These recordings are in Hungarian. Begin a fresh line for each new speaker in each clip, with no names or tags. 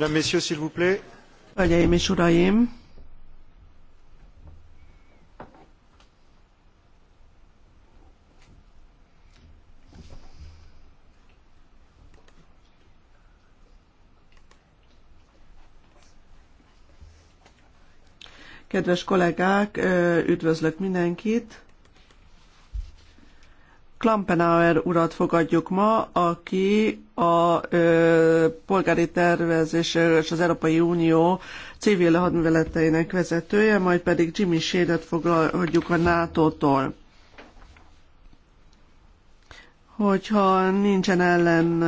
Hölgyeim
és uraim! Kedves kollégák, üdvözlök mindenkit! Klampenauer urat fogadjuk ma, aki a ö, polgári tervezés és az Európai Unió civil hadműveleteinek vezetője, majd pedig Jimmy shade fogadjuk a NATO-tól hogyha nincsen ellen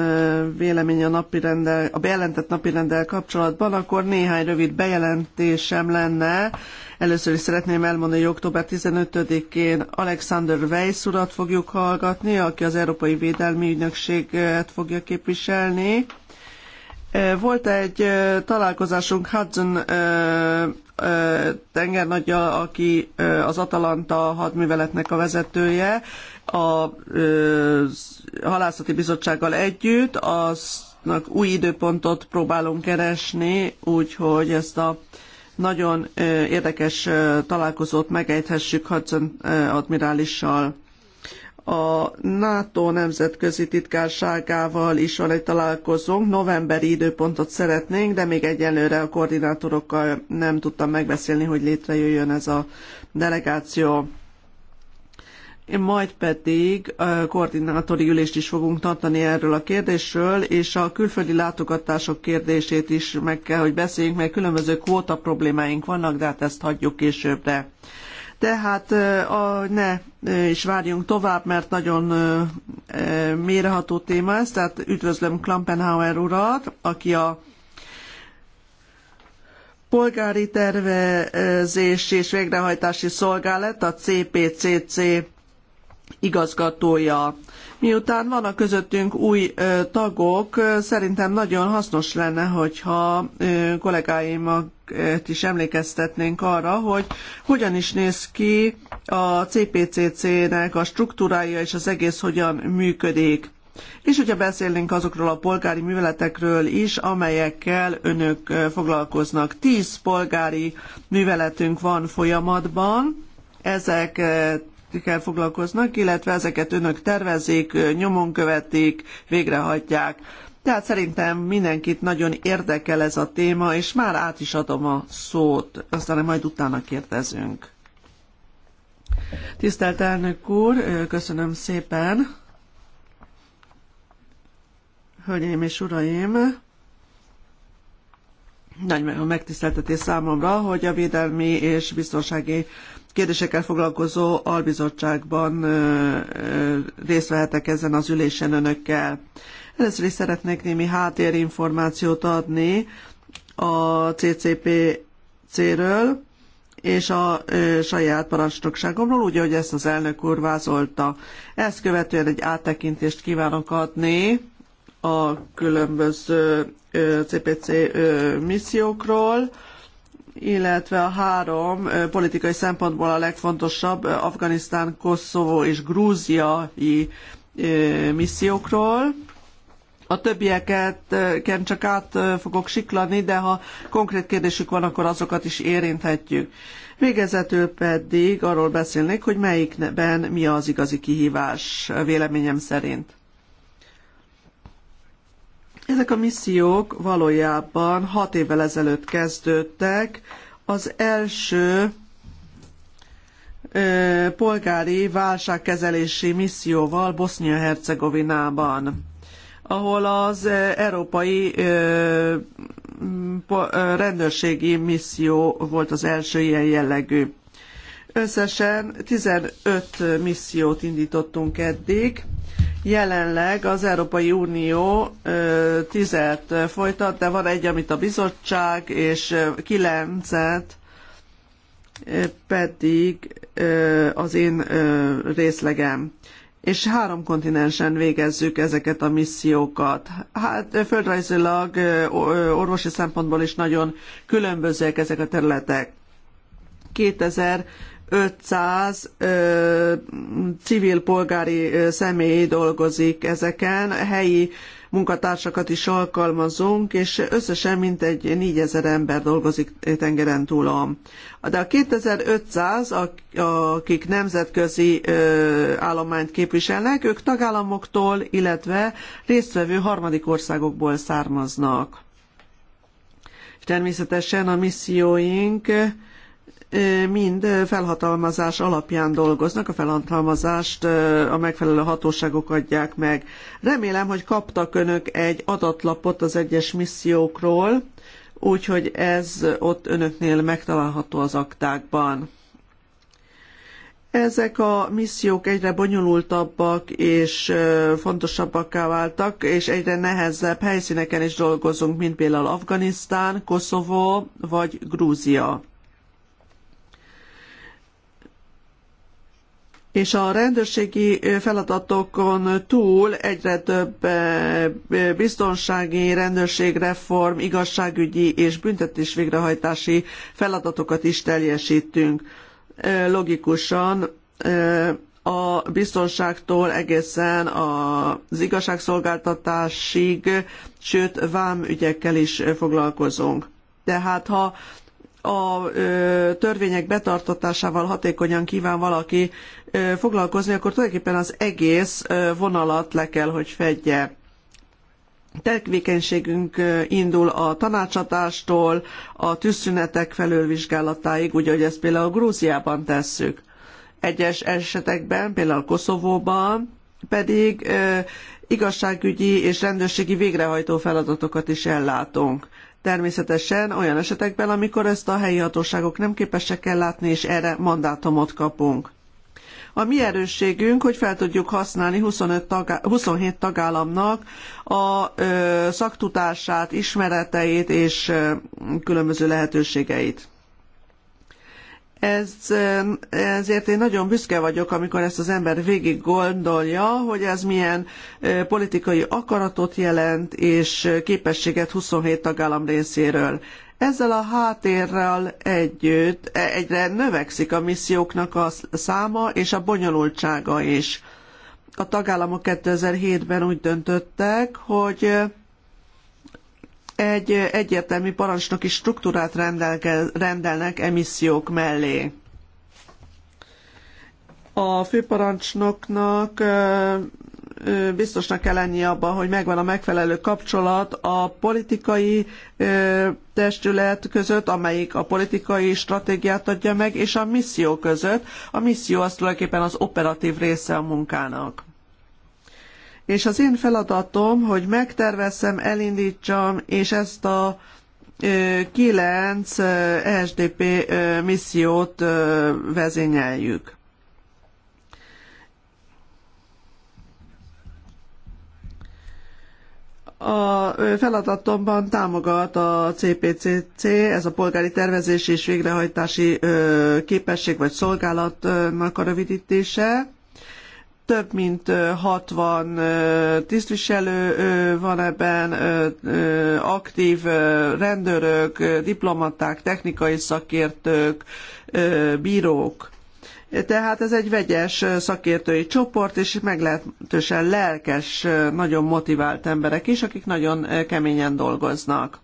vélemény a, napirendel, a bejelentett napirendel kapcsolatban, akkor néhány rövid bejelentésem lenne. Először is szeretném elmondani, hogy október 15-én Alexander Weiss urat fogjuk hallgatni, aki az Európai Védelmi Ügynökséget fogja képviselni. Volt egy találkozásunk Hudson tengernagyja, aki az Atalanta hadműveletnek a vezetője, a halászati bizottsággal együtt, aznak új időpontot próbálunk keresni, úgyhogy ezt a nagyon érdekes találkozót megejthessük Hudson admirálissal a NATO nemzetközi titkárságával is van egy találkozónk. Novemberi időpontot szeretnénk, de még egyelőre a koordinátorokkal nem tudtam megbeszélni, hogy létrejöjjön ez a delegáció. Majd pedig koordinátori ülést is fogunk tartani erről a kérdésről, és a külföldi látogatások kérdését is meg kell, hogy beszéljünk, mert különböző kvóta problémáink vannak, de hát ezt hagyjuk későbbre. Tehát a, ne és várjunk tovább, mert nagyon méreható téma ez, tehát üdvözlöm Klampenhauer urat, aki a Polgári Tervezés és Végrehajtási Szolgálat, a CPCC igazgatója. Miután vannak közöttünk új tagok, szerintem nagyon hasznos lenne, hogyha kollégáimak is emlékeztetnénk arra, hogy hogyan is néz ki a CPCC-nek a struktúrája és az egész hogyan működik. És hogyha beszélnénk azokról a polgári műveletekről is, amelyekkel önök foglalkoznak. Tíz polgári műveletünk van folyamatban, ezek kell foglalkoznak, illetve ezeket önök tervezik, nyomon követik, végrehajtják. Tehát szerintem mindenkit nagyon érdekel ez a téma, és már át is adom a szót, aztán majd utána kérdezünk. Tisztelt elnök úr, köszönöm szépen. Hölgyeim és uraim, nagy megtiszteltetés számomra, hogy a Védelmi és Biztonsági kérdésekkel foglalkozó albizottságban részt vehetek ezen az ülésen önökkel. Először is szeretnék némi háttérinformációt adni a CCPC-ről és a ö, saját parancsnokságomról, úgy, ahogy ezt az elnök úr vázolta. Ezt követően egy áttekintést kívánok adni a különböző ö, CPC ö, missziókról, illetve a három politikai szempontból a legfontosabb Afganisztán, Koszovó és Grúziai missziókról. A többieket csak át fogok siklani, de ha konkrét kérdésük van, akkor azokat is érinthetjük. Végezetül pedig arról beszélnék, hogy melyikben mi az igazi kihívás véleményem szerint. Ezek a missziók valójában hat évvel ezelőtt kezdődtek. Az első polgári válságkezelési misszióval Bosznia-Hercegovinában, ahol az európai rendőrségi misszió volt az első ilyen jellegű. Összesen 15 missziót indítottunk eddig. Jelenleg az Európai Unió tizet folytat, de van egy, amit a bizottság, és kilencet pedig az én részlegem és három kontinensen végezzük ezeket a missziókat. Hát földrajzilag, orvosi szempontból is nagyon különbözőek ezek a területek. 2000 500 ö, civil polgári ö, személy dolgozik ezeken, helyi munkatársakat is alkalmazunk, és összesen mintegy 4000 ember dolgozik tengeren túlon. De a 2500, akik nemzetközi állományt képviselnek, ők tagállamoktól, illetve résztvevő harmadik országokból származnak. És természetesen a misszióink mind felhatalmazás alapján dolgoznak, a felhatalmazást a megfelelő hatóságok adják meg. Remélem, hogy kaptak önök egy adatlapot az egyes missziókról, úgyhogy ez ott önöknél megtalálható az aktákban. Ezek a missziók egyre bonyolultabbak és fontosabbakká váltak, és egyre nehezebb helyszíneken is dolgozunk, mint például Afganisztán, Koszovó vagy Grúzia. és a rendőrségi feladatokon túl egyre több biztonsági, rendőrségreform, igazságügyi és büntetés végrehajtási feladatokat is teljesítünk. Logikusan a biztonságtól egészen az igazságszolgáltatásig, sőt vámügyekkel is foglalkozunk. Tehát ha a törvények betartatásával hatékonyan kíván valaki foglalkozni, akkor tulajdonképpen az egész vonalat le kell, hogy fedje tevékenységünk indul a tanácsadástól, a tűzszünetek felülvizsgálatáig, úgy, hogy ezt például Grúziában tesszük. Egyes esetekben, például Koszovóban pedig igazságügyi és rendőrségi végrehajtó feladatokat is ellátunk. Természetesen olyan esetekben, amikor ezt a helyi hatóságok nem képesek ellátni, és erre mandátumot kapunk. A mi erősségünk, hogy fel tudjuk használni 25 tagá- 27 tagállamnak a ö, szaktutását, ismereteit és ö, különböző lehetőségeit. Ez, ezért én nagyon büszke vagyok, amikor ezt az ember végig gondolja, hogy ez milyen politikai akaratot jelent, és képességet 27 tagállam részéről. Ezzel a háttérrel együtt e, egyre növekszik a misszióknak a száma és a bonyolultsága is. A tagállamok 2007-ben úgy döntöttek, hogy egy egyértelmű parancsnoki struktúrát rendelnek emissziók mellé. A főparancsnoknak biztosnak kell lennie abban, hogy megvan a megfelelő kapcsolat a politikai testület között, amelyik a politikai stratégiát adja meg, és a misszió között. A misszió az tulajdonképpen az operatív része a munkának és az én feladatom, hogy megtervezzem, elindítsam, és ezt a kilenc ESDP missziót vezényeljük. A feladatomban támogat a CPCC, ez a polgári tervezési és végrehajtási képesség vagy szolgálatnak a rövidítése több mint 60 tisztviselő van ebben, aktív rendőrök, diplomaták, technikai szakértők, bírók. Tehát ez egy vegyes szakértői csoport, és meglehetősen lelkes, nagyon motivált emberek is, akik nagyon keményen dolgoznak.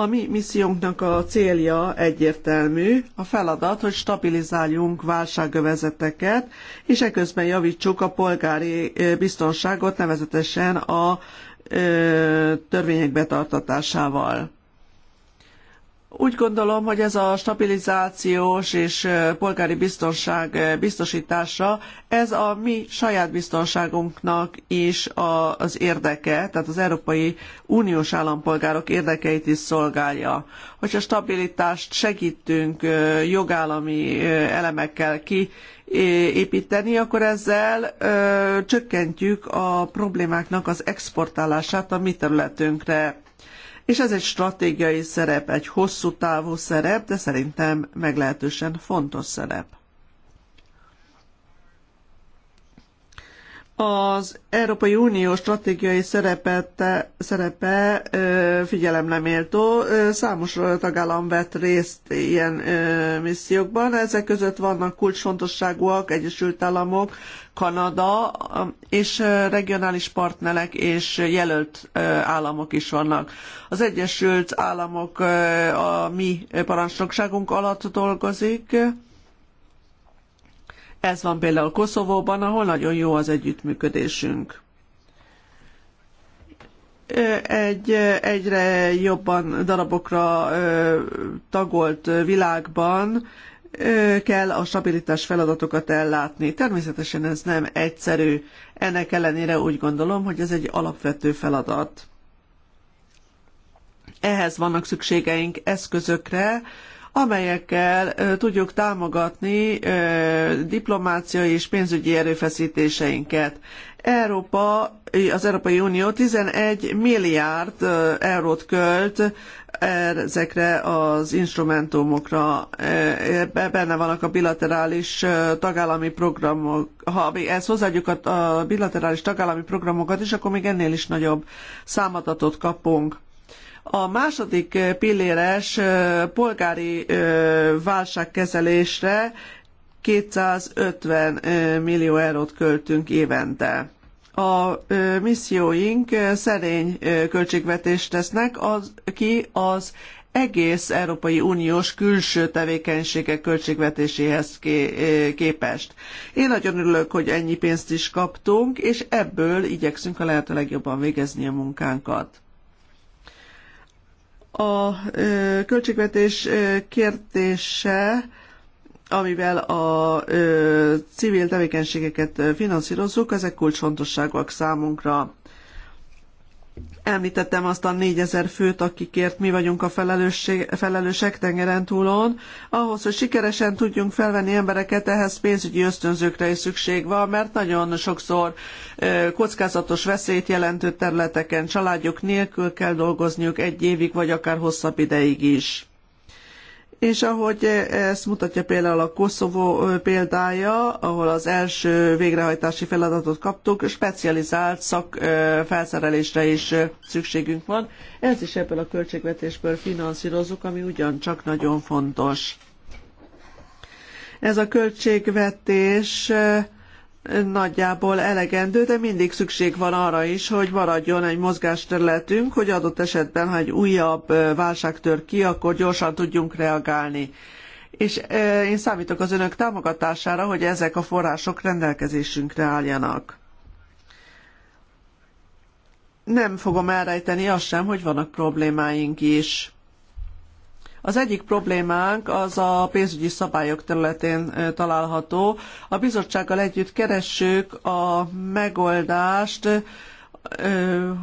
A mi missziónknak a célja egyértelmű, a feladat, hogy stabilizáljunk válságövezeteket, és eközben javítsuk a polgári biztonságot, nevezetesen a törvények betartatásával. Úgy gondolom, hogy ez a stabilizációs és polgári biztonság biztosítása, ez a mi saját biztonságunknak is az érdeke, tehát az Európai Uniós állampolgárok érdekeit is szolgálja. Hogyha stabilitást segítünk jogállami elemekkel kiépíteni, akkor ezzel csökkentjük a problémáknak az exportálását a mi területünkre és ez egy stratégiai szerep, egy hosszú távú szerep, de szerintem meglehetősen fontos szerep. az Európai Unió stratégiai szerepete, szerepe méltó. Számos tagállam vett részt ilyen missziókban. Ezek között vannak kulcsfontosságúak, Egyesült Államok, Kanada, és regionális partnerek és jelölt államok is vannak. Az Egyesült Államok a mi parancsnokságunk alatt dolgozik ez van például Koszovóban, ahol nagyon jó az együttműködésünk egy egyre jobban darabokra tagolt világban kell a stabilitás feladatokat ellátni. Természetesen ez nem egyszerű. Ennek ellenére úgy gondolom, hogy ez egy alapvető feladat. Ehhez vannak szükségeink eszközökre, amelyekkel tudjuk támogatni diplomáciai és pénzügyi erőfeszítéseinket. Európa, az Európai Unió 11 milliárd eurót költ ezekre az instrumentumokra. Benne vannak a bilaterális tagállami programok. Ha ezt hozzáadjuk a bilaterális tagállami programokat is, akkor még ennél is nagyobb számadatot kapunk. A második eh, pilléres eh, polgári eh, válságkezelésre 250 millió eurót költünk évente. A misszióink szerény költségvetést tesznek az, ki az egész Európai Uniós külső tevékenységek költségvetéséhez képest. Én nagyon örülök, hogy ennyi pénzt is kaptunk, és ebből igyekszünk a lehető legjobban végezni a munkánkat. A költségvetés kérdése, amivel a civil tevékenységeket finanszírozzuk, ezek kulcsfontosságúak számunkra. Említettem azt a négyezer főt, akikért mi vagyunk a felelősek tengeren túlon. Ahhoz, hogy sikeresen tudjunk felvenni embereket, ehhez pénzügyi ösztönzőkre is szükség van, mert nagyon sokszor kockázatos veszélyt jelentő területeken családjuk nélkül kell dolgozniuk egy évig, vagy akár hosszabb ideig is és ahogy ezt mutatja például a Koszovó példája, ahol az első végrehajtási feladatot kaptuk, specializált szakfelszerelésre is szükségünk van. Ez is ebből a költségvetésből finanszírozunk, ami ugyancsak nagyon fontos. Ez a költségvetés nagyjából elegendő, de mindig szükség van arra is, hogy maradjon egy mozgásterületünk, hogy adott esetben, ha egy újabb válság tör ki, akkor gyorsan tudjunk reagálni. És én számítok az önök támogatására, hogy ezek a források rendelkezésünkre álljanak. Nem fogom elrejteni azt sem, hogy vannak problémáink is az egyik problémánk az a pénzügyi szabályok területén található. A bizottsággal együtt keressük a megoldást,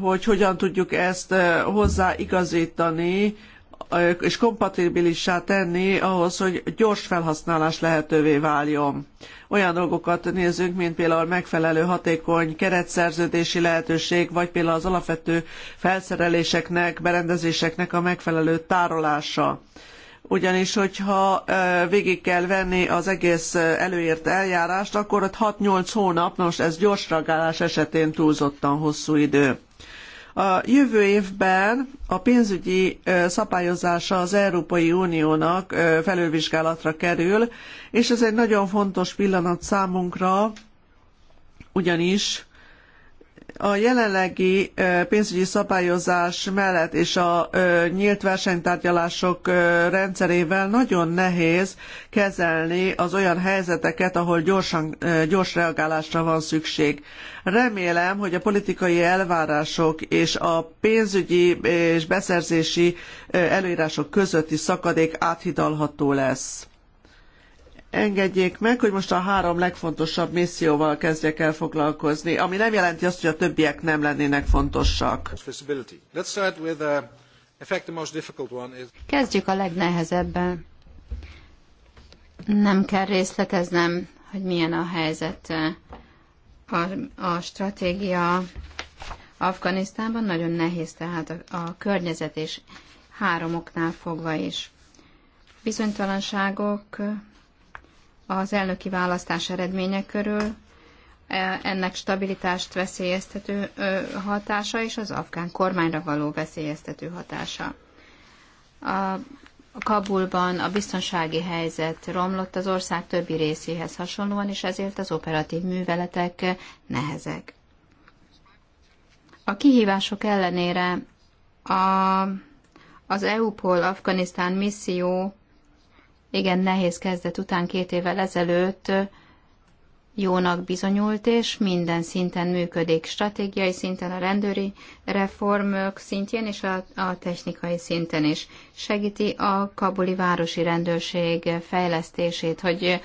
hogy hogyan tudjuk ezt hozzáigazítani, és kompatibilissá tenni ahhoz, hogy gyors felhasználás lehetővé váljon olyan dolgokat nézzünk, mint például megfelelő hatékony keretszerződési lehetőség, vagy például az alapvető felszereléseknek, berendezéseknek a megfelelő tárolása ugyanis hogyha végig kell venni az egész előírt eljárást, akkor ott 6-8 hónap, na most ez gyors reagálás esetén túlzottan hosszú idő. A jövő évben a pénzügyi szabályozása az Európai Uniónak felülvizsgálatra kerül, és ez egy nagyon fontos pillanat számunkra, ugyanis a jelenlegi pénzügyi szabályozás mellett és a nyílt versenytárgyalások rendszerével nagyon nehéz kezelni az olyan helyzeteket, ahol gyorsan, gyors reagálásra van szükség. Remélem, hogy a politikai elvárások és a pénzügyi és beszerzési előírások közötti szakadék áthidalható lesz engedjék meg, hogy most a három legfontosabb misszióval kezdjek el foglalkozni, ami nem jelenti azt, hogy a többiek nem lennének fontosak. Uh,
Kezdjük a legnehezebben. Nem kell részleteznem, hogy milyen a helyzet. Uh, a, a stratégia Afganisztánban nagyon nehéz, tehát a, a környezet és három oknál fogva is. Bizonytalanságok, az elnöki választás eredménye körül, e, ennek stabilitást veszélyeztető hatása és az afgán kormányra való veszélyeztető hatása. A Kabulban a biztonsági helyzet romlott az ország többi részéhez hasonlóan, és ezért az operatív műveletek nehezek. A kihívások ellenére a, az EUPOL Afganisztán misszió igen nehéz kezdet után két évvel ezelőtt jónak bizonyult, és minden szinten működik, stratégiai szinten, a rendőri reformok szintjén és a, a technikai szinten is. Segíti a kabuli városi rendőrség fejlesztését, hogy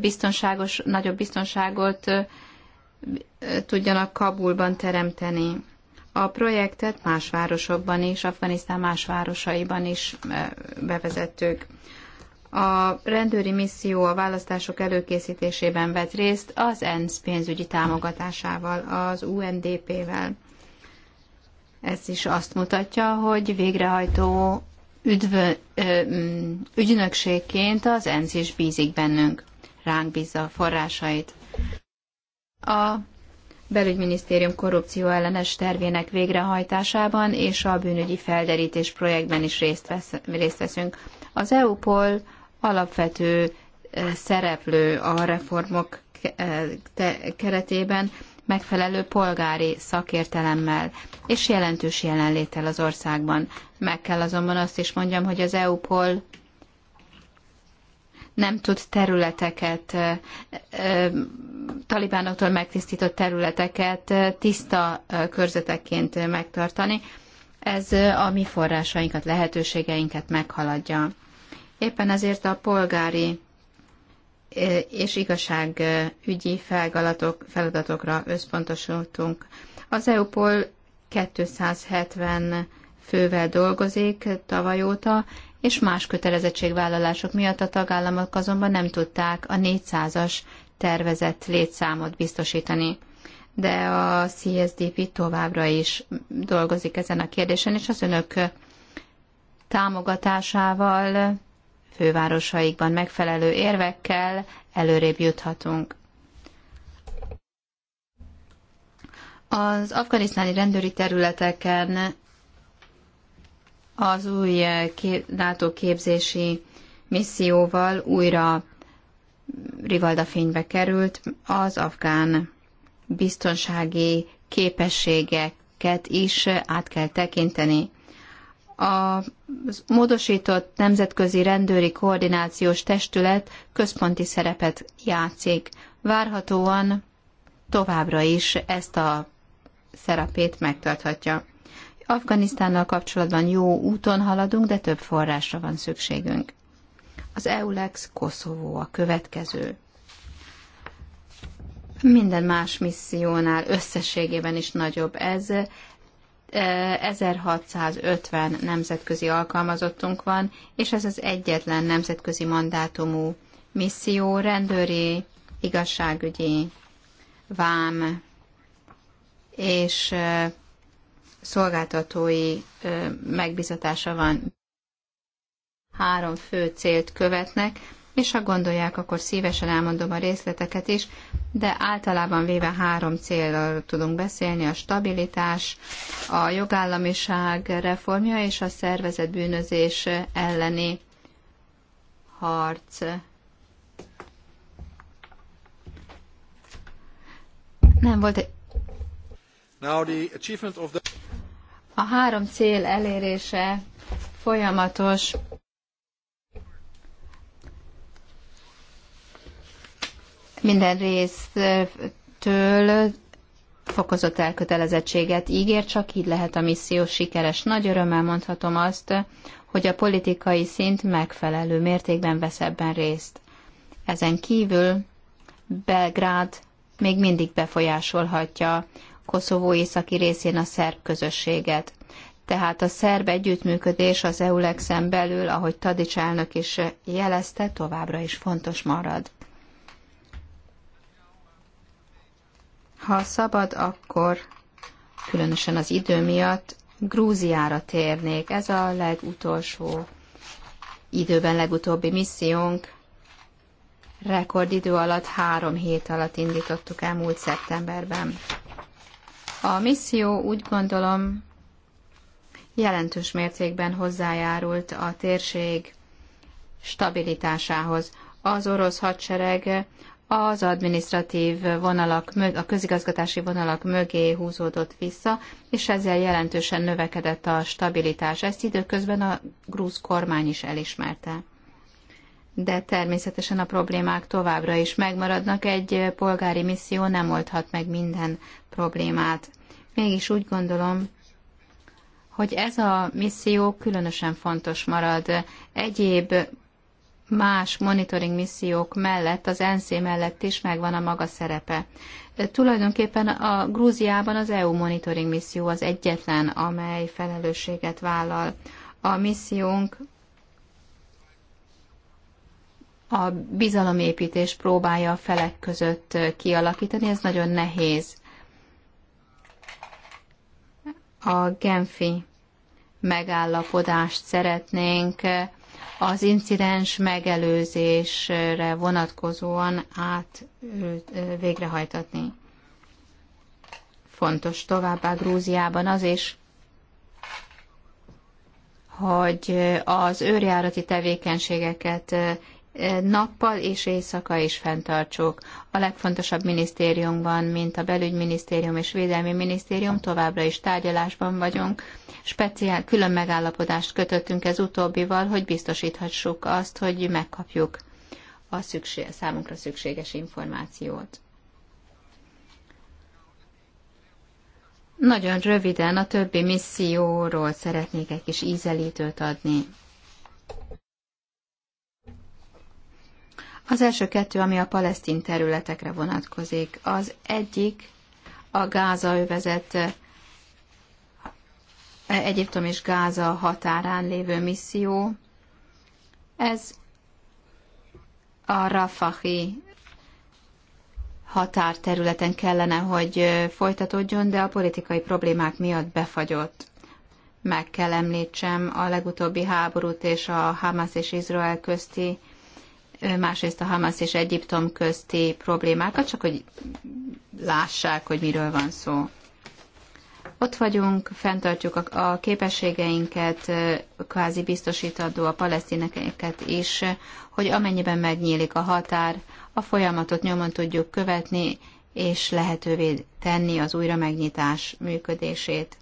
biztonságos, nagyobb biztonságot tudjanak Kabulban teremteni. A projektet más városokban is, Afganisztán más városaiban is bevezettük a rendőri misszió a választások előkészítésében vett részt az ENSZ pénzügyi támogatásával, az UNDP-vel. Ez is azt mutatja, hogy végrehajtó üdvö, ö, mm, ügynökségként az ENSZ is bízik bennünk, ránk bízza a forrásait. A belügyminisztérium korrupció ellenes tervének végrehajtásában és a bűnügyi felderítés projektben is részt, vesz, részt veszünk. Az EUPOL alapvető szereplő a reformok keretében megfelelő polgári szakértelemmel és jelentős jelenléttel az országban. Meg kell azonban azt is mondjam, hogy az eu EU-pol nem tud területeket, talibánoktól megtisztított területeket tiszta körzetekként megtartani. Ez a mi forrásainkat, lehetőségeinket meghaladja. Éppen ezért a polgári e, és igazságügyi feladatokra összpontosultunk. Az EUPOL 270 fővel dolgozik tavaly óta, és más kötelezettségvállalások miatt a tagállamok azonban nem tudták a 400-as tervezett létszámot biztosítani. De a CSDP továbbra is dolgozik ezen a kérdésen, és az önök támogatásával fővárosaikban megfelelő érvekkel előrébb juthatunk. Az afganisztáni rendőri területeken az új NATO képzési misszióval újra Rivalda fénybe került az afgán biztonsági képességeket is át kell tekinteni a módosított nemzetközi rendőri koordinációs testület központi szerepet játszik. Várhatóan továbbra is ezt a szerepét megtarthatja. Afganisztánnal kapcsolatban jó úton haladunk, de több forrásra van szükségünk. Az EULEX Koszovó a következő. Minden más missziónál összességében is nagyobb ez, 1650 eh, nemzetközi alkalmazottunk van, és ez az egyetlen nemzetközi mandátumú misszió, rendőri, igazságügyi, vám és eh, szolgáltatói eh, megbizatása van. Három fő célt követnek és ha gondolják, akkor szívesen elmondom a részleteket is, de általában véve három célról tudunk beszélni, a stabilitás, a jogállamiság reformja és a szervezetbűnözés bűnözés elleni harc. Nem volt egy... A három cél elérése folyamatos minden résztől fokozott elkötelezettséget ígér, csak így lehet a misszió sikeres. Nagy örömmel mondhatom azt, hogy a politikai szint megfelelő mértékben vesz ebben részt. Ezen kívül Belgrád még mindig befolyásolhatja Koszovó északi részén a szerb közösséget. Tehát a szerb együttműködés az EULEX-en belül, ahogy Tadics elnök is jelezte, továbbra is fontos marad. Ha szabad, akkor különösen az idő miatt Grúziára térnék. Ez a legutolsó időben legutóbbi missziónk. Rekordidő alatt, három hét alatt indítottuk el múlt szeptemberben. A misszió úgy gondolom jelentős mértékben hozzájárult a térség stabilitásához. Az orosz hadsereg az adminisztratív vonalak, a közigazgatási vonalak mögé húzódott vissza, és ezzel jelentősen növekedett a stabilitás. Ezt időközben a grúz kormány is elismerte. De természetesen a problémák továbbra is megmaradnak, egy polgári misszió nem oldhat meg minden problémát. Mégis úgy gondolom, hogy ez a misszió különösen fontos marad. Egyéb más monitoring missziók mellett, az ENSZ mellett is megvan a maga szerepe. Tulajdonképpen a Grúziában az EU monitoring misszió az egyetlen, amely felelősséget vállal. A missziónk a bizalomépítés próbálja a felek között kialakítani, ez nagyon nehéz. A Genfi megállapodást szeretnénk az incidens megelőzésre vonatkozóan át végrehajtatni. Fontos továbbá Grúziában az is, hogy az őrjárati tevékenységeket nappal és éjszaka is fenntartsuk. A legfontosabb minisztériumban, mint a belügyminisztérium és védelmi minisztérium, továbbra is tárgyalásban vagyunk. Speciál, külön megállapodást kötöttünk ez utóbbival, hogy biztosíthassuk azt, hogy megkapjuk a szükség, számunkra szükséges információt. Nagyon röviden a többi misszióról szeretnék egy kis ízelítőt adni. Az első kettő, ami a palesztin területekre vonatkozik, az egyik a Gáza övezet eh, Egyiptom és Gáza határán lévő misszió. Ez a Rafahi határterületen kellene, hogy eh, folytatódjon, de a politikai problémák miatt befagyott. Meg kell említsem a legutóbbi háborút és a Hamas és Izrael közti másrészt a Hamas és Egyiptom közti problémákat, csak hogy lássák, hogy miről van szó. Ott vagyunk, fenntartjuk a, a képességeinket, kvázi biztosítandó a palesztineket is, hogy amennyiben megnyílik a határ, a folyamatot nyomon tudjuk követni, és lehetővé tenni az újra megnyitás működését.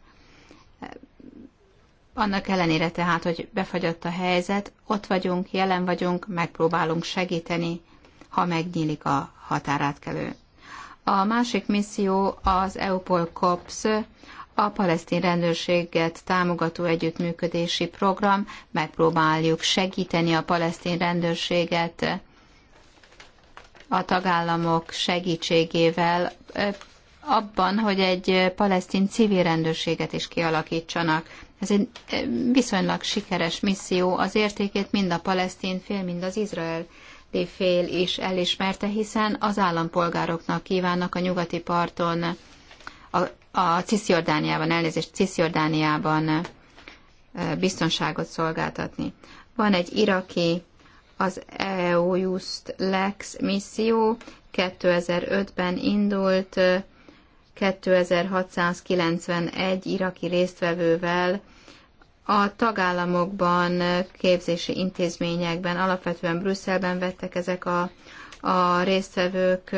Annak ellenére tehát, hogy befagyott a helyzet, ott vagyunk, jelen vagyunk, megpróbálunk segíteni, ha megnyílik a határátkelő. A másik misszió az EUPOL COPS, a palesztin rendőrséget támogató együttműködési program. Megpróbáljuk segíteni a palesztin rendőrséget a tagállamok segítségével abban, hogy egy palesztin civil rendőrséget is kialakítsanak ez egy viszonylag sikeres misszió, az értékét mind a palesztin fél, mind az izrael fél is elismerte, hiszen az állampolgároknak kívánnak a nyugati parton, a, a Cisziordániában, elnézést, Cisziordániában biztonságot szolgáltatni. Van egy iraki, az EU Just Lex misszió, 2005-ben indult, 2691 iraki résztvevővel a tagállamokban, képzési intézményekben, alapvetően Brüsszelben vettek ezek a, a résztvevők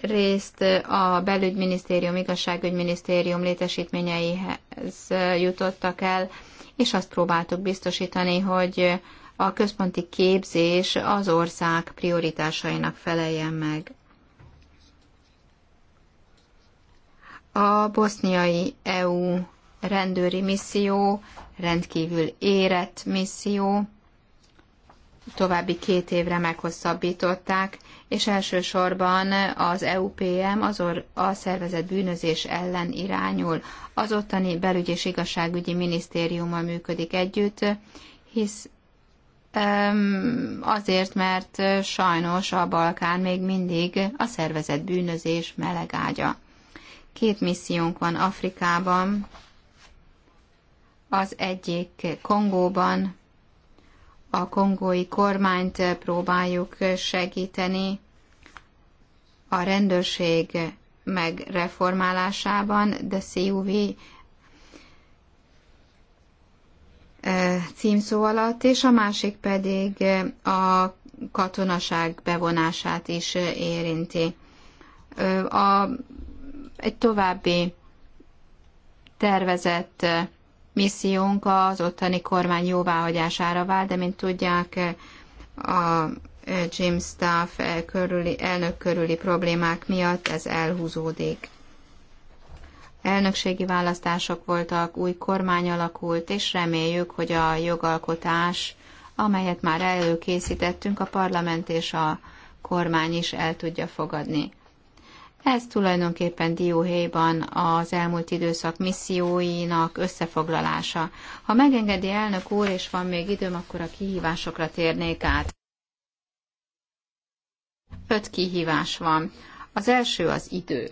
részt a belügyminisztérium, igazságügyminisztérium létesítményeihez jutottak el, és azt próbáltuk biztosítani, hogy a központi képzés az ország prioritásainak feleljen meg. A boszniai EU rendőri misszió rendkívül érett misszió, további két évre meghosszabbították, és elsősorban az EUPM azor a szervezet bűnözés ellen irányul. Az ottani belügy és igazságügyi minisztériummal működik együtt, hisz azért, mert sajnos a Balkán még mindig a szervezet bűnözés melegágya. Két missziónk van Afrikában, az egyik Kongóban, a kongói kormányt próbáljuk segíteni a rendőrség megreformálásában, de CUV címszó alatt, és a másik pedig a katonaság bevonását is érinti. A egy további tervezett eh, missziónk az ottani kormány jóváhagyására vált, de mint tudják, eh, a Jim eh, Staff körüli, elnök körüli problémák miatt ez elhúzódik. Elnökségi választások voltak, új kormány alakult, és reméljük, hogy a jogalkotás, amelyet már előkészítettünk, a parlament és a kormány is el tudja fogadni. Ez tulajdonképpen Dióhéjban az elmúlt időszak misszióinak összefoglalása. Ha megengedi elnök úr, és van még időm, akkor a kihívásokra térnék át. Öt kihívás van. Az első az idő.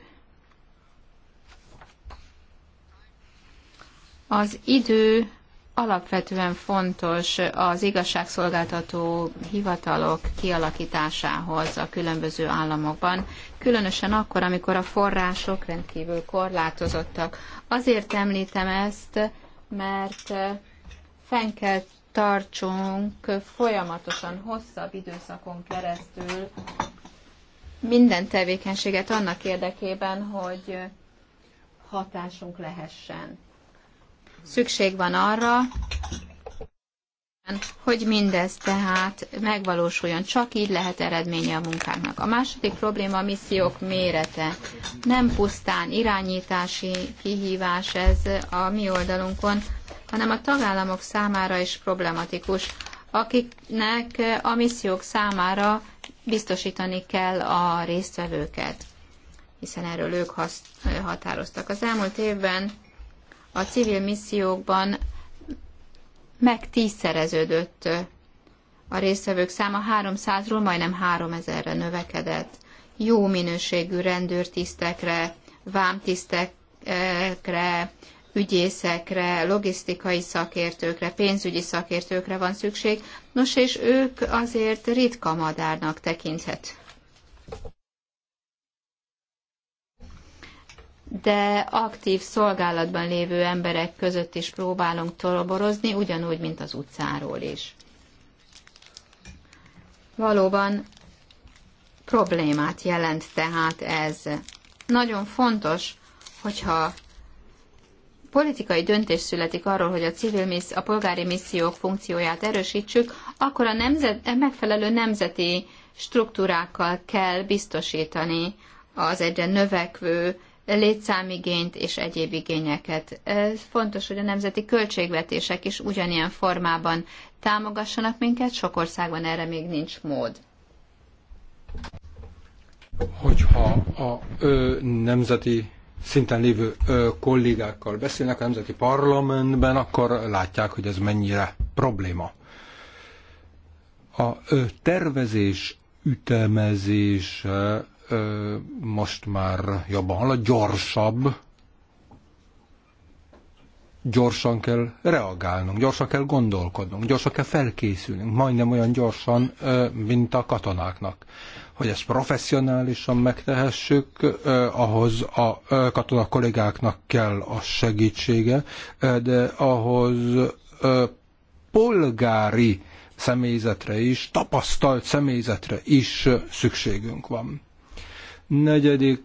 Az idő alapvetően fontos az igazságszolgáltató hivatalok kialakításához a különböző államokban, különösen akkor, amikor a források rendkívül korlátozottak. Azért említem ezt, mert eh, fenn kell tartsunk folyamatosan hosszabb időszakon keresztül minden tevékenységet annak érdekében, hogy eh, hatásunk lehessen. Szükség van arra, hogy mindez tehát megvalósuljon. Csak így lehet eredménye a munkának. A második probléma a missziók mérete. Nem pusztán irányítási kihívás ez a mi oldalunkon, hanem a tagállamok számára is problematikus, akiknek a missziók számára biztosítani kell a résztvevőket, hiszen erről ők határoztak. Az elmúlt évben a civil missziókban meg tízszereződött a részvevők száma 300-ról majdnem 3000-re növekedett. Jó minőségű rendőrtisztekre, vámtisztekre, ügyészekre, logisztikai szakértőkre, pénzügyi szakértőkre van szükség. Nos, és ők azért ritka madárnak tekinthetők de aktív szolgálatban lévő emberek között is próbálunk toloborozni, ugyanúgy, mint az utcáról is. Valóban problémát jelent tehát ez. Nagyon fontos, hogyha politikai döntés születik arról, hogy a civil missz, a polgári missziók funkcióját erősítsük, akkor a nemzet, megfelelő nemzeti struktúrákkal kell biztosítani az egyre növekvő létszámigényt és egyéb igényeket. Fontos, hogy a nemzeti költségvetések is ugyanilyen formában támogassanak minket, sok országban erre még nincs mód.
Hogyha a ö, nemzeti szinten lévő ö, kollégákkal beszélnek a nemzeti parlamentben, akkor látják, hogy ez mennyire probléma. A ö, tervezés ütemezés most már jobban halad, gyorsabb, gyorsan kell reagálnunk, gyorsan kell gondolkodnunk, gyorsan kell felkészülnünk, majdnem olyan gyorsan, mint a katonáknak. Hogy ezt professzionálisan megtehessük, ahhoz a katona kollégáknak kell a segítsége, de ahhoz polgári személyzetre is, tapasztalt személyzetre is szükségünk van. Negyedik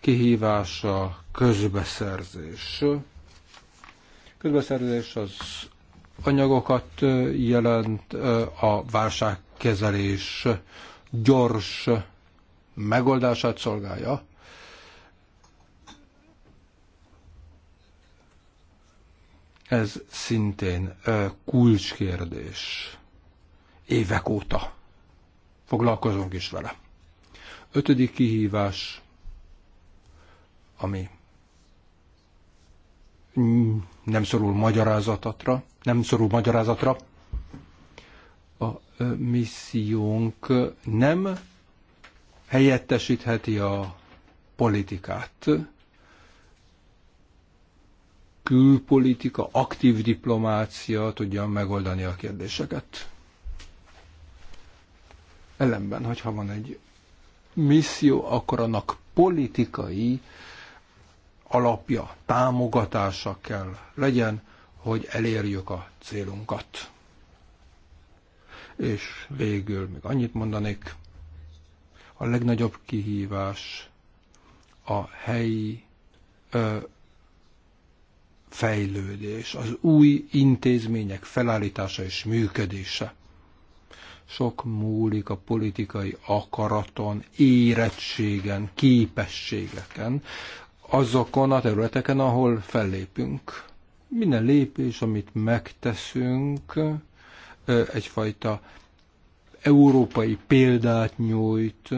kihívása közbeszerzés. Közbeszerzés az anyagokat jelent a válságkezelés gyors megoldását szolgálja. Ez szintén kulcskérdés. Évek óta foglalkozunk is vele. Ötödik kihívás, ami nem szorul magyarázatra, nem szorul magyarázatra. A missziónk nem helyettesítheti a politikát. Külpolitika, aktív diplomácia tudja megoldani a kérdéseket. Ellenben, hogyha van egy misszió, akkor annak politikai alapja, támogatása kell legyen, hogy elérjük a célunkat. És végül még annyit mondanék, a legnagyobb kihívás a helyi ö, fejlődés, az új intézmények felállítása és működése. Sok múlik a politikai akaraton, érettségen, képességeken, azokon a területeken, ahol fellépünk. Minden lépés, amit megteszünk, egyfajta európai példát nyújt,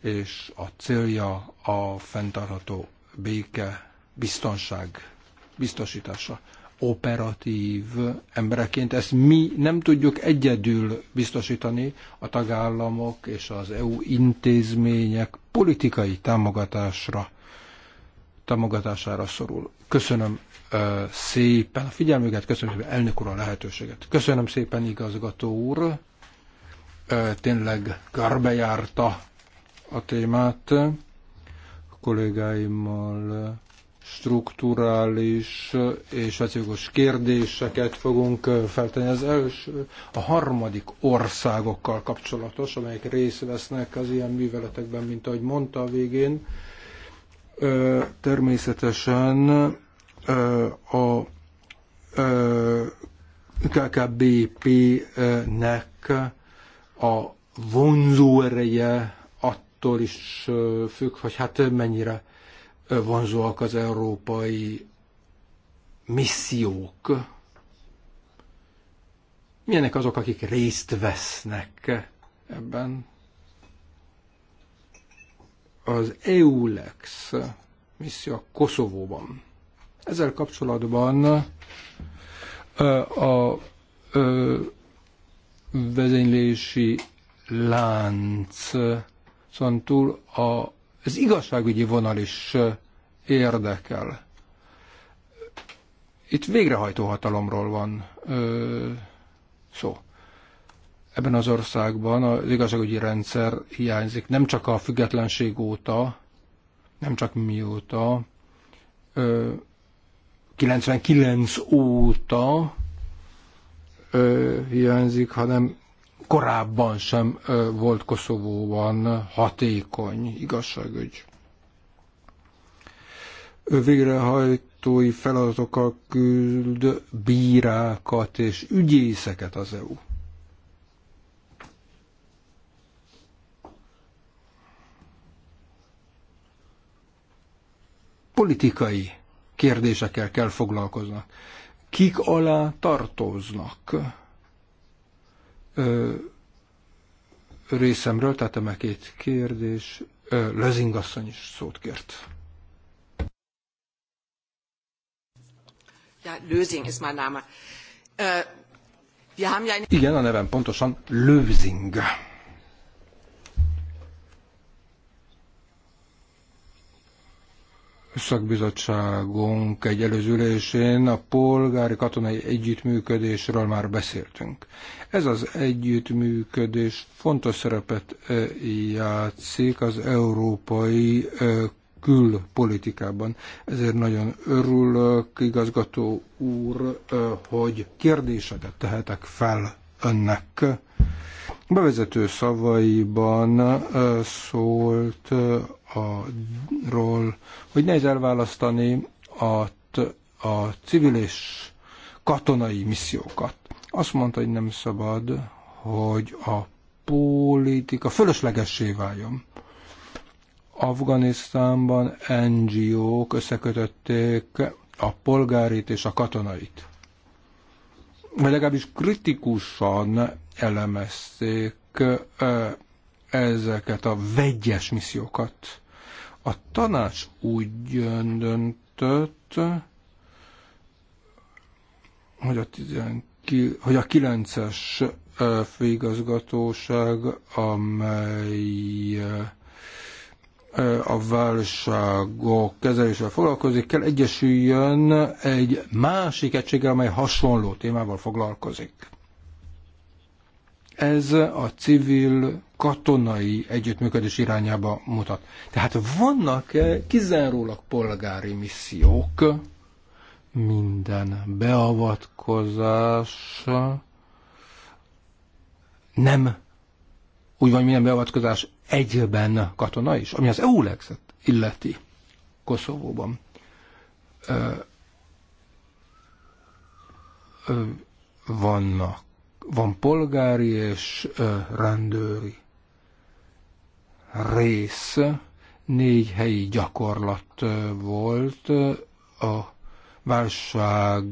és a célja a fenntartható béke, biztonság biztosítása operatív embereként. Ezt mi nem tudjuk egyedül biztosítani, a tagállamok és az EU intézmények politikai támogatásra támogatására szorul. Köszönöm ö, szépen a figyelmüket, köszönöm szépen elnök úr a lehetőséget. Köszönöm szépen igazgató úr, ö, tényleg körbejárta a témát a kollégáimmal strukturális és specifikus kérdéseket fogunk feltenni. Az első, a harmadik országokkal kapcsolatos, amelyek részt vesznek az ilyen műveletekben, mint ahogy mondta a végén. Természetesen a KKBP-nek a vonzó ereje attól is függ, hogy hát mennyire vonzóak az európai missziók. Milyenek azok, akik részt vesznek ebben? Az EULEX misszió a Koszovóban. Ezzel kapcsolatban a vezénylési lánc szóval túl a az igazságügyi vonal is érdekel. Itt végrehajtó hatalomról van ö, szó. Ebben az országban az igazságügyi rendszer hiányzik, nem csak a függetlenség óta, nem csak mióta, ö, 99 óta ö, hiányzik, hanem korábban sem volt Koszovóban hatékony igazságügy. Végrehajtói feladatokkal küld bírákat és ügyészeket az EU. Politikai kérdésekkel kell foglalkoznak. Kik alá tartoznak? ö, részemről, tehát a két kérdés, ö, Lezing asszony is szót kért.
Ja, Lőzing ez már náma. Ö, ja, haben ja...
Igen, a nevem pontosan Lőzing. szakbizottságunk egy előző ülésén a polgári katonai együttműködésről már beszéltünk. Ez az együttműködés fontos szerepet játszik az európai külpolitikában. Ezért nagyon örülök, igazgató úr, hogy kérdéseket tehetek fel önnek bevezető szavaiban szólt arról, hogy nehéz elválasztani a, a civil és katonai missziókat. Azt mondta, hogy nem szabad, hogy a politika fölöslegessé váljon. Afganisztánban NGO-k összekötötték a polgárit és a katonait. Vagy legalábbis kritikusan elemezték ezeket a vegyes missziókat. A tanács úgy döntött, hogy a, 19, hogy a 9-es főigazgatóság, amely a válságok kezelésével foglalkozik, kell egyesüljön egy másik egységgel, amely hasonló témával foglalkozik. Ez a civil katonai együttműködés irányába mutat. Tehát vannak -e kizárólag polgári missziók, minden beavatkozás nem úgy van, minden beavatkozás egyben katona is, ami az EULEX-et illeti Koszovóban. Ö, ö, vannak van polgári és rendőri rész. Négy helyi gyakorlat volt a válság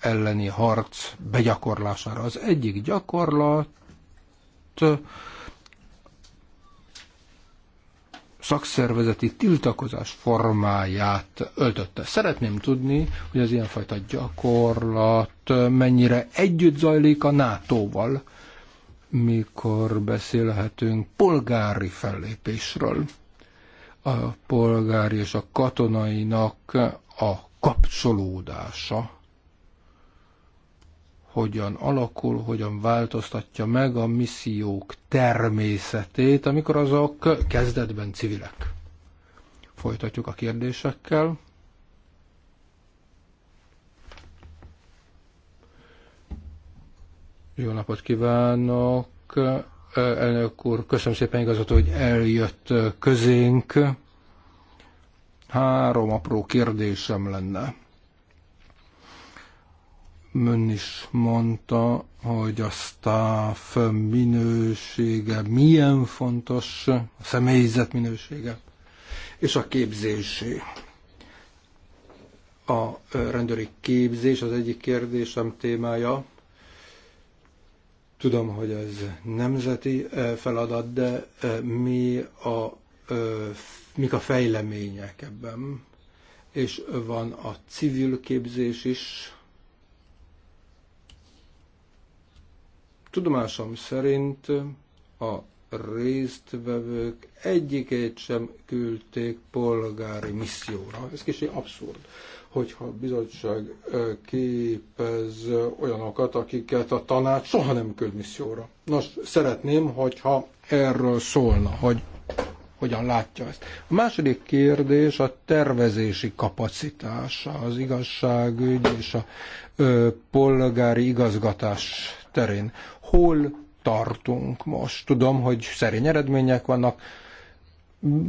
elleni harc begyakorlására. Az egyik gyakorlat szakszervezeti tiltakozás formáját öltötte. Szeretném tudni, hogy az ilyenfajta gyakorlat mennyire együtt zajlik a NATO-val, mikor beszélhetünk polgári fellépésről. A polgári és a katonainak a kapcsolódása hogyan alakul, hogyan változtatja meg a missziók természetét, amikor azok kezdetben civilek. Folytatjuk a kérdésekkel. Jó napot kívánok! Elnök úr, köszönöm szépen igazat, hogy eljött közénk. Három apró kérdésem lenne. Mön is mondta, hogy a staff minősége milyen fontos, a személyzet minősége, és a képzésé. A rendőri képzés az egyik kérdésem témája. Tudom, hogy ez nemzeti feladat, de mi a, mik a fejlemények ebben? És van a civil képzés is, Tudomásom szerint a résztvevők egyikét sem küldték polgári misszióra. Ez kicsi abszurd, hogyha a bizottság képez olyanokat, akiket a tanács soha nem küld misszióra. Nos, szeretném, hogyha erről szólna, hogy hogyan látja ezt. A második kérdés a tervezési kapacitása, az igazságügy és a ö, polgári igazgatás terén hol tartunk most. Tudom, hogy szerény eredmények vannak.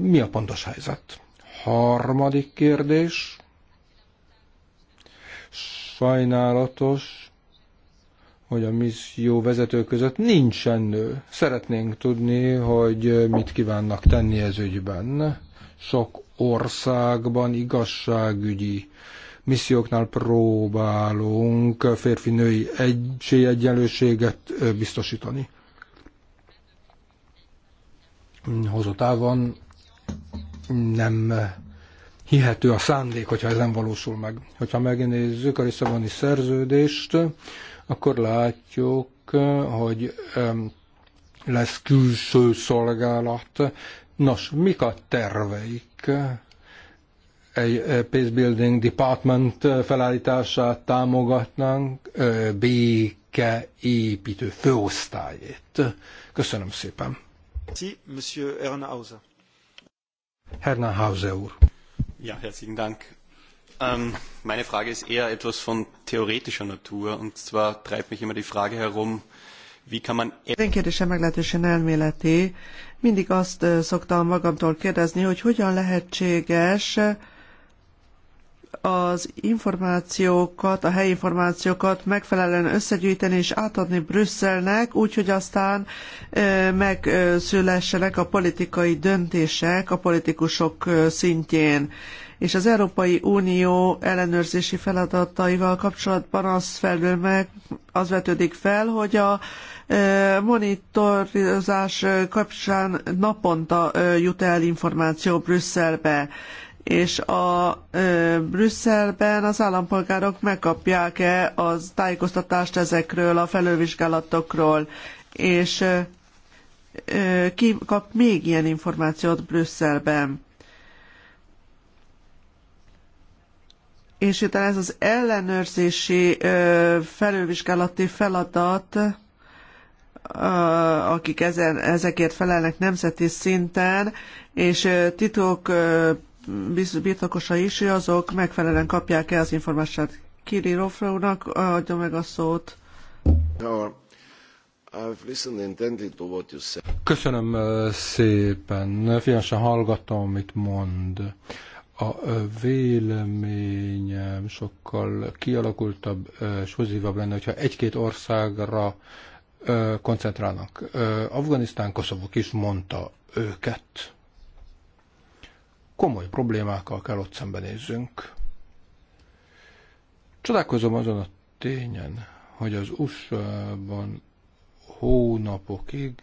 Mi a pontos helyzet? Harmadik kérdés. Sajnálatos, hogy a misszió vezető között nincsen nő. Szeretnénk tudni, hogy mit kívánnak tenni ez ügyben. Sok országban igazságügyi misszióknál próbálunk férfi-női egységegyenlőséget biztosítani. Hozatávon nem hihető a szándék, hogyha ez nem valósul meg. Hogyha megnézzük a Lisszaboni szerződést, akkor látjuk, hogy lesz külső szolgálat. Nos, mik a terveik egy Peacebuilding Department felállítását támogatnánk, békeépítő főosztályét. Köszönöm szépen. Si, Monsieur Hernhauser. Hernhauser úr.
Ja, herzlichen Dank. Ähm, meine Frage ist eher etwas von theoretischer Natur. Und zwar treibt mich immer die Frage herum, wie kann man... Den én kérdésem meglehetősen elméleti. Mindig azt szoktam magamtól kérdezni, hogy hogyan lehetséges az információkat, a helyi információkat megfelelően összegyűjteni és átadni Brüsszelnek, úgy, hogy aztán megszülessenek a politikai döntések a politikusok szintjén és az Európai Unió ellenőrzési feladataival kapcsolatban az felül meg, az vetődik fel, hogy a monitorozás kapcsán naponta jut el információ Brüsszelbe és a ö, Brüsszelben az állampolgárok megkapják-e az tájékoztatást ezekről a felülvizsgálatokról, és ö, ki kap még ilyen információt Brüsszelben. És utána ez az ellenőrzési ö, felülvizsgálati feladat, akik ezen, ezekért felelnek nemzeti szinten, és titok birtokosa is, azok megfelelően kapják el az információt. Kiri Rofraunak adja meg a szót.
Köszönöm szépen. Figyelmesen hallgatom, amit mond. A véleményem sokkal kialakultabb és pozitívabb lenne, hogyha egy-két országra koncentrálnak. Afganisztán, koszovok is mondta őket komoly problémákkal kell ott szembenézzünk. Csodálkozom azon a tényen, hogy az USA-ban hónapokig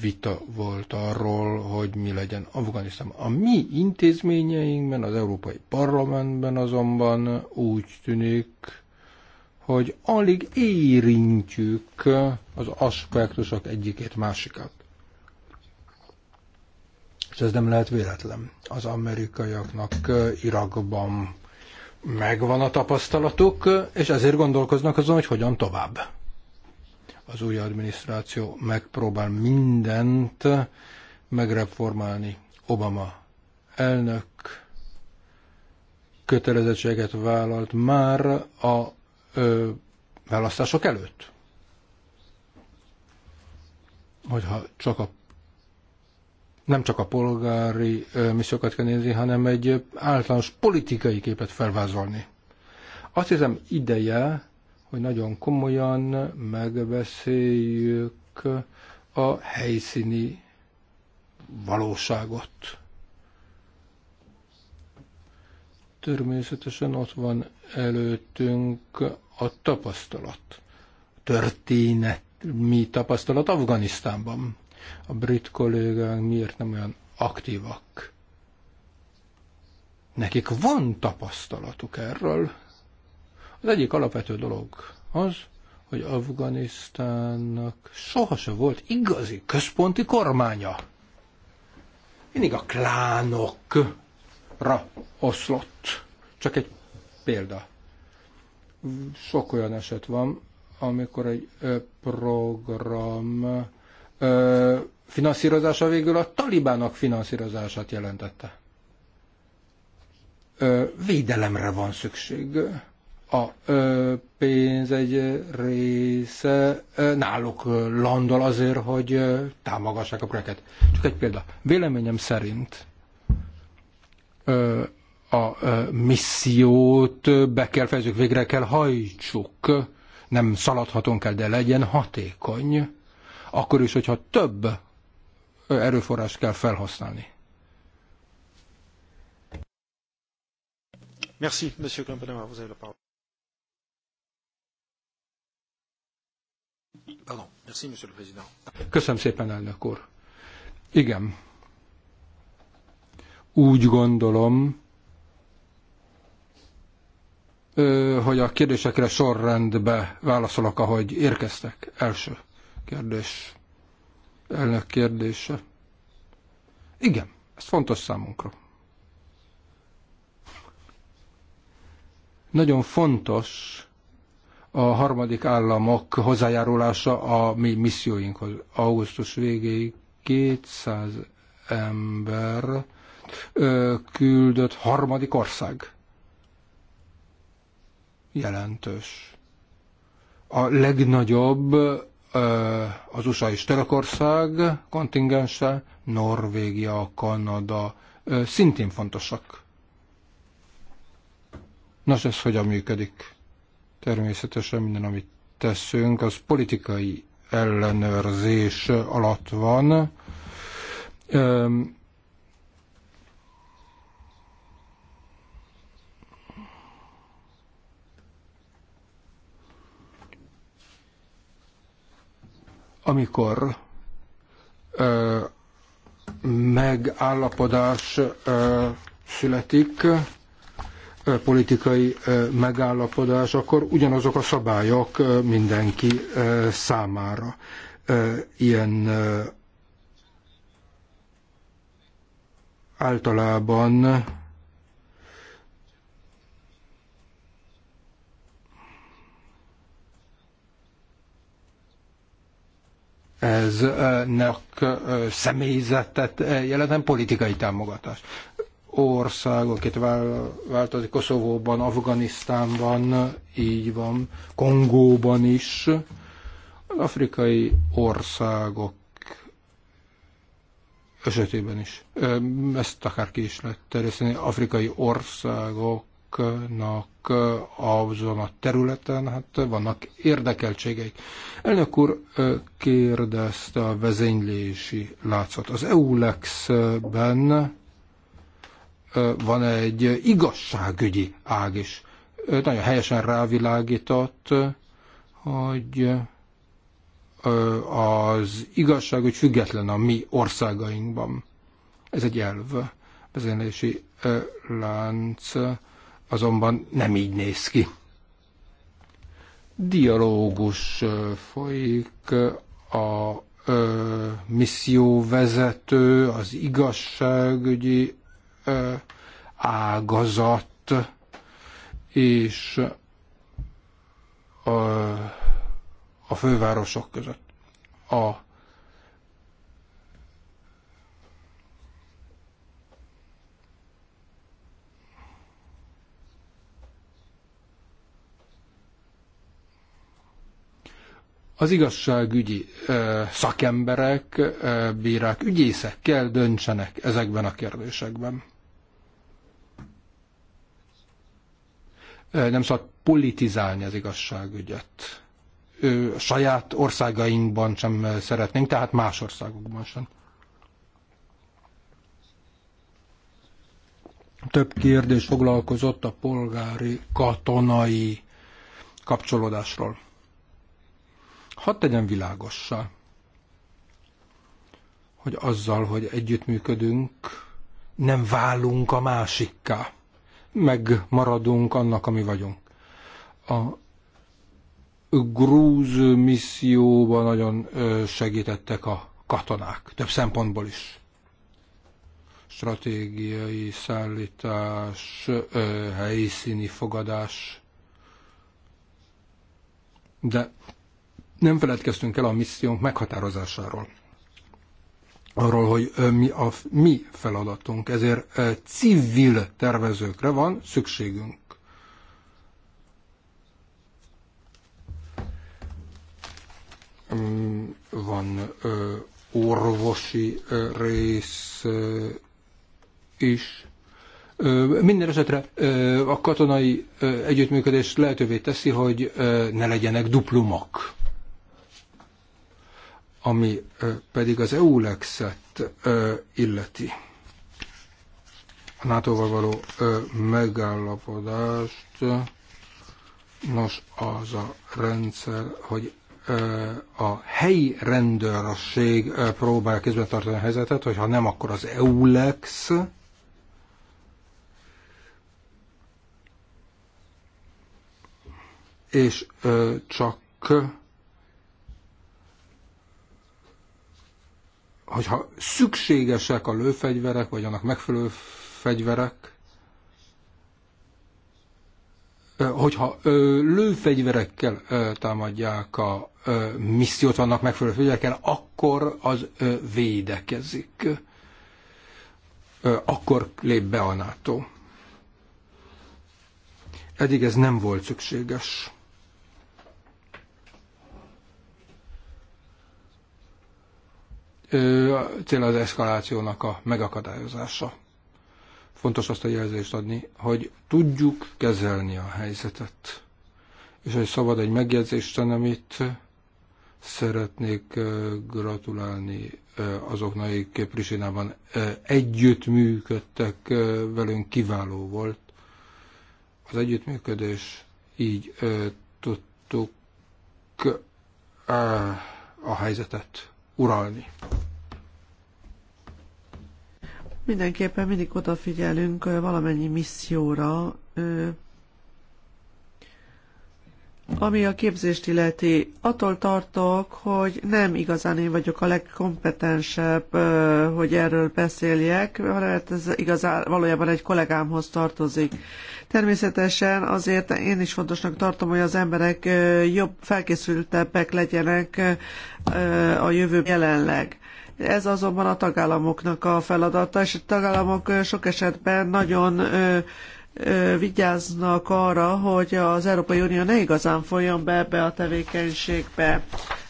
vita volt arról, hogy mi legyen Afganisztán. A mi intézményeinkben, az Európai Parlamentben azonban úgy tűnik, hogy alig érintjük az aspektusok egyikét másikat. És ez nem lehet véletlen. Az amerikaiaknak Irakban megvan a tapasztalatuk, és ezért gondolkoznak azon, hogy hogyan tovább. Az új adminisztráció megpróbál mindent megreformálni. Obama elnök kötelezettséget vállalt már a ö, választások előtt. Hogyha csak a nem csak a polgári missziókat kell nézni, hanem egy általános politikai képet felvázolni. Azt hiszem ideje, hogy nagyon komolyan megbeszéljük a helyszíni valóságot. Természetesen ott van előttünk a tapasztalat, történet, mi tapasztalat Afganisztánban a brit kollégák miért nem olyan aktívak. Nekik van tapasztalatuk erről. Az egyik alapvető dolog az, hogy Afganisztánnak sohasem volt igazi központi kormánya. Mindig a klánokra oszlott. Csak egy példa. Sok olyan eset van, amikor egy program ö, finanszírozása végül a talibának finanszírozását jelentette. Ö, védelemre van szükség. A ö, pénz egy része ö, náluk landol azért, hogy ö, támogassák a projektet. Csak egy példa. Véleményem szerint ö, a missziót be kell fejezzük, végre kell hajtsuk. Nem szaladhatunk el, de legyen hatékony akkor is, hogyha több erőforrás kell felhasználni. Merci, Monsieur Klempenauer, vous avez la parole. Pardon. Merci, Monsieur le Président. Köszönöm szépen, elnök úr. Igen. Úgy gondolom, hogy a kérdésekre sorrendbe válaszolok, ahogy érkeztek. Első kérdés, elnök kérdése. Igen, ez fontos számunkra. Nagyon fontos a harmadik államok hozzájárulása a mi misszióinkhoz. Augusztus végéig 200 ember ö, küldött harmadik ország. Jelentős. A legnagyobb az USA és Törökország kontingense, Norvégia, Kanada szintén fontosak. Nos, ez hogyan működik? Természetesen minden, amit teszünk, az politikai ellenőrzés alatt van. Amikor ö, megállapodás ö, születik, ö, politikai ö, megállapodás, akkor ugyanazok a szabályok ö, mindenki ö, számára. Ö, ilyen ö, általában ez nek személyzetet jelent, politikai támogatás. Országok itt változik, Koszovóban, Afganisztánban, így van, Kongóban is. Az afrikai országok esetében is. Ezt akár ki is lehet terjeszteni. Afrikai országok tagállamoknak azon a területen hát vannak érdekeltségeik. Elnök úr kérdezte a vezénylési látszat. Az EULEX-ben van egy igazságügyi ág is. Nagyon helyesen rávilágított, hogy az igazság, hogy független a mi országainkban. Ez egy elv, vezénylési lánc azonban nem így néz ki. Dialógus folyik a ö, misszióvezető, az igazságügyi ö, ágazat és a, a fővárosok között. A az igazságügyi szakemberek, bírák, ügyészek kell döntsenek ezekben a kérdésekben. Nem szabad politizálni az igazságügyet. A saját országainkban sem szeretnénk, tehát más országokban sem. Több kérdés foglalkozott a polgári katonai kapcsolódásról Hadd tegyen világossá, hogy azzal, hogy együttműködünk, nem válunk a másikká. Megmaradunk annak, ami vagyunk. A grúz misszióban nagyon segítettek a katonák, több szempontból is stratégiai szállítás, helyszíni fogadás. De nem feledkeztünk el a missziónk meghatározásáról arról, hogy mi a mi feladatunk, ezért civil tervezőkre van szükségünk. Mm, van orvosi rész is. Minden esetre a katonai együttműködés lehetővé teszi, hogy ne legyenek duplumok ami pedig az EULEX-et illeti. A NATO-val való megállapodást, nos, az a rendszer, hogy a helyi rendőrség próbálja kézben tartani a helyzetet, hogyha nem, akkor az EULEX, és csak hogyha szükségesek a lőfegyverek, vagy annak megfelelő fegyverek, hogyha lőfegyverekkel támadják a missziót, annak megfelelő fegyverekkel, akkor az védekezik. Akkor lép be a NATO. Eddig ez nem volt szükséges. cél az eszkalációnak a megakadályozása. Fontos azt a jelzést adni, hogy tudjuk kezelni a helyzetet. És hogy szabad egy megjegyzést tennem itt, szeretnék gratulálni azoknak, akik Prisinában együtt működtek velünk, kiváló volt. Az együttműködés így tudtuk a helyzetet uralni.
Mindenképpen mindig odafigyelünk valamennyi misszióra, ami a képzést illeti, attól tartok, hogy nem igazán én vagyok a legkompetensebb, hogy erről beszéljek, mert hát ez igazán valójában egy kollégámhoz tartozik. Természetesen azért én is fontosnak tartom, hogy az emberek jobb felkészültebbek legyenek a jövő jelenleg. Ez azonban a tagállamoknak a feladata, és a tagállamok sok esetben nagyon vigyáznak arra, hogy az Európai Unió ne igazán folyjon be ebbe a tevékenységbe.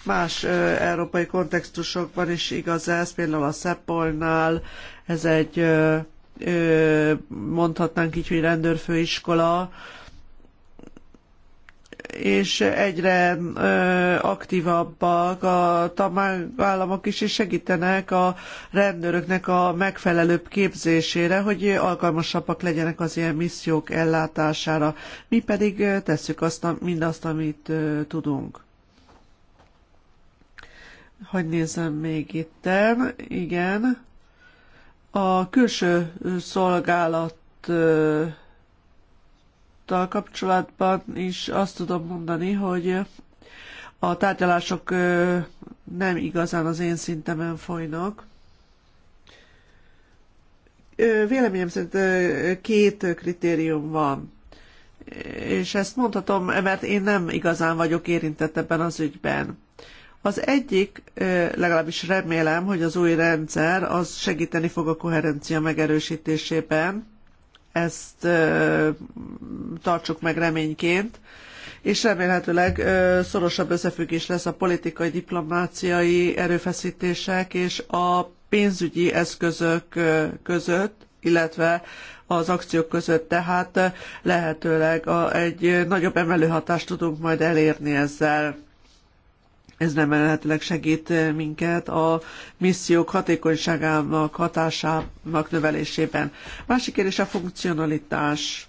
Más európai kontextusokban is igaz ez, például a Szepolnál ez egy mondhatnánk így, hogy rendőrfőiskola, és egyre ö, aktívabbak a tagállamok is, és segítenek a rendőröknek a megfelelőbb képzésére, hogy alkalmasabbak legyenek az ilyen missziók ellátására. Mi pedig tesszük azt, mindazt, amit ö, tudunk. Hogy nézem még itten. Igen. A külső szolgálat ö, javaslattal kapcsolatban is azt tudom mondani, hogy a tárgyalások nem igazán az én szintemen folynak. Véleményem szerint két kritérium van, és ezt mondhatom, mert én nem igazán vagyok érintett ebben az ügyben. Az egyik, legalábbis remélem, hogy az új rendszer az segíteni fog a koherencia megerősítésében, ezt ö, tartsuk meg reményként, és remélhetőleg ö, szorosabb összefüggés lesz a politikai, diplomáciai erőfeszítések és a pénzügyi eszközök ö, között, illetve az akciók között, tehát lehetőleg a, egy nagyobb emelőhatást tudunk majd elérni ezzel ez nem lehetőleg segít eh, minket a missziók hatékonyságának, hatásának növelésében. Másik kérdés a funkcionalitás.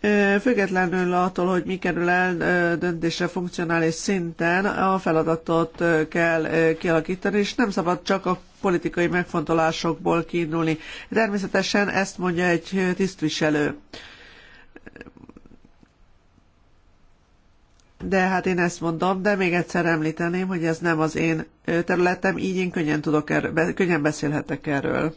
Eh, függetlenül attól, hogy mi kerül el eh, döntésre funkcionális szinten, a feladatot kell kialakítani, és nem szabad csak a politikai megfontolásokból kiindulni. Természetesen ezt mondja egy tisztviselő. de hát én ezt mondom, de még egyszer említeném, hogy ez nem az én területem, így én könnyen, tudok erről, könnyen beszélhetek erről.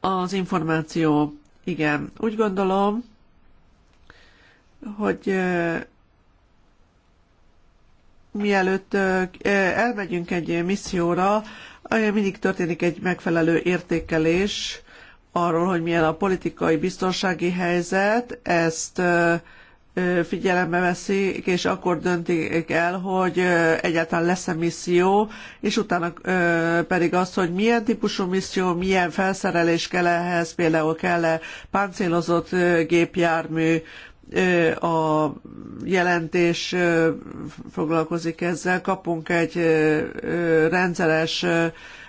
Az információ, igen, úgy gondolom, hogy mielőtt elmegyünk egy misszióra, mindig történik egy megfelelő értékelés, arról, hogy milyen a politikai biztonsági helyzet, ezt figyelembe veszik, és akkor döntik el, hogy egyáltalán lesz-e misszió, és utána pedig azt, hogy milyen típusú misszió, milyen felszerelés kell ehhez, például kell-e páncélozott gépjármű, a jelentés foglalkozik ezzel, kapunk egy rendszeres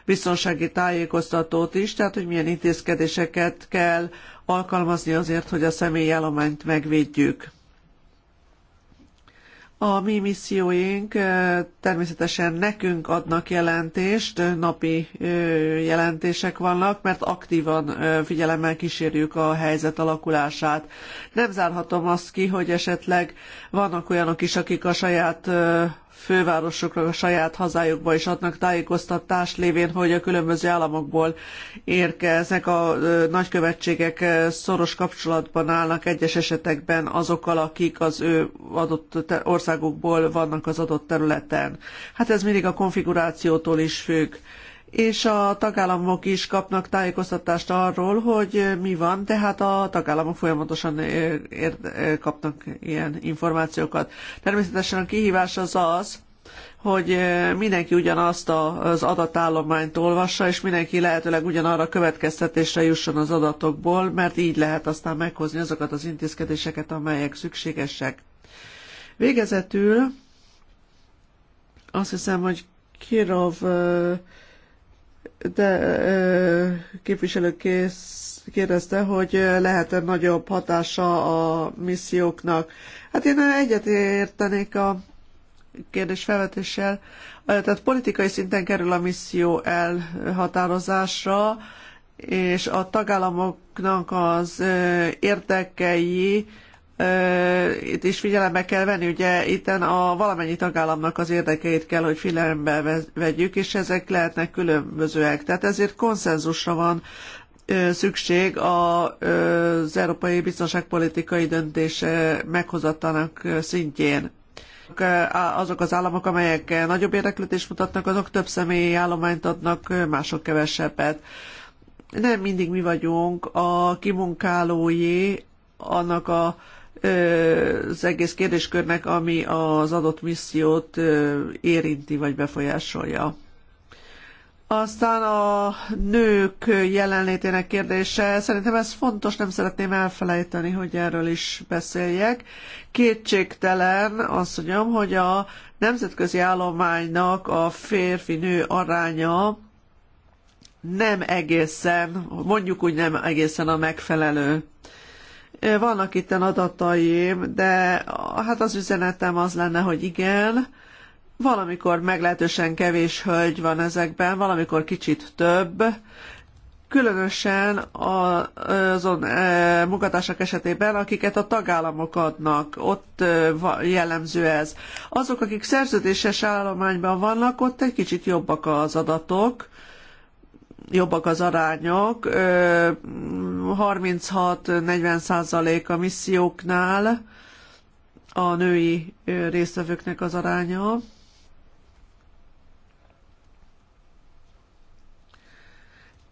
biztonsági tájékoztatót is, tehát hogy milyen intézkedéseket kell alkalmazni azért, hogy a állományt megvédjük. A mi misszióink természetesen nekünk adnak jelentést, napi jelentések vannak, mert aktívan figyelemmel kísérjük a helyzet alakulását. Nem zárhatom azt ki, hogy esetleg vannak olyanok is, akik a saját fővárosokra, a saját hazájukba is adnak tájékoztatást lévén, hogy a különböző államokból érkeznek a nagykövetségek, szoros kapcsolatban állnak egyes esetekben azokkal, akik az ő adott országokból vannak az adott területen. Hát ez mindig a konfigurációtól is függ és a tagállamok is kapnak tájékoztatást arról, hogy mi van, tehát a tagállamok folyamatosan ér, kapnak ilyen információkat. Természetesen a kihívás az az, hogy mindenki ugyanazt az adatállományt olvassa, és mindenki lehetőleg ugyanarra a következtetésre jusson az adatokból, mert így lehet aztán meghozni azokat az intézkedéseket, amelyek szükségesek. Végezetül azt hiszem, hogy Kirov de képviselő kérdezte, hogy lehet-e nagyobb hatása a misszióknak. Hát én egyet értenék a kérdés felvetéssel. Tehát politikai szinten kerül a misszió elhatározásra, és a tagállamoknak az érdekei itt is figyelembe kell venni, ugye itten a valamennyi tagállamnak az érdekeit kell, hogy figyelembe vegyük, és ezek lehetnek különbözőek. Tehát ezért konszenzusra van szükség az európai biztonságpolitikai döntés meghozatának szintjén. Azok az államok, amelyek nagyobb érdeklődést mutatnak, azok több személyi állományt adnak, mások kevesebbet. Nem mindig mi vagyunk a kimunkálói annak a az egész kérdéskörnek, ami az adott missziót érinti vagy befolyásolja. Aztán a nők jelenlétének kérdése, szerintem ez fontos, nem szeretném elfelejteni, hogy erről is beszéljek. Kétségtelen azt mondjam, hogy a nemzetközi állománynak a férfi-nő aránya nem egészen, mondjuk úgy nem egészen a megfelelő. Vannak a adataim, de hát az üzenetem az lenne, hogy igen, valamikor meglehetősen kevés hölgy van ezekben, valamikor kicsit több, különösen azon munkatársak esetében, akiket a tagállamok adnak, ott jellemző ez. Azok, akik szerződéses állományban vannak, ott egy kicsit jobbak az adatok, jobbak az arányok. 36-40 százalék a misszióknál a női résztvevőknek az aránya.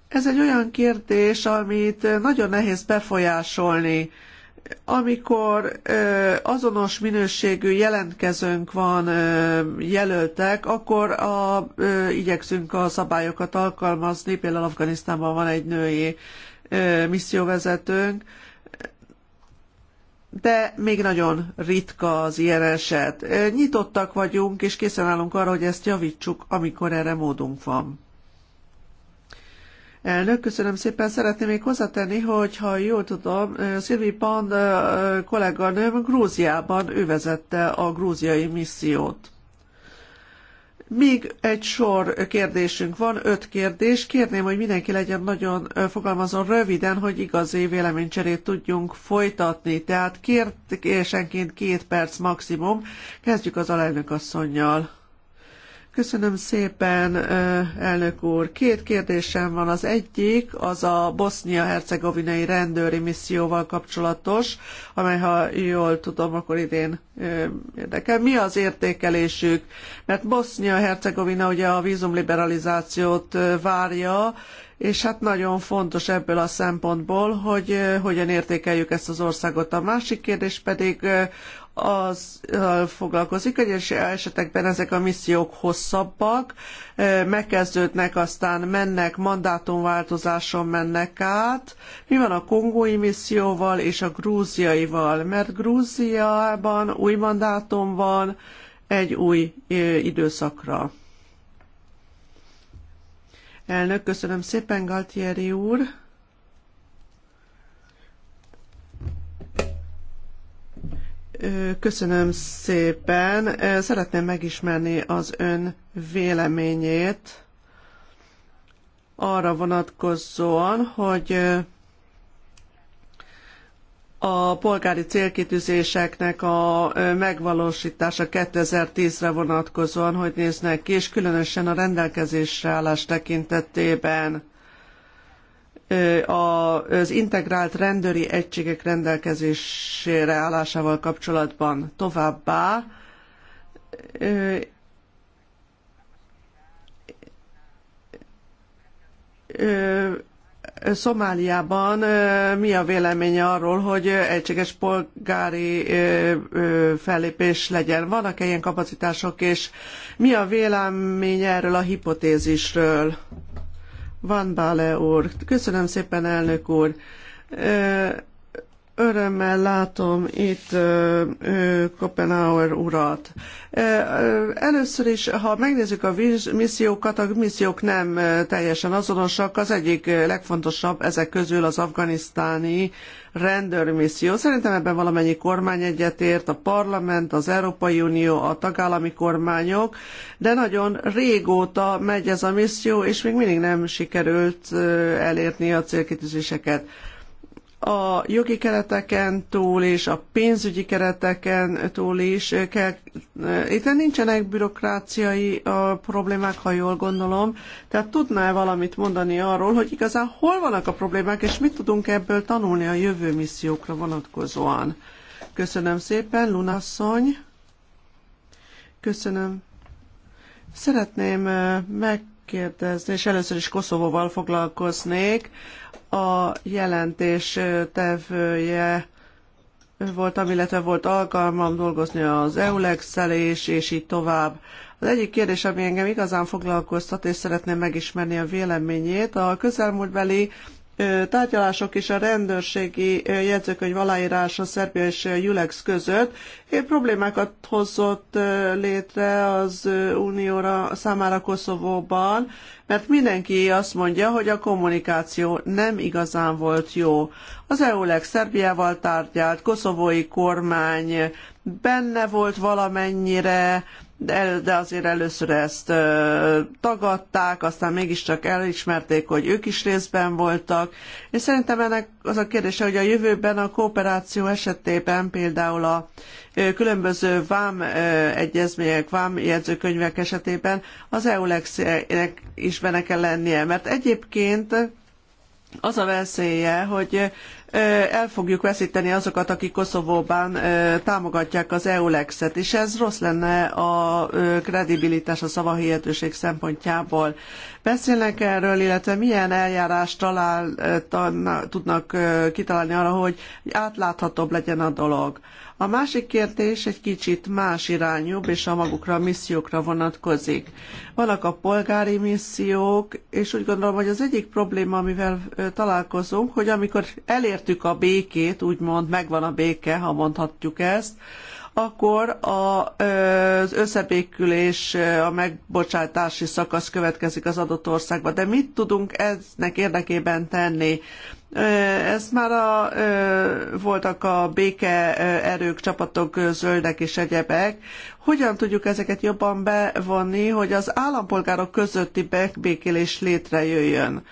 Ez egy olyan kérdés, amit nagyon nehéz befolyásolni amikor azonos minőségű jelentkezőnk van jelöltek, akkor a, igyekszünk a szabályokat alkalmazni. Például Afganisztánban van egy női misszióvezetőnk, de még nagyon ritka az ilyen eset. Nyitottak vagyunk, és készen állunk arra, hogy ezt javítsuk, amikor erre módunk van. Elnök, köszönöm szépen. Szeretném még hozzátenni, hogy ha jól tudom, Szilvi Pan kolléganőm Grúziában ő vezette a grúziai missziót. Még egy sor kérdésünk van, öt kérdés. Kérném, hogy mindenki legyen nagyon fogalmazon röviden, hogy igazi véleménycserét tudjunk folytatni. Tehát kérdésenként két perc maximum. Kezdjük az alelnök asszonynal. Köszönöm szépen, elnök úr. Két kérdésem van. Az egyik az a bosznia-hercegovinai rendőri misszióval kapcsolatos, amely, ha jól tudom, akkor idén érdekel. Mi az értékelésük? Mert Bosznia-hercegovina ugye a vízumliberalizációt várja, és hát nagyon fontos ebből a szempontból, hogy hogyan értékeljük ezt az országot. A másik kérdés pedig az foglalkozik. hogy esetekben ezek a missziók hosszabbak, megkezdődnek, aztán mennek, mandátumváltozáson mennek át. Mi van a kongói misszióval és a grúziaival? Mert Grúziában új mandátum van egy új időszakra. Elnök, köszönöm szépen, Galtieri úr! Köszönöm szépen. Szeretném megismerni az ön véleményét arra vonatkozóan, hogy a polgári célkitűzéseknek a megvalósítása 2010-re vonatkozóan hogy néznek ki, és különösen a rendelkezésre állás tekintetében az integrált rendőri egységek rendelkezésére állásával kapcsolatban továbbá Szomáliában mi a véleménye arról, hogy egységes polgári fellépés legyen? Vannak-e ilyen kapacitások, és mi a véleménye erről a hipotézisről? Van Bale úr. Köszönöm szépen, elnök úr. Örömmel látom itt Kopenhauer urat. Először is, ha megnézzük a missziókat, a missziók nem teljesen azonosak. Az egyik legfontosabb ezek közül az afganisztáni rendőrmisszió. Szerintem ebben valamennyi kormány egyetért, a parlament, az Európai Unió, a tagállami kormányok, de nagyon régóta megy ez a misszió, és még mindig nem sikerült elérni a célkitűzéseket a jogi kereteken túl és a pénzügyi kereteken túl is kell. Itt nincsenek bürokráciai problémák, ha jól gondolom. Tehát tudnál valamit mondani arról, hogy igazán hol vannak a problémák, és mit tudunk ebből tanulni a jövő missziókra vonatkozóan. Köszönöm szépen, Lunasszony. Köszönöm. Szeretném megkérdezni, és először is Koszovóval foglalkoznék a jelentés tevője voltam, illetve volt alkalmam dolgozni az EULEX-el és, és így tovább. Az egyik kérdés, ami engem igazán foglalkoztat, és szeretném megismerni a véleményét, a közelmúltbeli tárgyalások és a rendőrségi jegyzőkönyv aláírása Szerbia és Julex között problémákat hozott létre az unióra számára Koszovóban, mert mindenki azt mondja, hogy a kommunikáció nem igazán volt jó. Az EU-leg Szerbiával tárgyalt, koszovói kormány benne volt valamennyire, de, de azért először ezt ö, tagadták, aztán mégiscsak elismerték, hogy ők is részben voltak, és szerintem ennek az a kérdése, hogy a jövőben a kooperáció esetében például a ö, különböző vám ö, egyezmények, vám jegyzőkönyvek esetében az EULEX-nek is benne kell lennie, mert egyébként az a veszélye, hogy el fogjuk veszíteni azokat, akik Koszovóban támogatják az EULEX-et, és ez rossz lenne a kredibilitás a szavahihetőség szempontjából. Beszélnek erről, illetve milyen eljárást talál, tudnak kitalálni arra, hogy átláthatóbb legyen a dolog. A másik kérdés egy kicsit más irányúbb, és a magukra a missziókra vonatkozik. Vannak a polgári missziók, és úgy gondolom, hogy az egyik probléma, amivel találkozunk, hogy amikor elértük a békét, úgymond megvan a béke, ha mondhatjuk ezt, akkor az összebékülés, a megbocsátási szakasz következik az adott országban. De mit tudunk eznek érdekében tenni? Ez már a, voltak a béke erők, csapatok, zöldek és egyebek. Hogyan tudjuk ezeket jobban bevonni, hogy az állampolgárok közötti megbékélés létrejöjjön?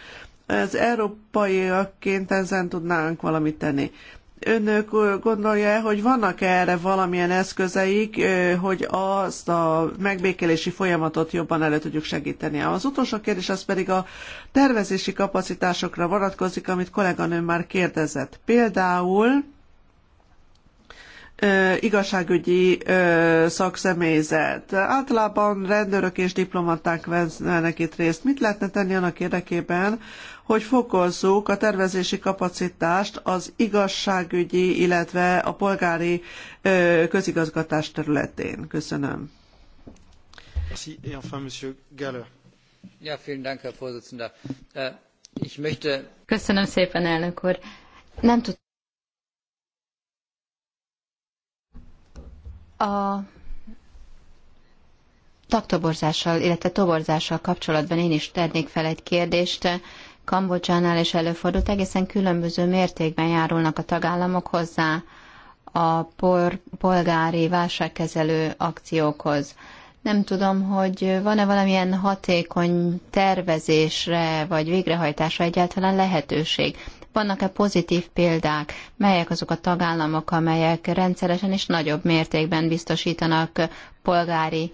Az európaiakként ezen tudnánk valamit tenni önök gondolja, hogy vannak -e erre valamilyen eszközeik, hogy azt a megbékélési folyamatot jobban elő tudjuk segíteni. Az utolsó kérdés az pedig a tervezési kapacitásokra vonatkozik, amit kolléganőm már kérdezett. Például igazságügyi szakszemélyzet. Általában rendőrök és diplomaták vennek itt részt. Mit lehetne tenni annak érdekében, hogy fokozzuk a tervezési kapacitást az igazságügyi, illetve a polgári közigazgatás területén. Köszönöm.
Äh, Köszönöm szépen, elnök úr. Nem tud... A taktoborzással, illetve toborzással kapcsolatban én is tennék fel egy kérdést. Kambodzsánál is előfordult, egészen különböző mértékben járulnak a tagállamok hozzá a por, polgári válságkezelő akciókhoz. Nem tudom, hogy van-e valamilyen hatékony tervezésre vagy végrehajtásra egyáltalán lehetőség. Vannak-e pozitív példák, melyek azok a tagállamok, amelyek rendszeresen és nagyobb mértékben biztosítanak polgári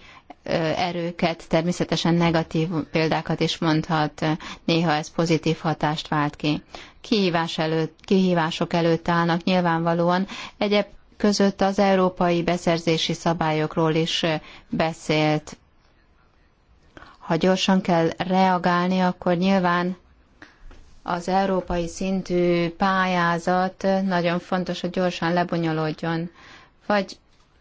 erőket, természetesen negatív példákat is mondhat, néha ez pozitív hatást vált ki. Kihívás előtt, kihívások előtt állnak nyilvánvalóan, egyéb között az európai beszerzési szabályokról is beszélt. Ha gyorsan kell reagálni, akkor nyilván az európai szintű pályázat nagyon fontos, hogy gyorsan lebonyolódjon. Vagy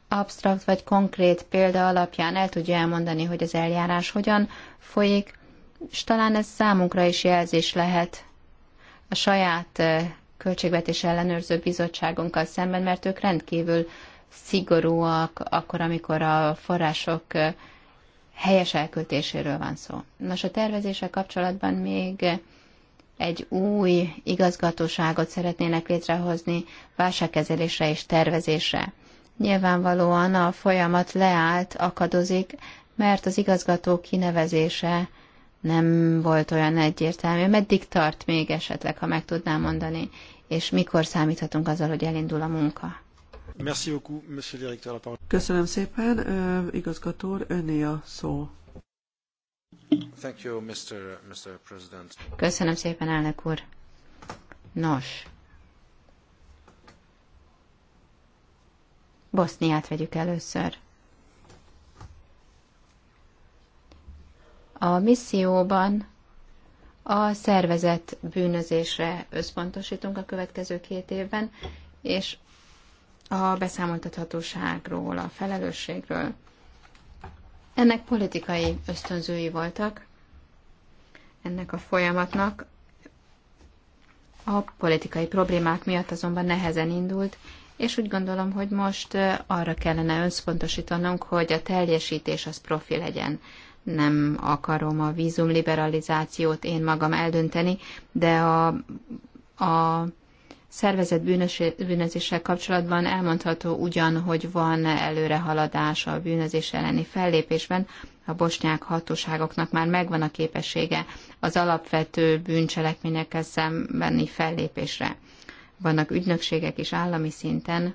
absztrakt vagy konkrét példa alapján el tudja elmondani, hogy az eljárás hogyan folyik, és talán ez számunkra is jelzés lehet a saját költségvetés ellenőrző bizottságunkkal szemben, mert ők rendkívül szigorúak akkor, amikor a források helyes elköltéséről van szó. Nos, a tervezéssel kapcsolatban még egy új igazgatóságot szeretnének létrehozni válságkezelésre és tervezésre. Nyilvánvalóan a folyamat leállt, akadozik, mert az igazgató kinevezése nem volt olyan egyértelmű. Meddig tart még esetleg, ha meg tudnám mondani, és mikor számíthatunk azzal, hogy elindul a
munka? Köszönöm szépen, igazgató úr, öné a szó.
Thank you, Mr. Mr. President. Köszönöm szépen,
elnök úr. Nos, Boszniát vegyük először. A misszióban a szervezet bűnözésre összpontosítunk a következő két évben, és a beszámoltathatóságról, a felelősségről. Ennek politikai ösztönzői voltak, ennek a folyamatnak. A politikai problémák miatt azonban nehezen indult, és úgy gondolom, hogy most arra kellene összpontosítanunk, hogy a teljesítés az profi legyen. Nem akarom a vízumliberalizációt én magam eldönteni, de a, a szervezet bűnözéssel kapcsolatban elmondható ugyan, hogy van előrehaladás a bűnözés elleni fellépésben, a bosnyák hatóságoknak már megvan a képessége az alapvető bűncselekményekkel szembeni fellépésre. Vannak ügynökségek is állami szinten,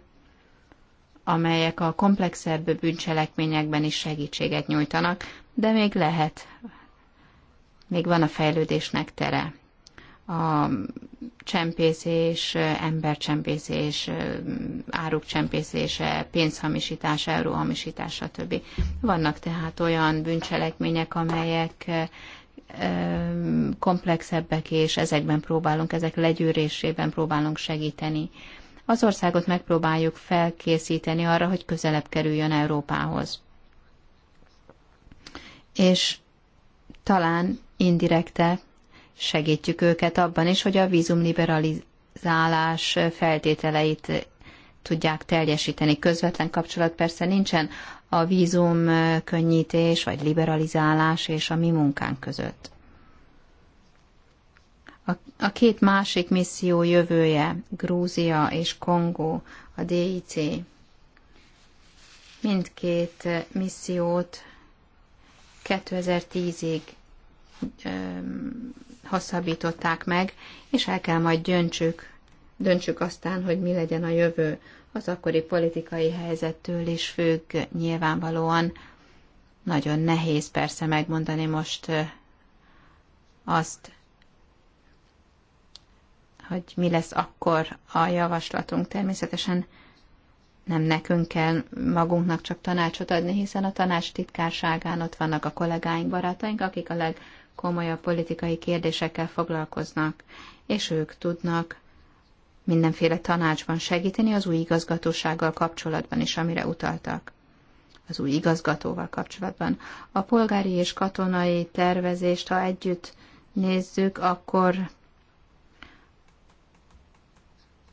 amelyek a komplexebb bűncselekményekben is segítséget nyújtanak, de még lehet, még van a fejlődésnek tere. A csempészés, embercsempészés, áruk csempészése, pénzhamisítás, euróhamisítás, stb. Vannak tehát olyan bűncselekmények, amelyek komplexebbek, és ezekben próbálunk, ezek legyűrésében próbálunk segíteni. Az országot megpróbáljuk felkészíteni arra, hogy közelebb kerüljön Európához. És talán indirekte segítjük őket abban is, hogy a vízumliberalizálás feltételeit tudják teljesíteni. Közvetlen kapcsolat persze nincsen a vízum könnyítés vagy liberalizálás és a mi munkánk között. A, a két másik misszió jövője, Grúzia és Kongó, a DIC, mindkét eh, missziót 2010-ig eh, hosszabbították meg, és el kell majd gyöntsük, döntsük aztán, hogy mi legyen a jövő. Az akkori politikai helyzettől is függ nyilvánvalóan. Nagyon nehéz persze megmondani most azt, hogy mi lesz akkor a javaslatunk. Természetesen nem nekünk kell magunknak csak tanácsot adni, hiszen a tanács titkárságán ott vannak a kollégáink, barátaink, akik a legkomolyabb politikai kérdésekkel foglalkoznak, és ők tudnak mindenféle tanácsban segíteni az új igazgatósággal kapcsolatban is, amire utaltak az új igazgatóval kapcsolatban. A polgári és katonai tervezést, ha együtt nézzük, akkor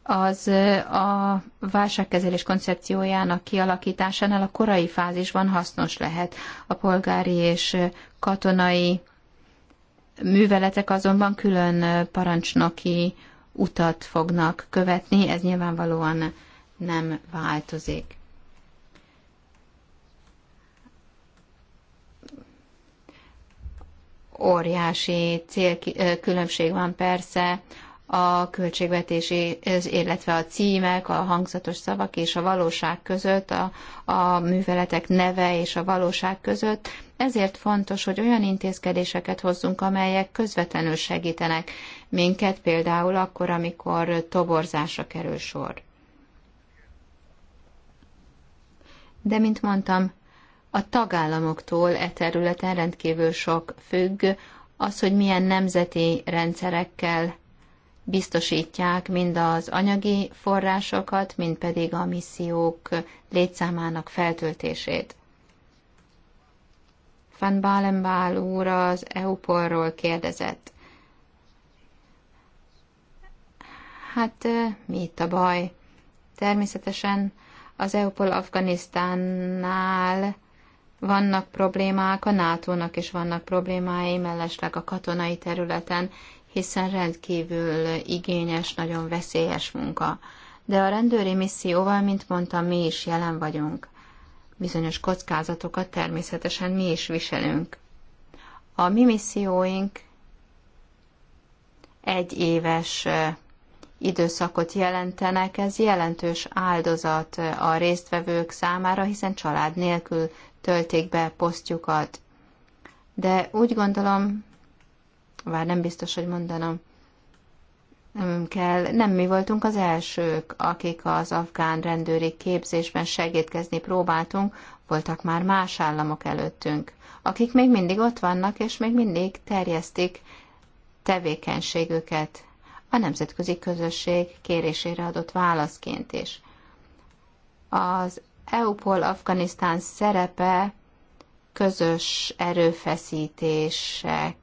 az a válságkezelés koncepciójának kialakításánál a korai fázisban hasznos lehet. A polgári és katonai műveletek azonban külön parancsnoki utat fognak követni, ez nyilvánvalóan nem változik. Óriási célkülönbség van persze a költségvetési, illetve a címek, a hangzatos szavak és a valóság között, a, a műveletek neve és a valóság között. Ezért fontos, hogy olyan intézkedéseket hozzunk, amelyek közvetlenül segítenek minket, például akkor, amikor toborzásra kerül sor. De, mint mondtam, a tagállamoktól e területen rendkívül sok függ az, hogy milyen nemzeti rendszerekkel biztosítják mind az anyagi forrásokat, mind pedig a missziók létszámának feltöltését. Van Balenbál úr az eu kérdezett. Hát mi itt a baj? Természetesen az EUPOL Afganisztánnál vannak problémák, a NATO-nak is vannak problémái, mellesleg a katonai területen, hiszen rendkívül igényes, nagyon veszélyes munka. De a rendőri misszióval, mint mondtam, mi is jelen vagyunk. Bizonyos kockázatokat természetesen mi is viselünk. A mi misszióink egy éves időszakot jelentenek, ez jelentős áldozat a résztvevők számára, hiszen család nélkül tölték be posztjukat. De úgy gondolom, vár nem biztos, hogy mondanom, nem kell, nem mi voltunk az elsők, akik az afgán rendőri képzésben segítkezni próbáltunk, voltak már más államok előttünk, akik még mindig ott vannak, és még mindig terjesztik tevékenységüket a nemzetközi közösség kérésére adott válaszként is. Az EUPOL Afganisztán szerepe közös erőfeszítések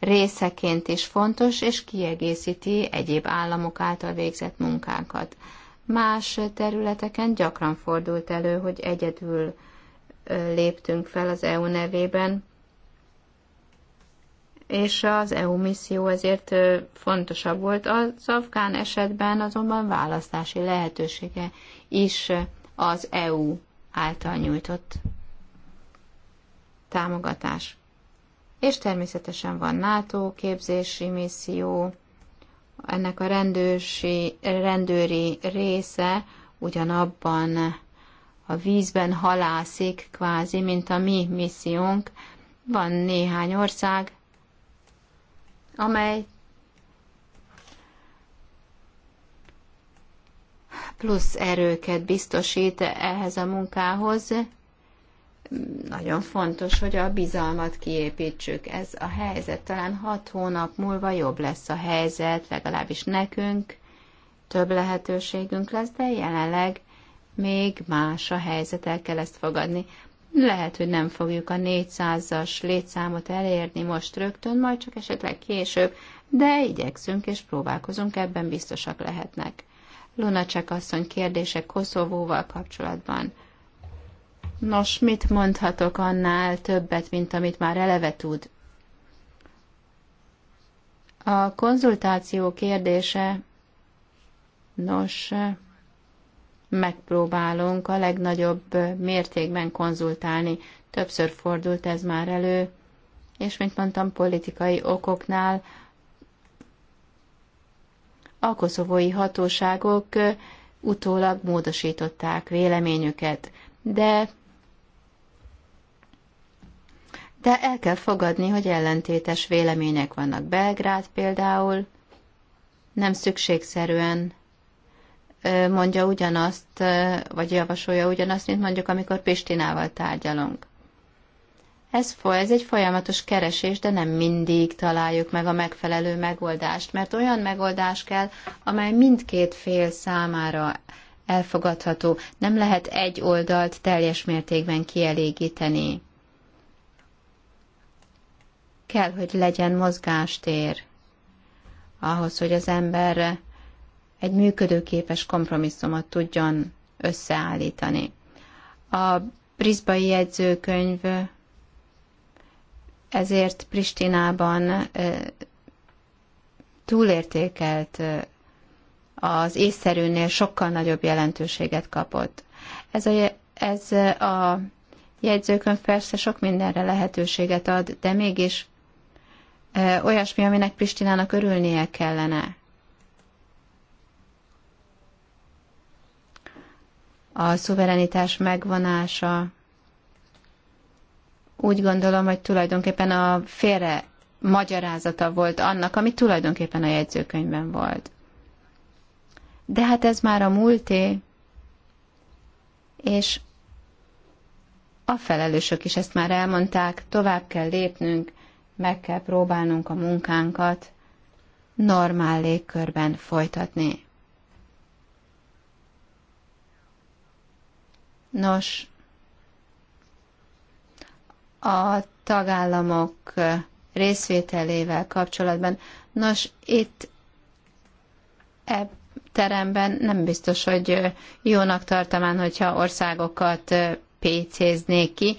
részeként is fontos, és kiegészíti egyéb államok által végzett munkákat. Más területeken gyakran fordult elő, hogy egyedül léptünk fel az EU nevében, és az EU misszió ezért fontosabb volt. Az afgán esetben azonban választási lehetősége is az EU által nyújtott támogatás. És természetesen van NATO képzési misszió, ennek a rendőrsi, rendőri része ugyanabban a vízben halászik kvázi, mint a mi missziónk. Van néhány ország, amely plusz erőket biztosít ehhez a munkához. Nagyon fontos, hogy a bizalmat kiépítsük. Ez a helyzet talán hat hónap múlva jobb lesz a helyzet, legalábbis nekünk több lehetőségünk lesz, de jelenleg még más a helyzet, el kell ezt fogadni lehet, hogy nem fogjuk a 400-as létszámot elérni most rögtön, majd csak esetleg később, de igyekszünk és próbálkozunk, ebben biztosak lehetnek. Lunacek asszony kérdése Koszovóval kapcsolatban. Nos, mit mondhatok annál többet, mint amit már eleve tud? A konzultáció kérdése, nos, megpróbálunk a legnagyobb mértékben konzultálni. Többször fordult ez már elő, és mint mondtam, politikai okoknál a koszovói hatóságok utólag módosították véleményüket, de de el kell fogadni, hogy ellentétes vélemények vannak. Belgrád például nem szükségszerűen mondja ugyanazt, vagy javasolja ugyanazt, mint mondjuk, amikor Pistinával tárgyalunk. Ez, ez egy folyamatos keresés, de nem mindig találjuk meg a megfelelő megoldást, mert olyan megoldás kell, amely mindkét fél számára elfogadható. Nem lehet egy oldalt teljes mértékben kielégíteni. Kell, hogy legyen mozgástér ahhoz, hogy az ember egy működőképes kompromisszumot tudjon összeállítani. A Prisbai jegyzőkönyv ezért Pristinában túlértékelt az észszerűnél sokkal nagyobb jelentőséget kapott. Ez a, ez a jegyzőkönyv persze sok mindenre lehetőséget ad, de mégis olyasmi, aminek Pristinának örülnie kellene. a szuverenitás megvonása, úgy gondolom, hogy tulajdonképpen a félre magyarázata volt annak, ami tulajdonképpen a jegyzőkönyvben volt. De hát ez már a múlté, és a felelősök is ezt már elmondták, tovább kell lépnünk, meg kell próbálnunk a munkánkat normál légkörben folytatni. Nos, a tagállamok részvételével kapcsolatban. Nos, itt e teremben nem biztos, hogy jónak tartamán, hogyha országokat pécéznék ki,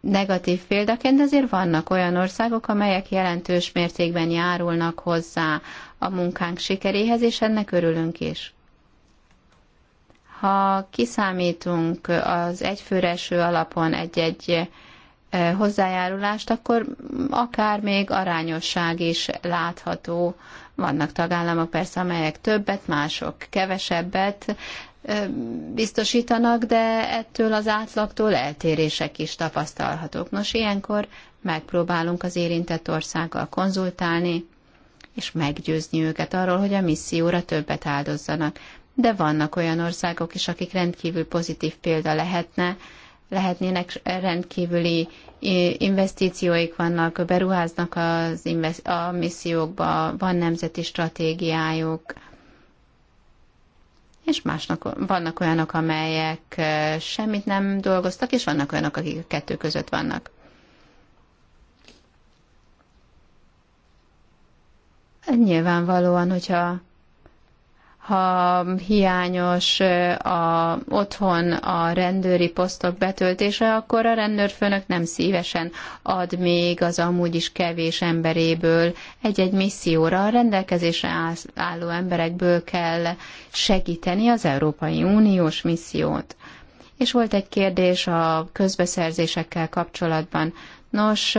negatív példaként, azért vannak olyan országok, amelyek jelentős mértékben járulnak hozzá a munkánk sikeréhez, és ennek örülünk is. Ha kiszámítunk az egyfőreső alapon egy-egy hozzájárulást, akkor akár még arányosság is látható. Vannak tagállamok persze, amelyek többet, mások kevesebbet biztosítanak, de ettől az átlagtól eltérések is tapasztalhatók. Nos, ilyenkor megpróbálunk az érintett országgal konzultálni, és meggyőzni őket arról, hogy a misszióra többet áldozzanak de vannak olyan országok is, akik rendkívül pozitív példa lehetne, lehetnének rendkívüli investícióik vannak, beruháznak az invest- a missziókba, van nemzeti stratégiájuk, és másnak vannak olyanok, amelyek semmit nem dolgoztak, és vannak olyanok, akik a kettő között vannak. Hát nyilvánvalóan, hogyha ha hiányos a, otthon a rendőri posztok betöltése, akkor a rendőrfőnök nem szívesen ad még az amúgy is kevés emberéből egy-egy misszióra. A rendelkezésre álló emberekből kell segíteni az Európai Uniós missziót. És volt egy kérdés a közbeszerzésekkel kapcsolatban. Nos,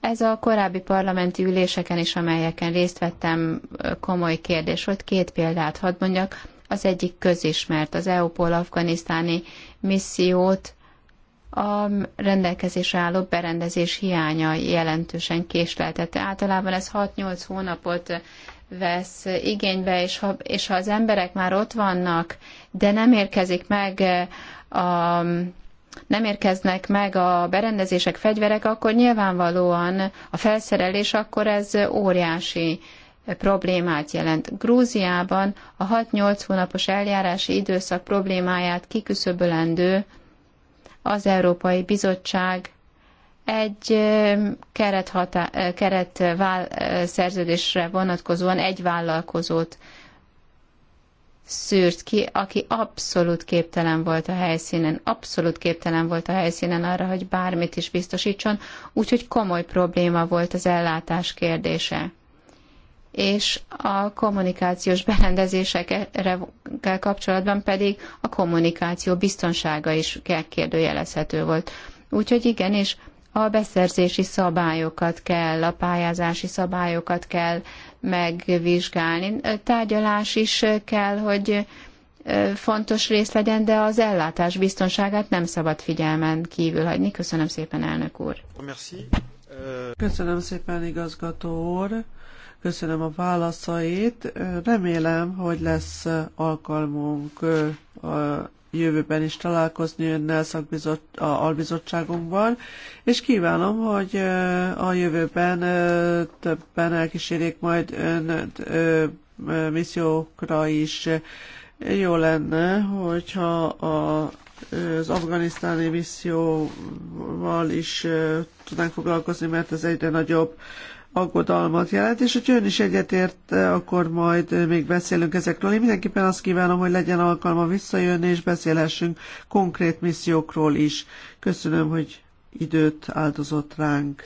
ez a korábbi parlamenti üléseken is, amelyeken részt vettem, komoly kérdés volt. Két példát hadd mondjak. Az egyik közismert, az EUPOL afganisztáni missziót a rendelkezésre álló berendezés hiánya jelentősen késleltette. Általában ez 6-8 hónapot vesz igénybe, és ha, és ha az emberek már ott vannak, de nem érkezik meg a, nem érkeznek meg a berendezések, fegyverek, akkor nyilvánvalóan a felszerelés akkor ez óriási problémát jelent. Grúziában a 6-8 hónapos eljárási időszak problémáját kiküszöbölendő az Európai Bizottság egy keret, hatá- szerződésre vonatkozóan egy vállalkozót szűrt ki, aki abszolút képtelen volt a helyszínen, abszolút képtelen volt a helyszínen arra, hogy bármit is biztosítson, úgyhogy komoly probléma volt az ellátás kérdése. És a kommunikációs berendezésekkel kapcsolatban pedig a kommunikáció biztonsága is kérdőjelezhető volt. Úgyhogy igen, és a beszerzési szabályokat kell, a pályázási szabályokat kell megvizsgálni. Tárgyalás is kell, hogy fontos rész legyen, de az ellátás biztonságát nem szabad figyelmen kívül hagyni. Köszönöm szépen, elnök úr.
Köszönöm szépen, igazgató úr. Köszönöm a válaszait. Remélem, hogy lesz alkalmunk jövőben is találkozni önnel szakbizot, a albizottságunkban, és kívánom, hogy a jövőben többen elkísérjék majd ön missziókra is. Jó lenne, hogyha a az afganisztáni misszióval is tudnánk foglalkozni, mert ez egyre nagyobb aggodalmat jelent, és hogy ön is egyetért, eh, akkor majd eh, még beszélünk ezekről. Én mindenképpen azt kívánom, hogy legyen alkalma visszajönni, és beszélhessünk konkrét missziókról is. Köszönöm, hogy időt áldozott ránk.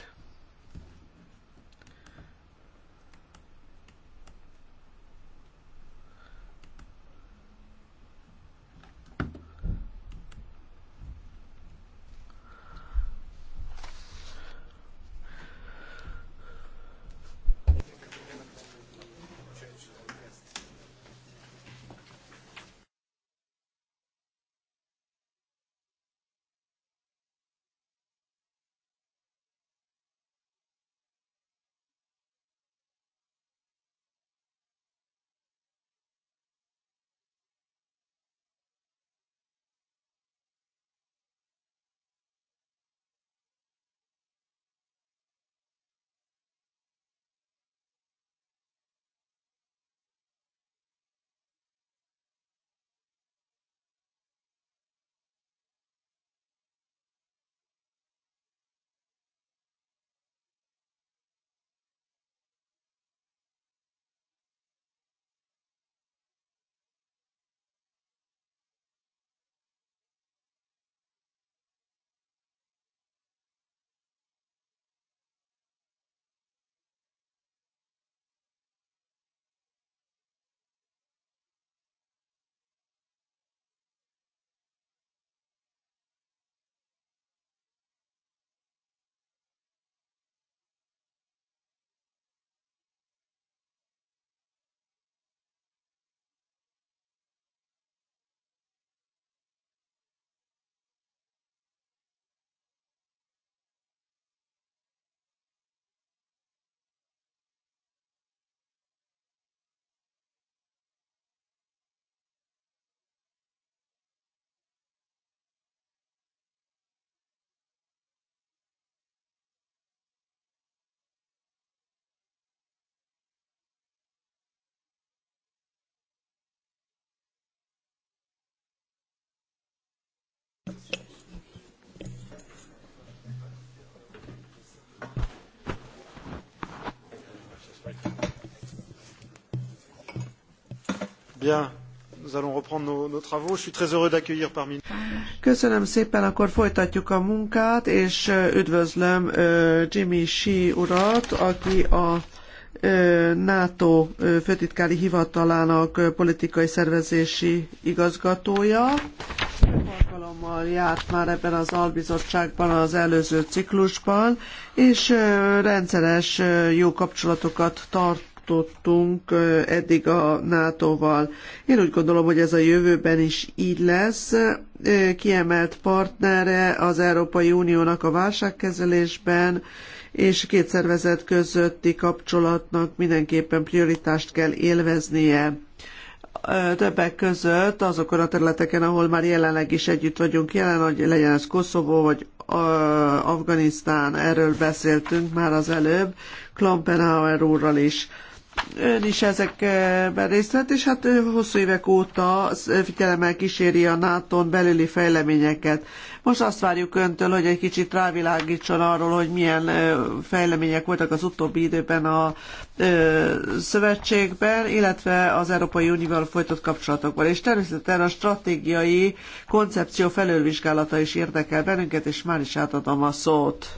Bien. Köszönöm szépen, akkor folytatjuk a munkát, és üdvözlöm Jimmy Shi urat, aki a NATO főtitkári hivatalának politikai szervezési igazgatója. Alkalommal járt már ebben az albizottságban az előző ciklusban, és rendszeres jó kapcsolatokat tart tartottunk eddig a NATO-val. Én úgy gondolom, hogy ez a jövőben is így lesz. Kiemelt partnere az Európai Uniónak a válságkezelésben, és két szervezet közötti kapcsolatnak mindenképpen prioritást kell élveznie többek között azokon a területeken, ahol már jelenleg is együtt vagyunk jelen, hogy legyen ez Koszovó vagy Afganisztán, erről beszéltünk már az előbb, Klampenhauer úrral is ön is ezekben részt vett, és hát hosszú évek óta figyelemmel kíséri a nato belüli fejleményeket. Most azt várjuk öntől, hogy egy kicsit rávilágítson arról, hogy milyen fejlemények voltak az utóbbi időben a szövetségben, illetve az Európai Unióval folytott kapcsolatokban. És természetesen a stratégiai koncepció felülvizsgálata is érdekel bennünket, és már is átadom a szót.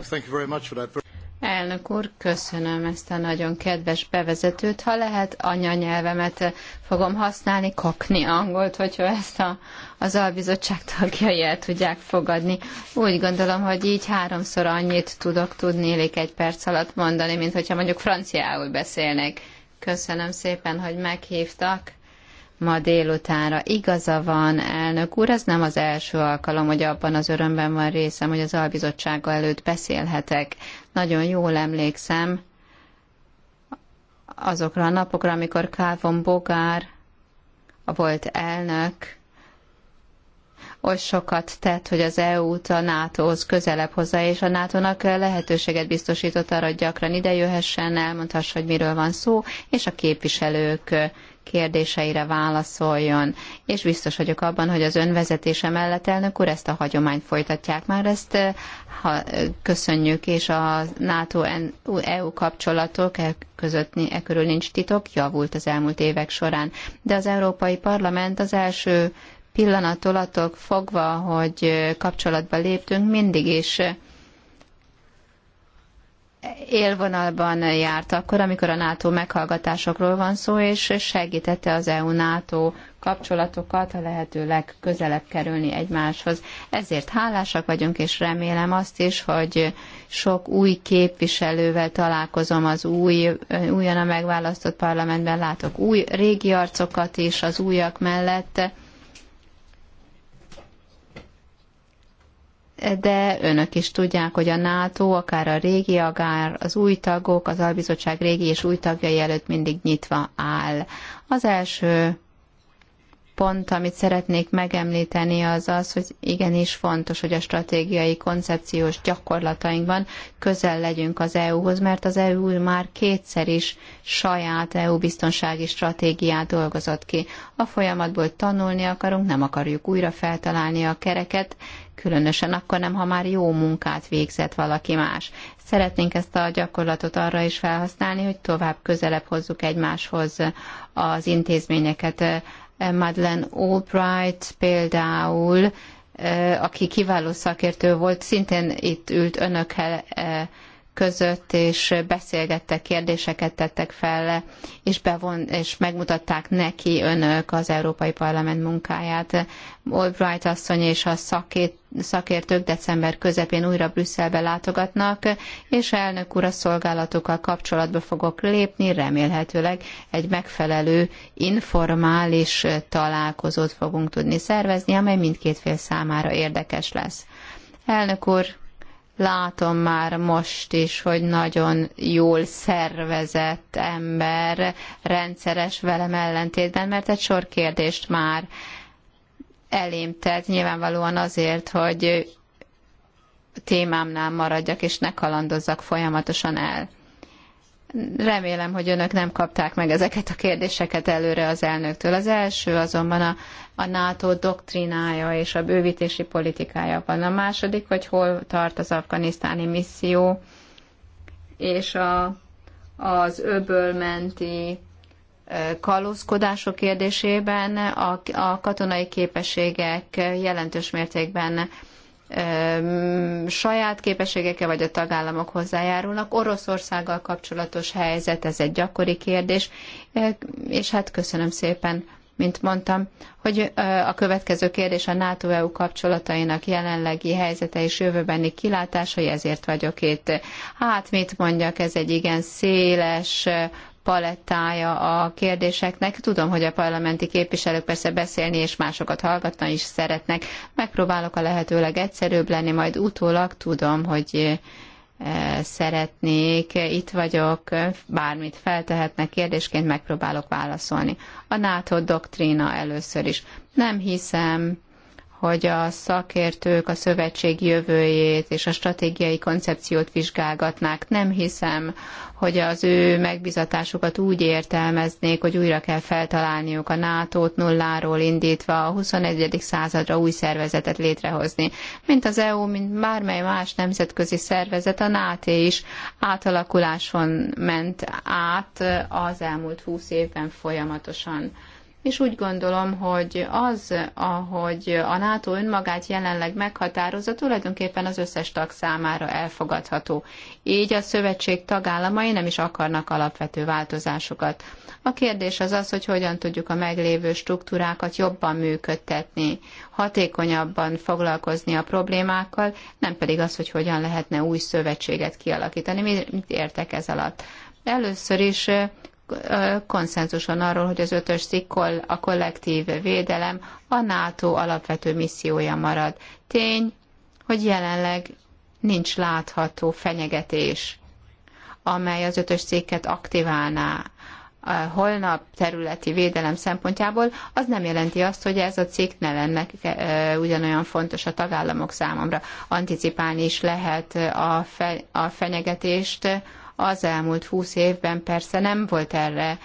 Elnök úr, köszönöm ezt a nagyon kedves bevezetőt. Ha lehet, anyanyelvemet fogom használni, kakni angolt, hogyha ezt a, az albizottság tagjai el tudják fogadni. Úgy gondolom, hogy így háromszor annyit tudok tudnélik egy perc alatt mondani, mint hogyha mondjuk franciául beszélnék. Köszönöm szépen, hogy meghívtak ma délutánra. Igaza van, elnök úr, ez nem az első alkalom, hogy abban az örömben van részem, hogy az albizottsága előtt beszélhetek. Nagyon jól emlékszem azokra a napokra, amikor Kávon Bogár, a volt elnök, oly sokat tett, hogy az EU-t a NATO-hoz közelebb hozza, és a NATO-nak lehetőséget biztosított arra, hogy gyakran idejöhessen, elmondhassa, hogy miről van szó, és a képviselők kérdéseire válaszoljon. És biztos vagyok abban, hogy az önvezetése mellett elnök úr ezt a hagyományt folytatják már, ezt eh, ha, eh, köszönjük, és a NATO-EU kapcsolatok e között e körül nincs titok, javult az elmúlt évek során. De az Európai Parlament az első pillanattól attól fogva, hogy eh, kapcsolatba léptünk, mindig is élvonalban járt akkor, amikor a NATO meghallgatásokról van szó, és segítette az EU-NATO kapcsolatokat a lehető legközelebb kerülni egymáshoz. Ezért hálásak vagyunk, és remélem azt is, hogy sok új képviselővel találkozom az új, újonnan megválasztott parlamentben, látok új régi arcokat is az újak mellett, de önök is tudják, hogy a NATO, akár a régi, akár az új tagok, az albizottság régi és új tagjai előtt mindig nyitva áll. Az első pont, amit szeretnék megemlíteni, az az, hogy igenis fontos, hogy a stratégiai koncepciós gyakorlatainkban közel legyünk az EU-hoz, mert az EU már kétszer is saját EU biztonsági stratégiát dolgozott ki. A folyamatból tanulni akarunk, nem akarjuk újra feltalálni a kereket, különösen akkor nem, ha már jó munkát végzett valaki más. Szeretnénk ezt a gyakorlatot arra is felhasználni, hogy tovább közelebb hozzuk egymáshoz az intézményeket. Madeleine Albright például, eh, aki kiváló szakértő volt, szintén itt ült önökkel eh, között, és beszélgettek, kérdéseket tettek fel, és, bevon, és megmutatták neki önök az Európai Parlament munkáját. Albright asszony és a szakét, szakértők december közepén újra Brüsszelbe látogatnak, és elnök úr a szolgálatokkal kapcsolatba fogok lépni, remélhetőleg egy megfelelő informális találkozót fogunk tudni szervezni, amely mindkét fél számára érdekes lesz. Elnök úr, látom már most is, hogy nagyon jól szervezett ember, rendszeres velem ellentétben, mert egy sor kérdést már elém tett, nyilvánvalóan azért, hogy témámnál maradjak, és ne kalandozzak folyamatosan el. Remélem, hogy önök nem kapták meg ezeket a kérdéseket előre az elnöktől. Az első azonban a, a NATO doktrinája és a bővítési politikája van. A második, hogy hol tart az afganisztáni misszió, és a, az menti kalózkodások kérdésében a, a katonai képességek jelentős mértékben saját képességekkel vagy a tagállamok hozzájárulnak. Oroszországgal kapcsolatos helyzet, ez egy gyakori kérdés, e, és hát köszönöm szépen mint mondtam, hogy e, a következő kérdés a NATO-EU kapcsolatainak jelenlegi helyzete és jövőbeni kilátásai, ezért vagyok itt. Hát mit mondjak, ez egy igen széles palettája a kérdéseknek. Tudom, hogy a parlamenti képviselők persze beszélni és másokat hallgatni is szeretnek. Megpróbálok a lehetőleg egyszerűbb lenni, majd utólag tudom, hogy eh, szeretnék, itt vagyok, bármit feltehetnek kérdésként, megpróbálok válaszolni. A NATO doktrína először is. Nem hiszem, hogy a szakértők a szövetség jövőjét és a stratégiai koncepciót vizsgálgatnák. Nem hiszem, hogy az ő megbizatásukat úgy értelmeznék, hogy újra kell feltalálniuk a NATO-t nulláról indítva a 21. századra új szervezetet létrehozni. Mint az EU, mint bármely más nemzetközi szervezet, a NATO is átalakuláson ment át az elmúlt 20 évben folyamatosan és úgy gondolom, hogy az, ahogy a NATO önmagát jelenleg meghatározza, tulajdonképpen az összes tag számára elfogadható. Így a szövetség tagállamai nem is akarnak alapvető változásokat. A kérdés az az, hogy hogyan tudjuk a meglévő struktúrákat jobban működtetni, hatékonyabban foglalkozni a problémákkal, nem pedig az, hogy hogyan lehetne új szövetséget kialakítani. Mit értek ez alatt? Először is konszenzuson arról, hogy az ötös szikkol a kollektív védelem a NATO alapvető missziója marad. Tény, hogy jelenleg nincs látható fenyegetés, amely az ötös cikket aktiválná a holnap területi védelem szempontjából, az nem jelenti azt, hogy ez a cikk ne lenne ugyanolyan fontos a tagállamok számomra. Anticipálni is lehet a, fe, a fenyegetést, az elmúlt húsz évben persze nem volt erre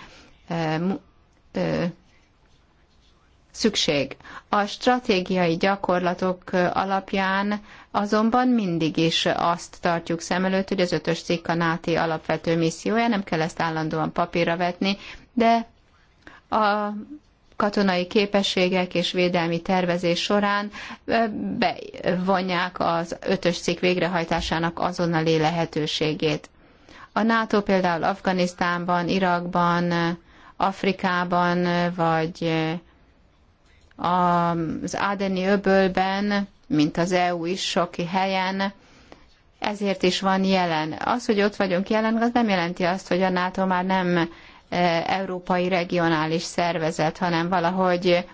szükség. A stratégiai gyakorlatok alapján azonban mindig is azt tartjuk szem előtt, hogy az ötös cikk a NÁTI alapvető missziója, nem kell ezt állandóan papírra vetni, de a katonai képességek és védelmi tervezés során bevonják az ötös cikk végrehajtásának azonnali lehetőségét. A NATO például Afganisztánban, Irakban, Afrikában, vagy az Ádeni öbölben, mint az EU is sok helyen, ezért is van jelen. Az, hogy ott vagyunk jelen, az nem jelenti azt, hogy a NATO már nem e, európai regionális szervezet, hanem valahogy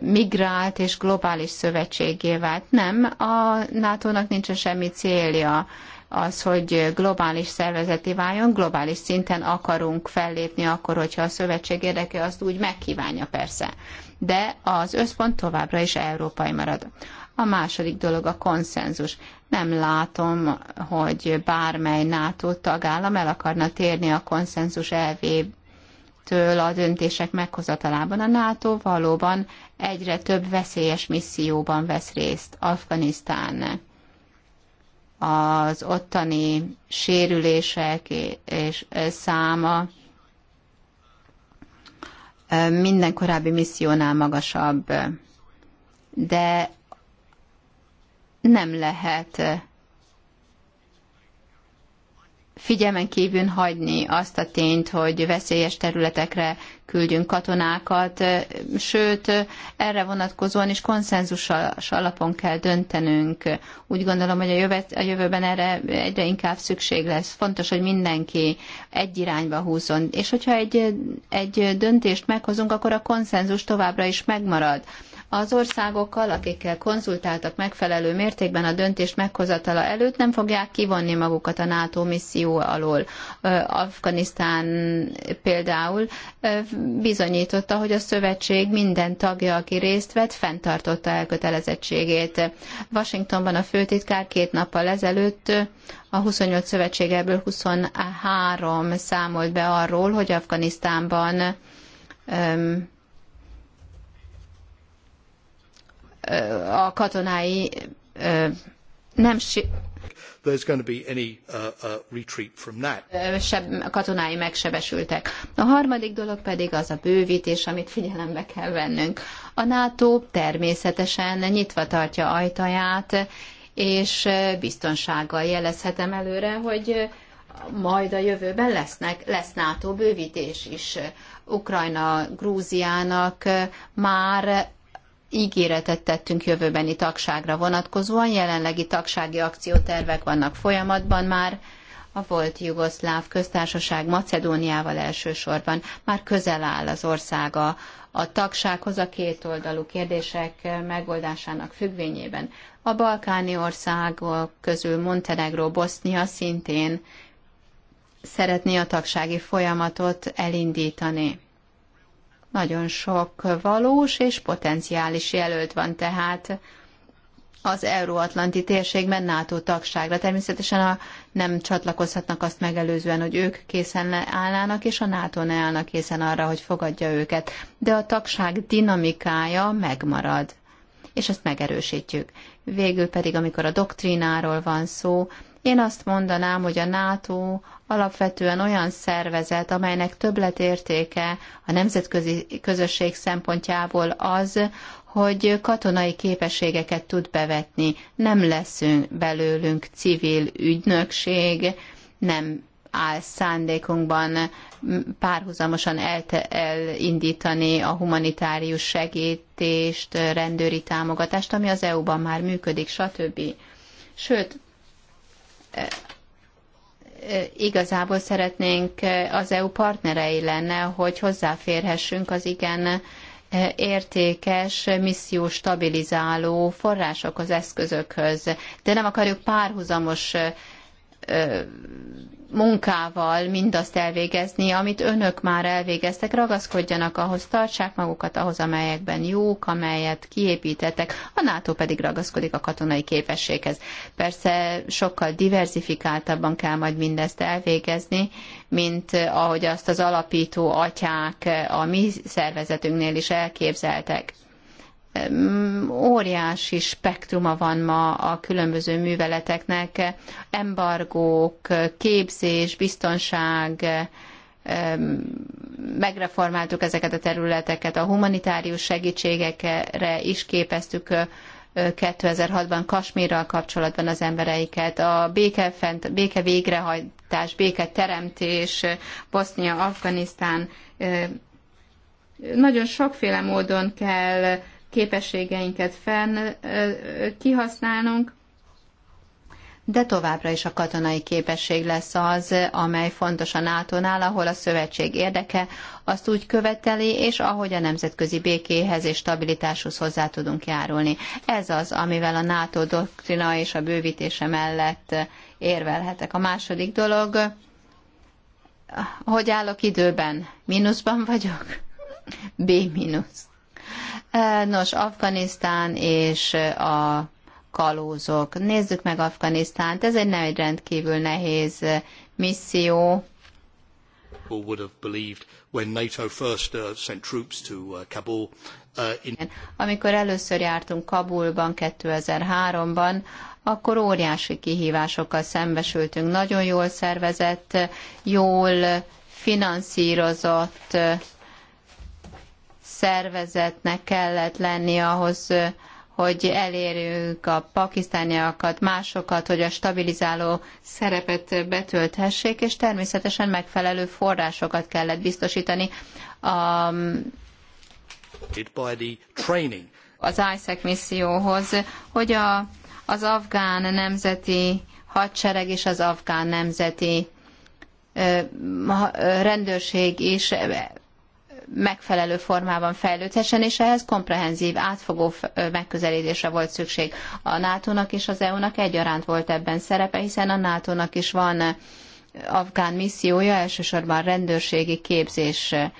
migrált és globális szövetségé vált. Nem, a NATO-nak nincsen semmi célja az, hogy globális szervezeti váljon, globális szinten akarunk fellépni akkor, hogyha a szövetség érdeke azt úgy megkívánja persze. De az összpont továbbra is európai marad. A második dolog a konszenzus. Nem látom, hogy bármely NATO tagállam el akarna térni a konszenzus elvétől a döntések meghozatalában a NATO valóban egyre több veszélyes misszióban vesz részt. Afganisztán, az ottani sérülések és száma minden korábbi missziónál magasabb, de nem lehet figyelmen kívül hagyni azt a tényt, hogy veszélyes területekre küldjünk katonákat, sőt, erre vonatkozóan is konszenzusos alapon kell döntenünk. Úgy gondolom, hogy a, a jövőben erre egyre inkább szükség lesz. Fontos, hogy mindenki egy irányba húzzon. És hogyha egy, egy döntést meghozunk, akkor a konszenzus továbbra is megmarad az országokkal, akikkel konzultáltak megfelelő mértékben a döntés meghozatala előtt, nem fogják kivonni magukat a NATO misszió alól. Afganisztán például bizonyította, hogy a szövetség minden tagja, aki részt vett, fenntartotta elkötelezettségét. Washingtonban a főtitkár két nappal ezelőtt a 28 szövetség ebből 23 számolt be arról, hogy Afganisztánban a katonái nem There's going to be any uh, uh, retreat from that. Seb- katonái megsebesültek. A harmadik dolog pedig az a bővítés, amit figyelembe kell vennünk. A NATO természetesen nyitva tartja ajtaját, és biztonsággal jelezhetem előre, hogy majd a jövőben lesznek, lesz NATO bővítés is. Ukrajna, Grúziának már ígéretet tettünk jövőbeni tagságra vonatkozóan, jelenlegi tagsági akciótervek vannak folyamatban már, a volt Jugoszláv köztársaság Macedóniával elsősorban már közel áll az országa a tagsághoz a kétoldalú kérdések megoldásának függvényében. A balkáni országok közül Montenegró, Bosznia szintén szeretné a tagsági folyamatot elindítani. Nagyon sok valós és potenciális jelölt van tehát az euróatlanti térségben NATO tagságra. Természetesen a, nem csatlakozhatnak azt megelőzően, hogy ők készen állnának, és a NATO ne állna készen arra, hogy fogadja őket. De a tagság dinamikája megmarad, és ezt megerősítjük. Végül pedig, amikor a doktrínáról van szó, én azt mondanám, hogy a NATO alapvetően olyan szervezet, amelynek többletértéke a nemzetközi közösség szempontjából az, hogy katonai képességeket tud bevetni. Nem leszünk belőlünk civil ügynökség, nem áll szándékunkban párhuzamosan el- elindítani a humanitárius segítést, rendőri támogatást, ami az EU-ban már működik, stb. Sőt, igazából szeretnénk eh, az EU partnerei lenne, hogy hozzáférhessünk az igen eh, értékes, misszió stabilizáló forrásokhoz, eszközökhöz. De nem akarjuk párhuzamos eh, munkával mindazt elvégezni, amit önök már elvégeztek, ragaszkodjanak ahhoz, tartsák magukat ahhoz, amelyekben jók, amelyet kiépítettek, a NATO pedig ragaszkodik a katonai képességhez. Persze sokkal diversifikáltabban kell majd mindezt elvégezni, mint ahogy azt az alapító atyák a mi szervezetünknél is elképzeltek óriási spektruma van ma a különböző műveleteknek, embargók, képzés, biztonság, megreformáltuk ezeket a területeket, a humanitárius segítségekre is képeztük 2006-ban Kasmírral kapcsolatban az embereiket, a béke, fent, béke végrehajtás, béke teremtés, Bosznia, Afganisztán, nagyon sokféle módon kell képességeinket fenn kihasználnunk, de továbbra is a katonai képesség lesz az, amely fontos a NATO-nál, ahol a szövetség érdeke azt úgy követeli, és ahogy a nemzetközi békéhez és stabilitáshoz hozzá tudunk járulni. Ez az, amivel a NATO doktrina és a bővítése mellett érvelhetek. A második dolog, hogy állok időben? Mínuszban vagyok? B mínusz. Nos, Afganisztán és a kalózok. Nézzük meg Afganisztánt. Ez egy nem egy rendkívül nehéz eh, misszió. Amikor először jártunk Kabulban 2003-ban, akkor óriási kihívásokkal szembesültünk. Nagyon jól szervezett, jól finanszírozott szervezetnek kellett lenni ahhoz, hogy elérjük a pakisztániakat, másokat, hogy a stabilizáló szerepet betölthessék, és természetesen megfelelő forrásokat kellett biztosítani a, az ISEC misszióhoz, hogy a, az afgán nemzeti hadsereg és az afgán nemzeti rendőrség is megfelelő formában fejlődhessen, és ehhez komprehenzív, átfogó megközelítésre volt szükség. A NATO-nak és az EU-nak egyaránt volt ebben szerepe, hiszen a NATO-nak is van afgán missziója, elsősorban rendőrségi képzésre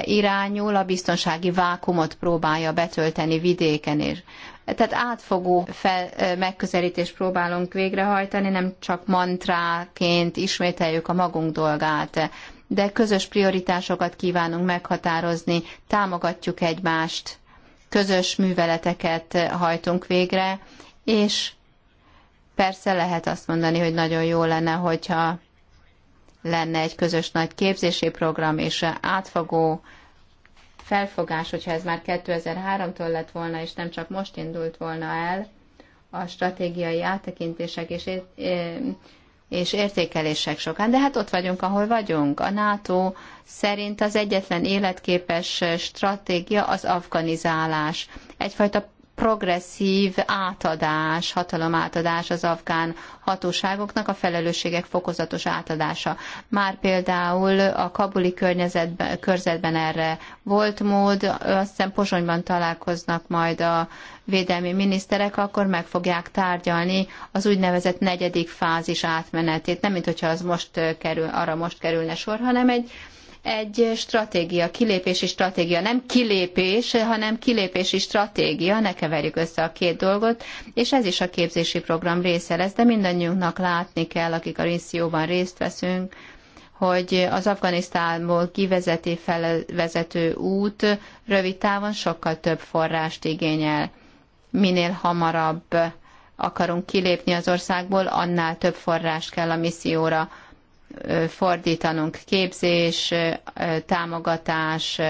irányul, a biztonsági vákumot próbálja betölteni vidéken is. Tehát átfogó fel, megközelítést próbálunk végrehajtani, nem csak mantráként ismételjük a magunk dolgát de közös prioritásokat kívánunk meghatározni, támogatjuk egymást, közös műveleteket hajtunk végre, és persze lehet azt mondani, hogy nagyon jó lenne, hogyha lenne egy közös nagy képzési program és átfogó felfogás, hogyha ez már 2003-tól lett volna, és nem csak most indult volna el, a stratégiai áttekintések és és értékelések sokan, de hát ott vagyunk, ahol vagyunk. A NATO szerint az egyetlen életképes stratégia az afganizálás. Egyfajta progresszív átadás, hatalomátadás az afgán hatóságoknak, a felelősségek fokozatos átadása. Már például a kabuli környezetben, körzetben erre volt mód, azt hiszem Pozsonyban találkoznak majd a védelmi miniszterek, akkor meg fogják tárgyalni az úgynevezett negyedik fázis átmenetét. Nem, mint hogyha az most kerül, arra most kerülne sor, hanem egy egy stratégia, kilépési stratégia, nem kilépés, hanem kilépési stratégia, ne keverjük össze a két dolgot, és ez is a képzési program része lesz, de mindannyiunknak látni kell, akik a misszióban részt veszünk, hogy az Afganisztánból kivezeti felvezető út rövid távon sokkal több forrást igényel. Minél hamarabb akarunk kilépni az országból, annál több forrás kell a misszióra fordítanunk képzés, támogatás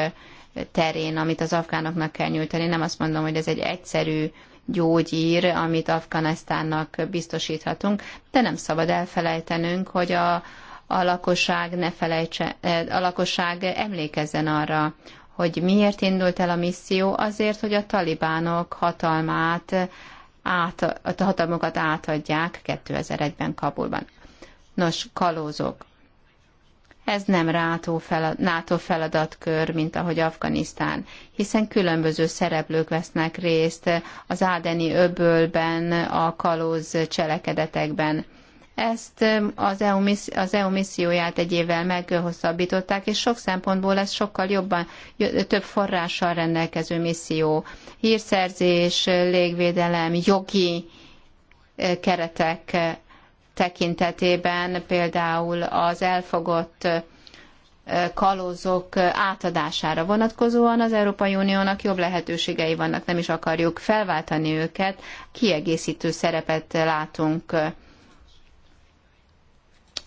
terén, amit az afgánoknak kell nyújtani. Nem azt mondom, hogy ez egy egyszerű gyógyír, amit Afganisztánnak biztosíthatunk, de nem szabad elfelejtenünk, hogy a, a lakosság ne felejtse, a lakosság emlékezzen arra, hogy miért indult el a misszió, azért, hogy a talibánok hatalmát át, a hatalmukat átadják 2001-ben Kabulban. Nos, kalózok. Ez nem NATO feladatkör, mint ahogy Afganisztán, hiszen különböző szereplők vesznek részt az Ádeni öbölben, a kalóz cselekedetekben. Ezt um, az EU, az EU misszióját egy évvel meghosszabbították, és sok szempontból ez sokkal jobban, több forrással rendelkező misszió. Hírszerzés, légvédelem, jogi eh, keretek eh, tekintetében, például az elfogott kalózok átadására vonatkozóan az Európai Uniónak jobb lehetőségei vannak, nem is akarjuk felváltani őket, kiegészítő szerepet látunk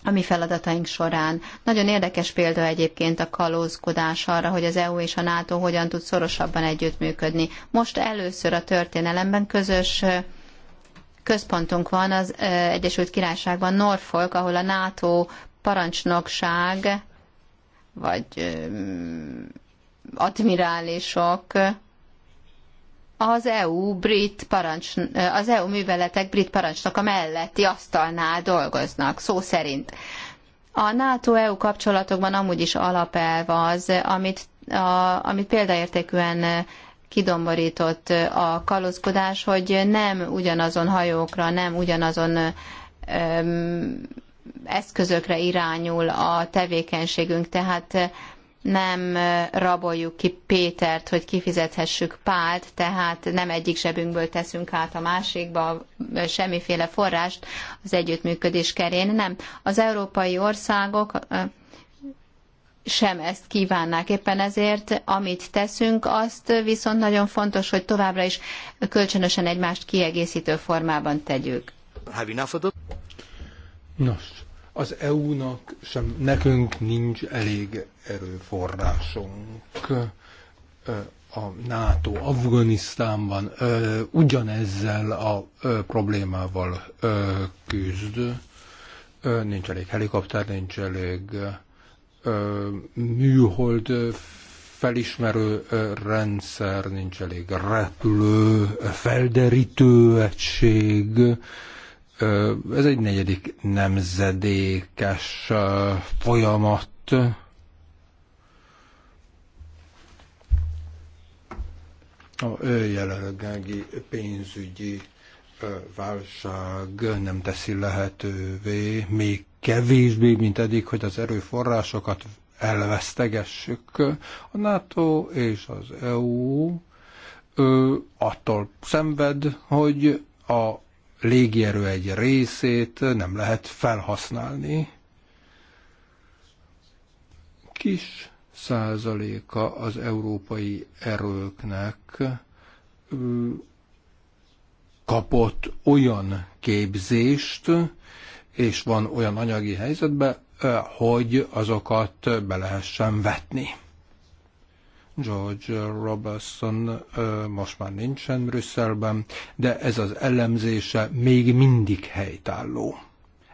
a mi feladataink során. Nagyon érdekes példa egyébként a kalózkodás arra, hogy az EU és a NATO hogyan tud szorosabban együttműködni. Most először a történelemben közös központunk van az Egyesült Királyságban, Norfolk, ahol a NATO parancsnokság, vagy admirálisok, az EU brit parancs, az EU műveletek brit a melletti asztalnál dolgoznak, szó szerint. A NATO-EU kapcsolatokban amúgy is alapelv az, amit, a, amit példaértékűen kidomborított a kalózkodás, hogy nem ugyanazon hajókra, nem ugyanazon eszközökre irányul a tevékenységünk, tehát nem raboljuk ki Pétert, hogy kifizethessük Pált, tehát nem egyik zsebünkből teszünk át a másikba semmiféle forrást az együttműködés kerén, nem. Az európai országok, sem ezt kívánnák. Éppen ezért, amit teszünk, azt viszont nagyon fontos, hogy továbbra is kölcsönösen egymást kiegészítő formában tegyük.
Nos, az EU-nak sem nekünk nincs elég erőforrásunk. A NATO Afganisztánban ugyanezzel a problémával küzd. Nincs elég helikopter, nincs elég műhold felismerő rendszer, nincs elég repülő, felderítő egység. Ez egy negyedik nemzedékes folyamat. A jelenlegi pénzügyi válság nem teszi lehetővé, még kevésbé, mint eddig, hogy az erőforrásokat elvesztegessük. A NATO és az EU ő attól szenved, hogy a légierő egy részét nem lehet felhasználni. Kis százaléka az európai erőknek kapott olyan képzést, és van olyan anyagi helyzetben, hogy azokat be lehessen vetni. George Robertson most már nincsen Brüsszelben, de ez az elemzése még mindig helytálló.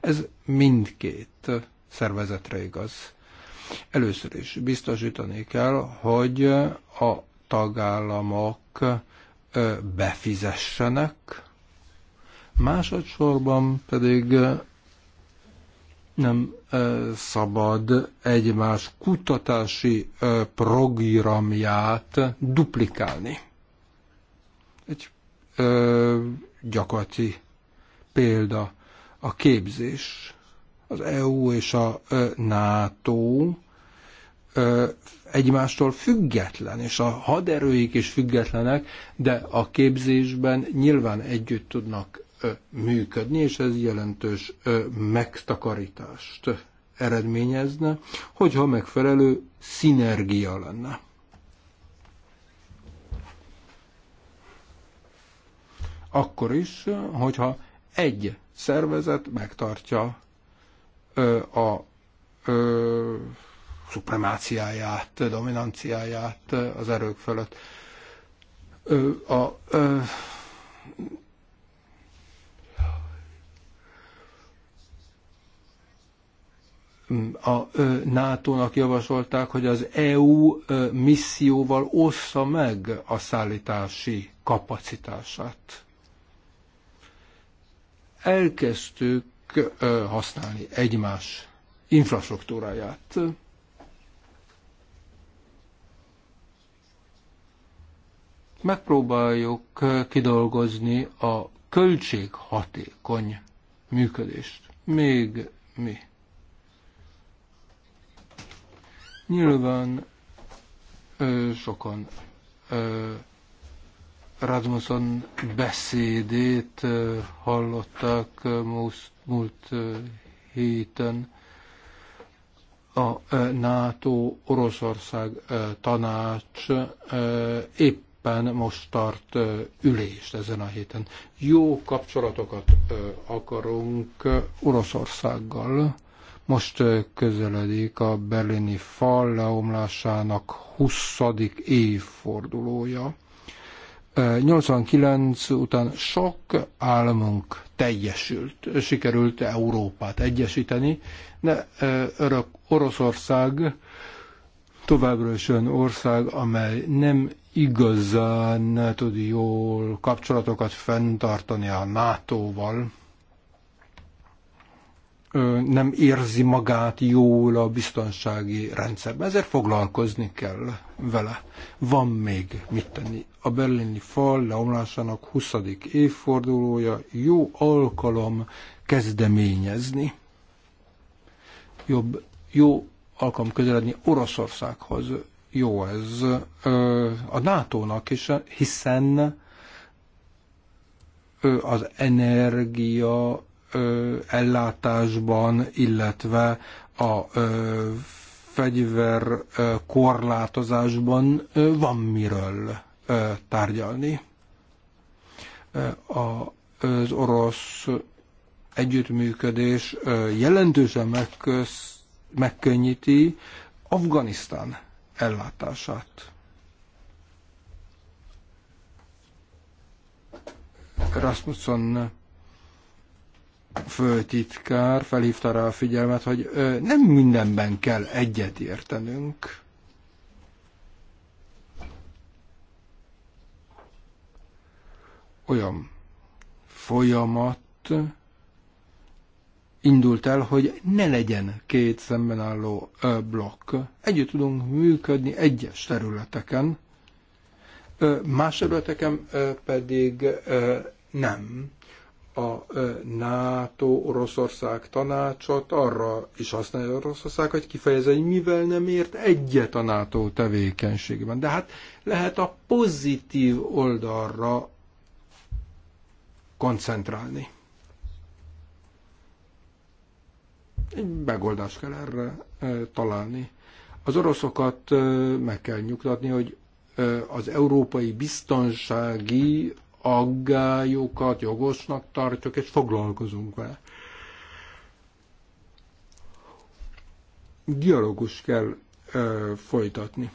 Ez mindkét szervezetre igaz. Először is biztosítani kell, hogy a tagállamok befizessenek, másodszorban pedig nem szabad egymás kutatási programját duplikálni. Egy gyakorlati példa a képzés. Az EU és a NATO egymástól független, és a haderőik is függetlenek, de a képzésben nyilván együtt tudnak működni, és ez jelentős megtakarítást eredményezne, hogyha megfelelő szinergia lenne. Akkor is, hogyha egy szervezet megtartja a, a szupremáciáját, dominanciáját az erők fölött. A, a, a NATO-nak javasolták, hogy az EU misszióval ossza meg a szállítási kapacitását. Elkezdtük használni egymás infrastruktúráját. megpróbáljuk kidolgozni a költséghatékony működést. Még mi? Nyilván ö, sokan ö, Radmusson beszédét ö, hallották ö, múlt, múlt ö, héten a ö, NATO Oroszország ö, tanács ö, épp éppen most tart ülést ezen a héten. Jó kapcsolatokat akarunk Oroszországgal. Most közeledik a berlini fal leomlásának 20. évfordulója. 89 után sok álmunk teljesült, sikerült Európát egyesíteni, de örök Oroszország továbbra is olyan ország, amely nem igazán tud jól kapcsolatokat fenntartani a NATO-val, nem érzi magát jól a biztonsági rendszerben, ezért foglalkozni kell vele. Van még mit tenni. A berlini fal leomlásának 20. évfordulója jó alkalom kezdeményezni, jobb, jó alkalom közeledni Oroszországhoz, jó ez a NATO-nak is, hiszen az energia ellátásban, illetve a fegyver korlátozásban van miről tárgyalni. Az orosz együttműködés jelentősen megköz, megkönnyíti Afganisztán ellátását. Rasmussen főtitkár felhívta rá a figyelmet, hogy nem mindenben kell egyet értenünk. Olyan folyamat, indult el, hogy ne legyen két szemben álló blokk. Együtt tudunk működni egyes területeken, más területeken pedig nem. A NATO Oroszország tanácsot arra is használja Oroszország, hogy kifejezze, hogy mivel nem ért egyet a NATO tevékenységben. De hát lehet a pozitív oldalra koncentrálni megoldást kell erre eh, találni. Az oroszokat eh, meg kell nyugtatni, hogy eh, az európai biztonsági aggályokat jogosnak tartjuk, és foglalkozunk vele. Dialogus kell ö, folytatni.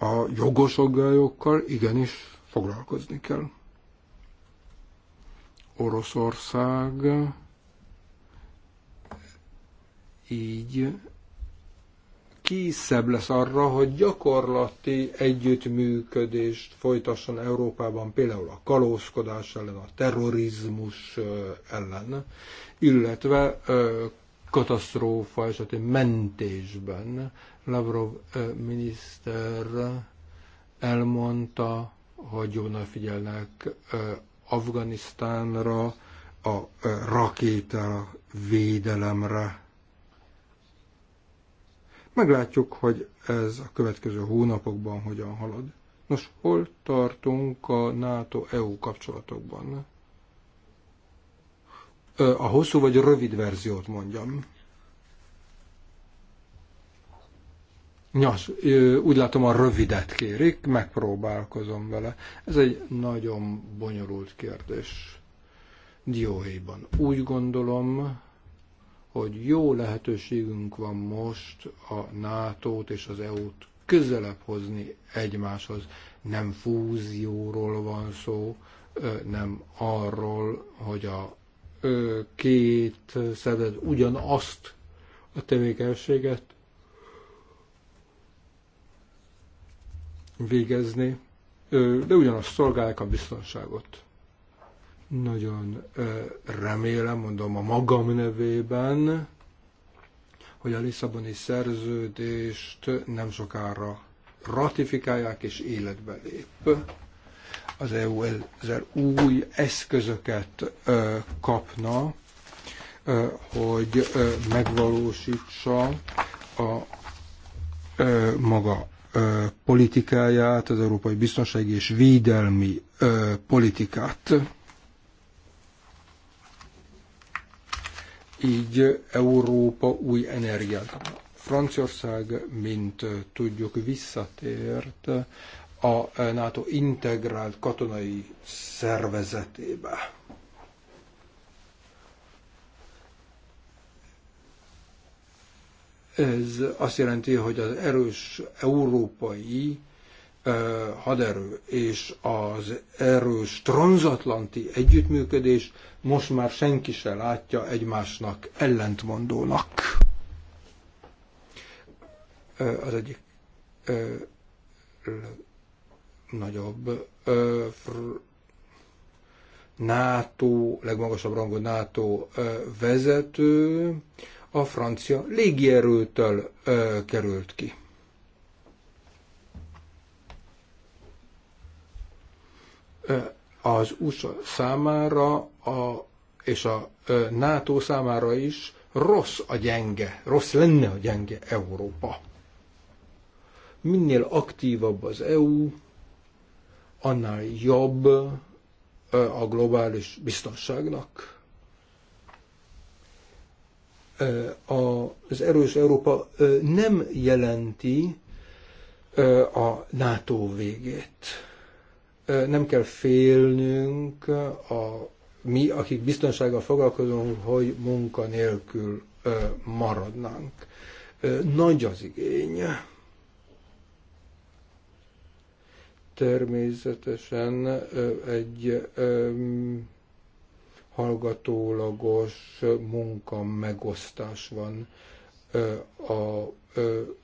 A jogos aggályokkal igenis foglalkozni kell. Oroszország így készebb lesz arra, hogy gyakorlati együttműködést folytasson Európában, például a kalózkodás ellen, a terrorizmus ellen, illetve katasztrófa esetén mentésben. Lavrov miniszter elmondta, hogy jól figyelnek Afganisztánra, a rakéta védelemre Meglátjuk, hogy ez a következő hónapokban hogyan halad. Nos, hol tartunk a NATO-EU kapcsolatokban? A hosszú vagy rövid verziót mondjam. Nyas, úgy látom a rövidet kérik, megpróbálkozom vele. Ez egy nagyon bonyolult kérdés. Dióhéjban úgy gondolom, hogy jó lehetőségünk van most a NATO-t és az EU-t közelebb hozni egymáshoz. Nem fúzióról van szó, nem arról, hogy a két szervezet ugyanazt a tevékenységet végezni, de ugyanazt szolgálják a biztonságot. Nagyon remélem, mondom a magam nevében, hogy a Lisszaboni szerződést nem sokára ratifikálják és életbe lép. Az EU ezzel új eszközöket kapna, hogy megvalósítsa a maga politikáját, az európai biztonsági és védelmi politikát így Európa új energiát. Franciaország, mint tudjuk, visszatért a NATO integrált katonai szervezetébe. Ez azt jelenti, hogy az erős európai haderő és az erős transatlanti együttműködés most már senki se látja egymásnak ellentmondónak. Az egyik nagyobb NATO, legmagasabb rangú NATO vezető a francia légierőtől került ki az USA számára a, és a NATO számára is rossz a gyenge, rossz lenne a gyenge Európa. Minél aktívabb az EU, annál jobb a globális biztonságnak. Az erős Európa nem jelenti a NATO végét nem kell félnünk a mi, akik biztonsággal foglalkozunk, hogy munkanélkül maradnánk. Nagy az igény. Természetesen egy hallgatólagos munka megosztás van a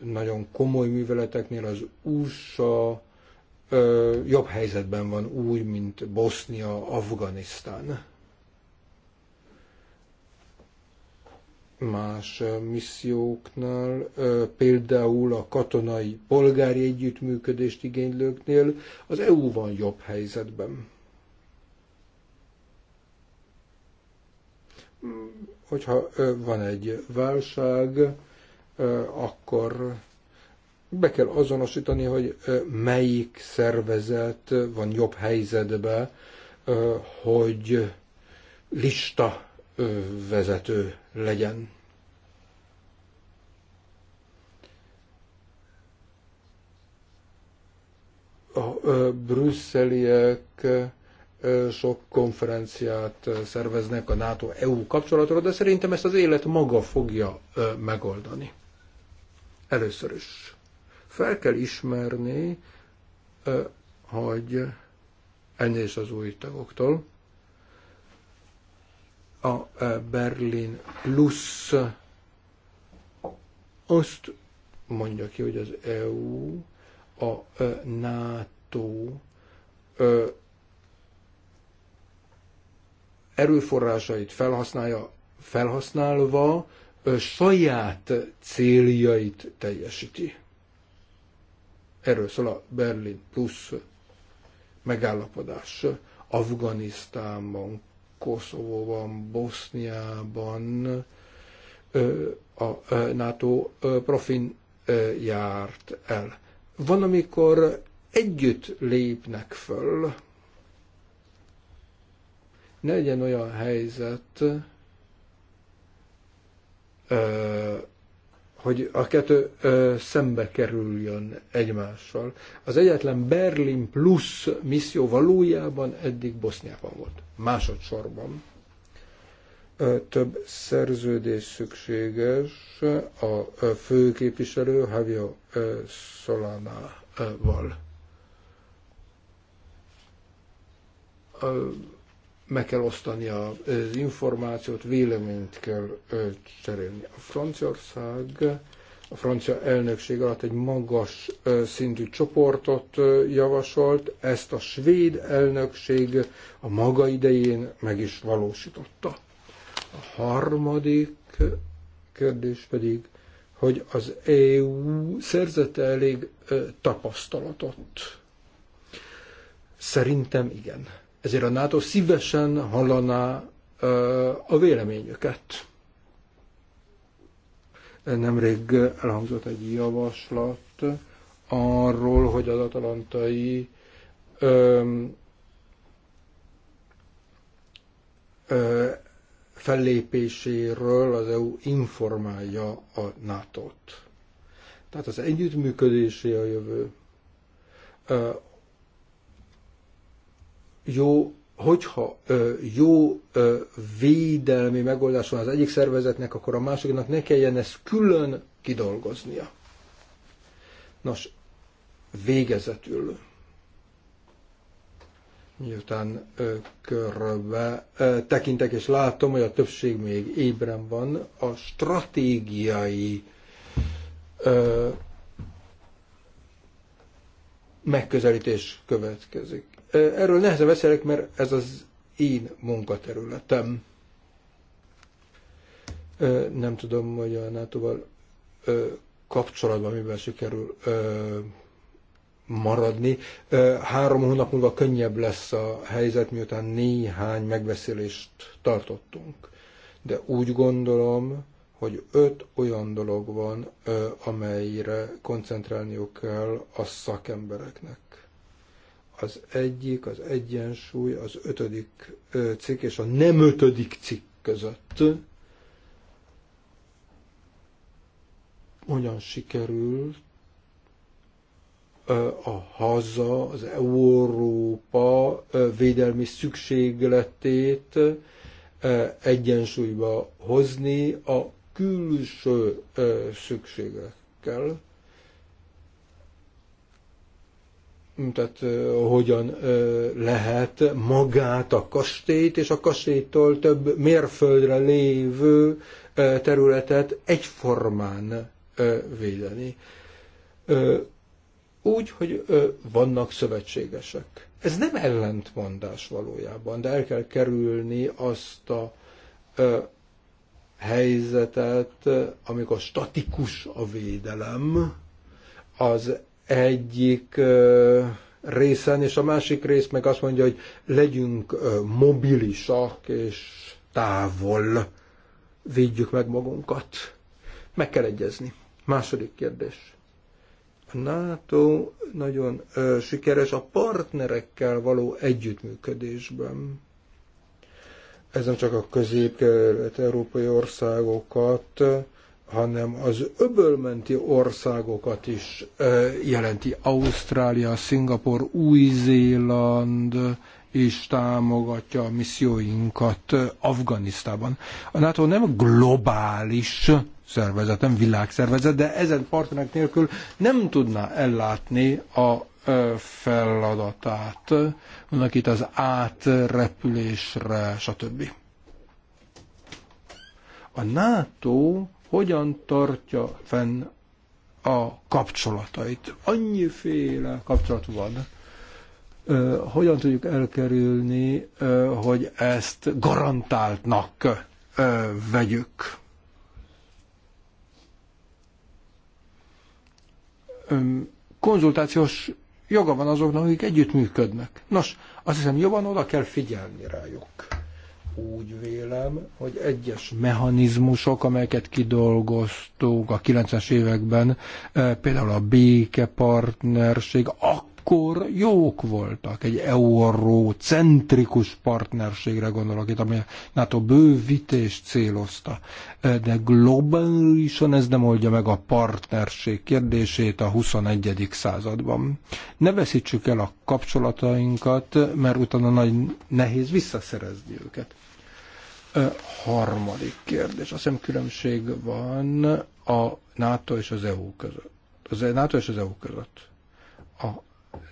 nagyon komoly műveleteknél az USA, jobb helyzetben van úgy, mint Bosznia, Afganisztán. Más misszióknál, például a katonai polgári együttműködést igénylőknél az EU van jobb helyzetben. Hogyha van egy válság, akkor be kell azonosítani, hogy melyik szervezet van jobb helyzetben, hogy lista vezető legyen. A brüsszeliek sok konferenciát szerveznek a NATO-EU kapcsolatra, de szerintem ezt az élet maga fogja megoldani. Először is. Fel kell ismerni, hogy elnézést az új tagoktól, a Berlin plusz azt mondja ki, hogy az EU, a NATO erőforrásait felhasználja, felhasználva saját céljait teljesíti. Erről szól a Berlin plusz megállapodás. Afganisztánban, Koszovóban, Boszniában a NATO profin járt el. Van, amikor együtt lépnek föl, ne legyen olyan helyzet, hogy a kettő ö, szembe kerüljön egymással. Az egyetlen Berlin plusz misszió valójában eddig Boszniában volt. Másodszorban ö, több szerződés szükséges a ö, főképviselő Javier Solana-val meg kell osztani az információt, véleményt kell cserélni. A Franciaország a francia elnökség alatt egy magas szintű csoportot javasolt, ezt a svéd elnökség a maga idején meg is valósította. A harmadik kérdés pedig, hogy az EU szerzete elég tapasztalatot. Szerintem igen. Ezért a NATO szívesen hallaná a véleményüket. Nemrég elhangzott egy javaslat arról, hogy az atalantai öm, ö, fellépéséről az EU informálja a NATO-t. Tehát az együttműködésé a jövő jó, hogyha jó védelmi megoldás van az egyik szervezetnek, akkor a másiknak ne kelljen ezt külön kidolgoznia. Nos, végezetül miután ö, körbe ö, tekintek, és látom, hogy a többség még ébren van, a stratégiai ö, megközelítés következik. Erről nehezen beszélek, mert ez az én munkaterületem. Nem tudom, hogy a NATO-val kapcsolatban miben sikerül maradni. Három hónap múlva könnyebb lesz a helyzet, miután néhány megbeszélést tartottunk. De úgy gondolom, hogy öt olyan dolog van, amelyre koncentrálniuk kell a szakembereknek. Az egyik, az egyensúly, az ötödik cikk és a nem ötödik cikk között. Hogyan sikerült a haza, az Európa védelmi szükségletét egyensúlyba hozni a külső szükségekkel. tehát hogyan lehet magát a kastélyt és a kastélytól több mérföldre lévő területet egyformán védeni. Úgy, hogy vannak szövetségesek. Ez nem ellentmondás valójában, de el kell kerülni azt a helyzetet, amikor statikus a védelem, az egyik részen, és a másik rész meg azt mondja, hogy legyünk mobilisak és távol védjük meg magunkat. Meg kell egyezni. Második kérdés. A NATO nagyon ö, sikeres a partnerekkel való együttműködésben. Ez nem csak a közép európai országokat hanem az öbölmenti országokat is jelenti. Ausztrália, Szingapur, Új-Zéland is támogatja a misszióinkat Afganisztában. A NATO nem globális szervezet, nem világszervezet, de ezen partnerek nélkül nem tudná ellátni a feladatát, vannak itt az átrepülésre, stb. A NATO hogyan tartja fenn a kapcsolatait. Annyiféle kapcsolat van. Hogyan tudjuk elkerülni, hogy ezt garantáltnak vegyük? Konzultációs joga van azoknak, akik együttműködnek. Nos, azt hiszem jobban oda kell figyelni rájuk úgy vélem, hogy egyes mechanizmusok, amelyeket kidolgoztunk a 90-es években, eh, például a békepartnerség, akkor jók voltak. Egy eurócentrikus partnerségre gondolok itt, ami a NATO bővítés célozta. Eh, de globálisan ez nem oldja meg a partnerség kérdését a 21. században. Ne veszítsük el a kapcsolatainkat, mert utána nagy nehéz visszaszerezni őket. Harmadik kérdés. Azt hiszem különbség van a NATO és az EU között. Az e- NATO és az EU között. A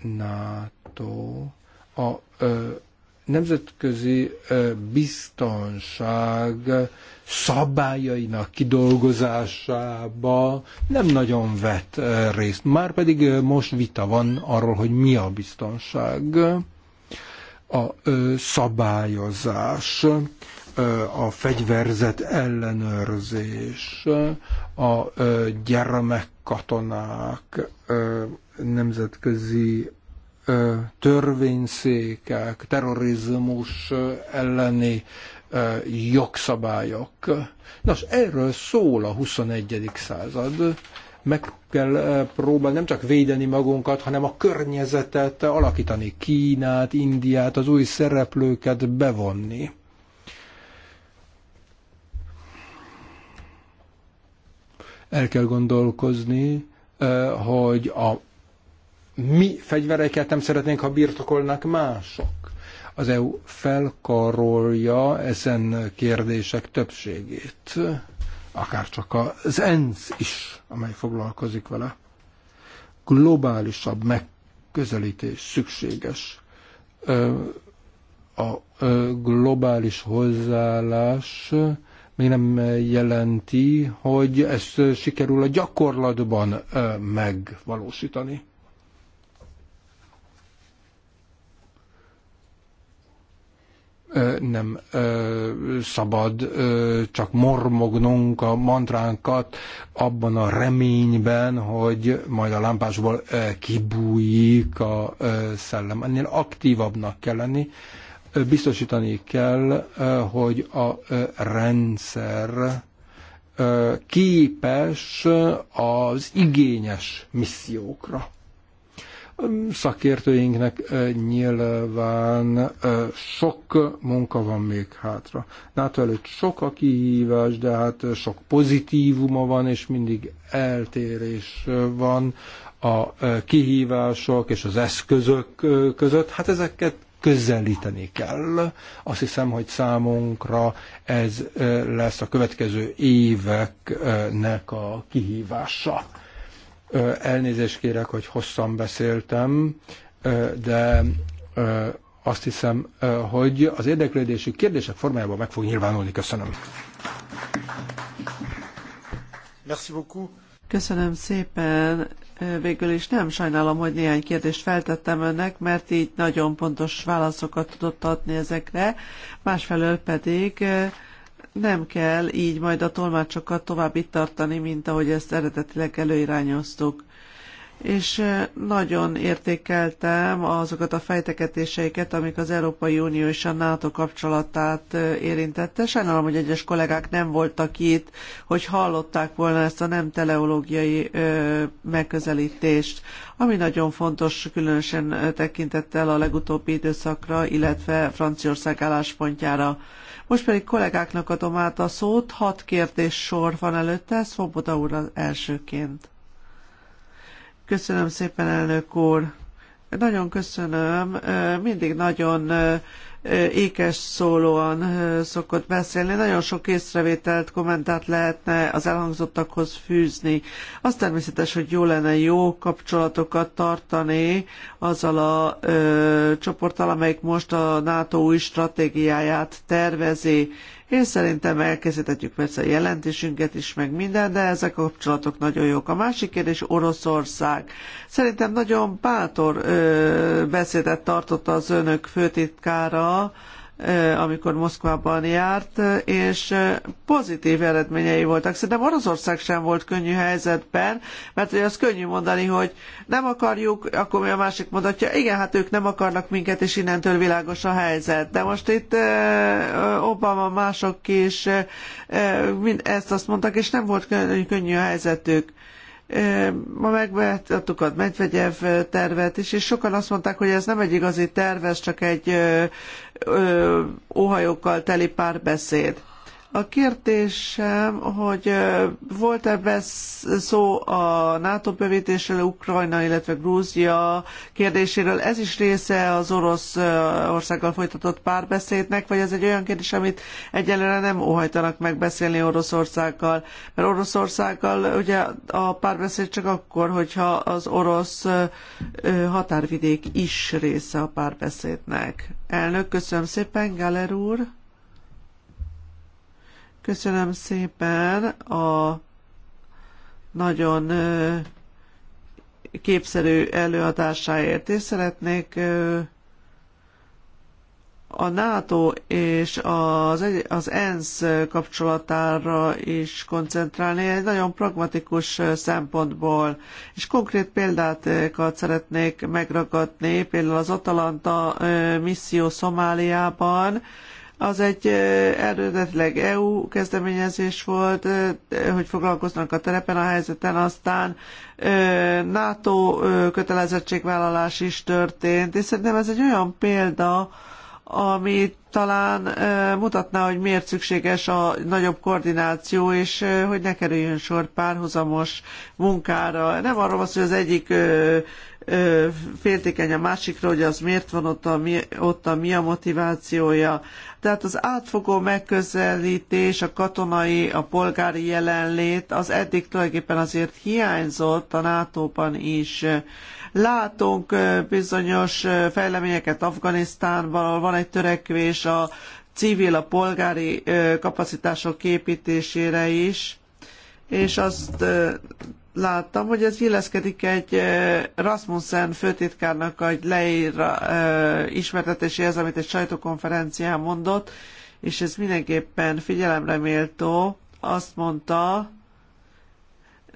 NATO a ö, nemzetközi ö, biztonság szabályainak kidolgozásába nem nagyon vett ö, részt. Márpedig ö, most vita van arról, hogy mi a biztonság, a ö, szabályozás a fegyverzet ellenőrzés, a gyermekkatonák, nemzetközi törvényszékek, terrorizmus elleni jogszabályok. Nos, erről szól a 21. század. Meg kell próbálni nem csak védeni magunkat, hanem a környezetet alakítani, Kínát, Indiát, az új szereplőket bevonni El kell gondolkozni, hogy a mi fegyvereket nem szeretnénk, ha birtokolnak mások. Az EU felkarolja ezen kérdések többségét, akár csak az ENSZ is, amely foglalkozik vele. Globálisabb megközelítés szükséges. A globális hozzáállás még nem eh, jelenti, hogy ezt eh, sikerül a gyakorlatban eh, megvalósítani. nem szabad csak mormognunk a mantránkat abban a reményben, hogy majd a lámpásból kibújik a szellem. Ennél aktívabbnak kell lenni, biztosítani kell, hogy a rendszer képes az igényes missziókra. Szakértőinknek nyilván sok munka van még hátra. NATO hát előtt sok a kihívás, de hát sok pozitívuma van, és mindig eltérés van a kihívások és az eszközök között. Hát ezeket közelíteni kell. Azt hiszem, hogy számunkra ez lesz a következő éveknek a kihívása. Elnézést kérek, hogy hosszan beszéltem, de azt hiszem, hogy az érdeklődésük kérdések formájában meg fog nyilvánulni. Köszönöm.
Köszönöm szépen végül is nem sajnálom, hogy néhány kérdést feltettem önnek, mert így nagyon pontos válaszokat tudott adni ezekre, másfelől pedig nem kell így majd a tolmácsokat tovább itt tartani, mint ahogy ezt eredetileg előirányoztuk és nagyon értékeltem azokat a fejteketéseiket, amik az Európai Unió és a NATO kapcsolatát érintette. Sajnálom, hogy egyes kollégák nem voltak itt, hogy hallották volna ezt a nem teleológiai megközelítést, ami nagyon fontos, különösen tekintettel a legutóbbi időszakra, illetve Franciaország álláspontjára. Most pedig kollégáknak adom át a szót, hat kérdés sor van előtte, Szoboda úr az elsőként. Köszönöm szépen, elnök úr. Nagyon köszönöm. Mindig nagyon ékes szólóan szokott beszélni. Nagyon sok észrevételt, kommentát lehetne az elhangzottakhoz fűzni. Az természetes, hogy jó lenne jó kapcsolatokat tartani azzal a ö, csoporttal, amelyik most a NATO új stratégiáját tervezi én szerintem elkészíthetjük persze a jelentésünket is, meg minden, de ezek a kapcsolatok nagyon jók. A másik kérdés Oroszország. Szerintem nagyon bátor ö, beszédet tartott az önök főtitkára, amikor Moszkvában járt, és pozitív eredményei voltak. Szerintem Oroszország sem volt könnyű helyzetben, mert hogy az könnyű mondani, hogy nem akarjuk, akkor mi a másik mondatja, igen, hát ők nem akarnak minket, és innentől világos a helyzet. De most itt Obama mások is ezt azt mondtak, és nem volt könnyű a helyzetük. Ma megvetettük a Medvegyev tervet is, és sokan azt mondták, hogy ez nem egy igazi terv, ez csak egy óhajokkal teli párbeszéd. A kérdésem, hogy volt-e szó a NATO bővítésről, Ukrajna, illetve Grúzia kérdéséről? Ez is része az orosz országgal folytatott párbeszédnek, vagy ez egy olyan kérdés, amit egyelőre nem óhajtanak megbeszélni Oroszországgal? Mert Oroszországgal ugye a párbeszéd csak akkor, hogyha az orosz határvidék is része a párbeszédnek. Elnök, köszönöm szépen, Galler úr! Köszönöm szépen a nagyon képszerű előadásáért, és szeretnék a NATO és az, az ENSZ kapcsolatára is koncentrálni egy nagyon pragmatikus szempontból. És konkrét példákat szeretnék megragadni, például az Atalanta misszió Szomáliában, az egy eredetileg EU kezdeményezés volt, hogy foglalkoznak a terepen a helyzeten, aztán NATO kötelezettségvállalás is történt, és szerintem ez egy olyan példa, ami talán mutatná, hogy miért szükséges a nagyobb koordináció, és hogy ne kerüljön sor párhuzamos munkára. Nem arról van szó, hogy az egyik féltékeny a másikra, hogy az miért van ott a, mi, ott a mi a motivációja. Tehát az átfogó megközelítés, a katonai, a polgári jelenlét, az eddig tulajdonképpen azért hiányzott a NATO-ban is Látunk bizonyos fejleményeket Afganisztánban, van egy törekvés a civil, a polgári kapacitások képítésére is, és azt láttam, hogy ez illeszkedik egy Rasmussen főtitkárnak egy leírra ismertetéséhez, amit egy sajtókonferencián mondott, és ez mindenképpen figyelemre méltó. Azt mondta,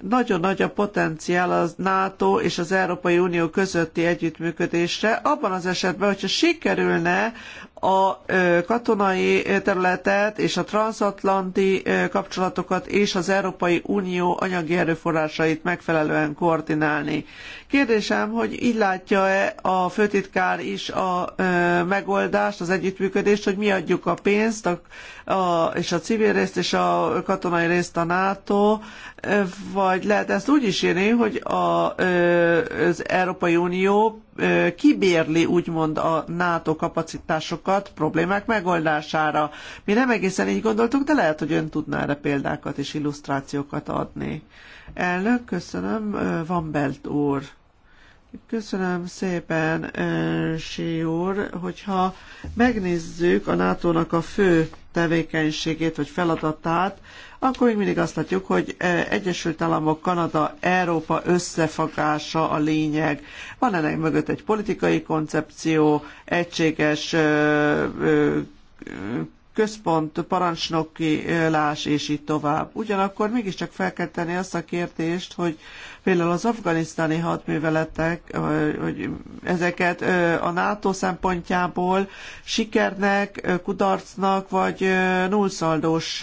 nagyon nagy a potenciál az NATO és az Európai Unió közötti együttműködésre, abban az esetben, hogyha sikerülne a katonai területet és a transatlanti kapcsolatokat és az Európai Unió anyagi erőforrásait megfelelően koordinálni. Kérdésem, hogy így látja-e a főtitkár is a megoldást, az együttműködést, hogy mi adjuk a pénzt a, a, és a civil részt és a katonai részt a NATO, vagy lehet ezt úgy is írni, hogy a, az Európai Unió kibérli úgymond a NATO kapacitásokat problémák megoldására. Mi nem egészen így gondoltuk, de lehet, hogy ön tudná erre példákat és illusztrációkat adni. Elnök, köszönöm, Van Belt úr. Köszönöm szépen, eh, Sí úr. Hogyha megnézzük a NATO-nak a fő tevékenységét vagy feladatát, akkor még mindig azt látjuk, hogy eh, Egyesült Államok, Kanada, Európa összefogása a lényeg. Van ennek mögött egy politikai koncepció, egységes eh, központ, parancsnoki lás, és így tovább. Ugyanakkor mégiscsak fel kell tenni azt a kérdést, hogy például az afganisztáni hadműveletek, hogy ezeket a NATO szempontjából sikernek, kudarcnak, vagy nullszaldós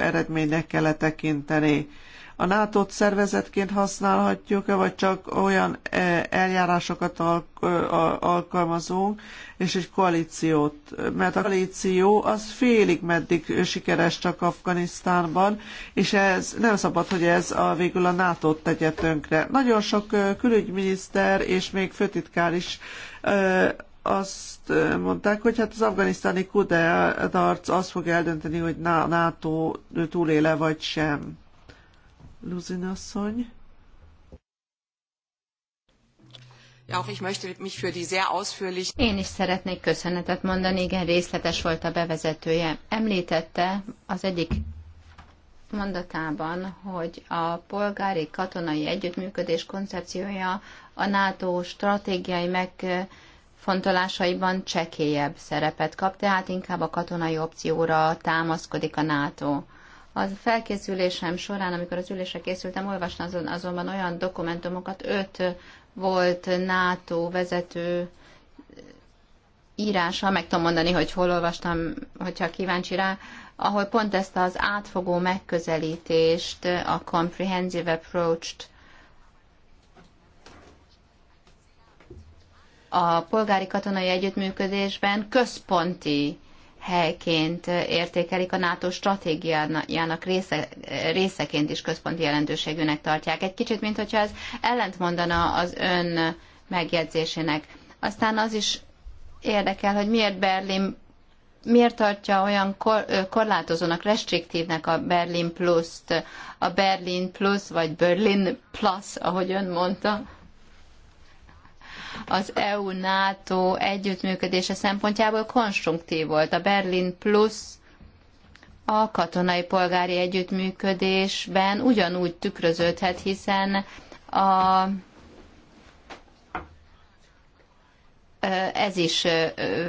eredménynek kell tekinteni a nato szervezetként használhatjuk-e, vagy csak olyan e, eljárásokat alkalmazunk, és egy koalíciót. Mert a koalíció az félig meddig sikeres csak Afganisztánban, és ez nem szabad, hogy ez a végül a NATO-t tegye tönkre. Nagyon sok külügyminiszter és még főtitkár is azt mondták, hogy hát az afganisztáni kudarc azt fog eldönteni, hogy NATO túléle vagy sem asszony. Én is szeretnék köszönetet
mondani, igen, részletes volt a bevezetője. Említette az egyik mondatában, hogy a polgári katonai együttműködés koncepciója a NATO stratégiai megfontolásaiban csekélyebb szerepet kap, tehát inkább a katonai opcióra támaszkodik a NATO. A felkészülésem során, amikor az ülésre készültem, olvastam azon, azonban olyan dokumentumokat, öt volt NATO vezető írása, meg tudom mondani, hogy hol olvastam, hogyha kíváncsi rá, ahol pont ezt az átfogó megközelítést, a comprehensive approach-t a polgári katonai együttműködésben központi helyként értékelik, a NATO stratégiának része, részeként is központi jelentőségűnek tartják. Egy kicsit, mint hogyha ez ellentmondana az ön megjegyzésének. Aztán az is érdekel, hogy miért Berlin miért tartja olyan kor, korlátozónak, restriktívnek a Berlin Plus-t, a Berlin Plus, vagy Berlin Plus, ahogy ön mondta? az EU-NATO együttműködése szempontjából konstruktív volt. A Berlin Plus a katonai polgári együttműködésben ugyanúgy tükröződhet, hiszen a ez is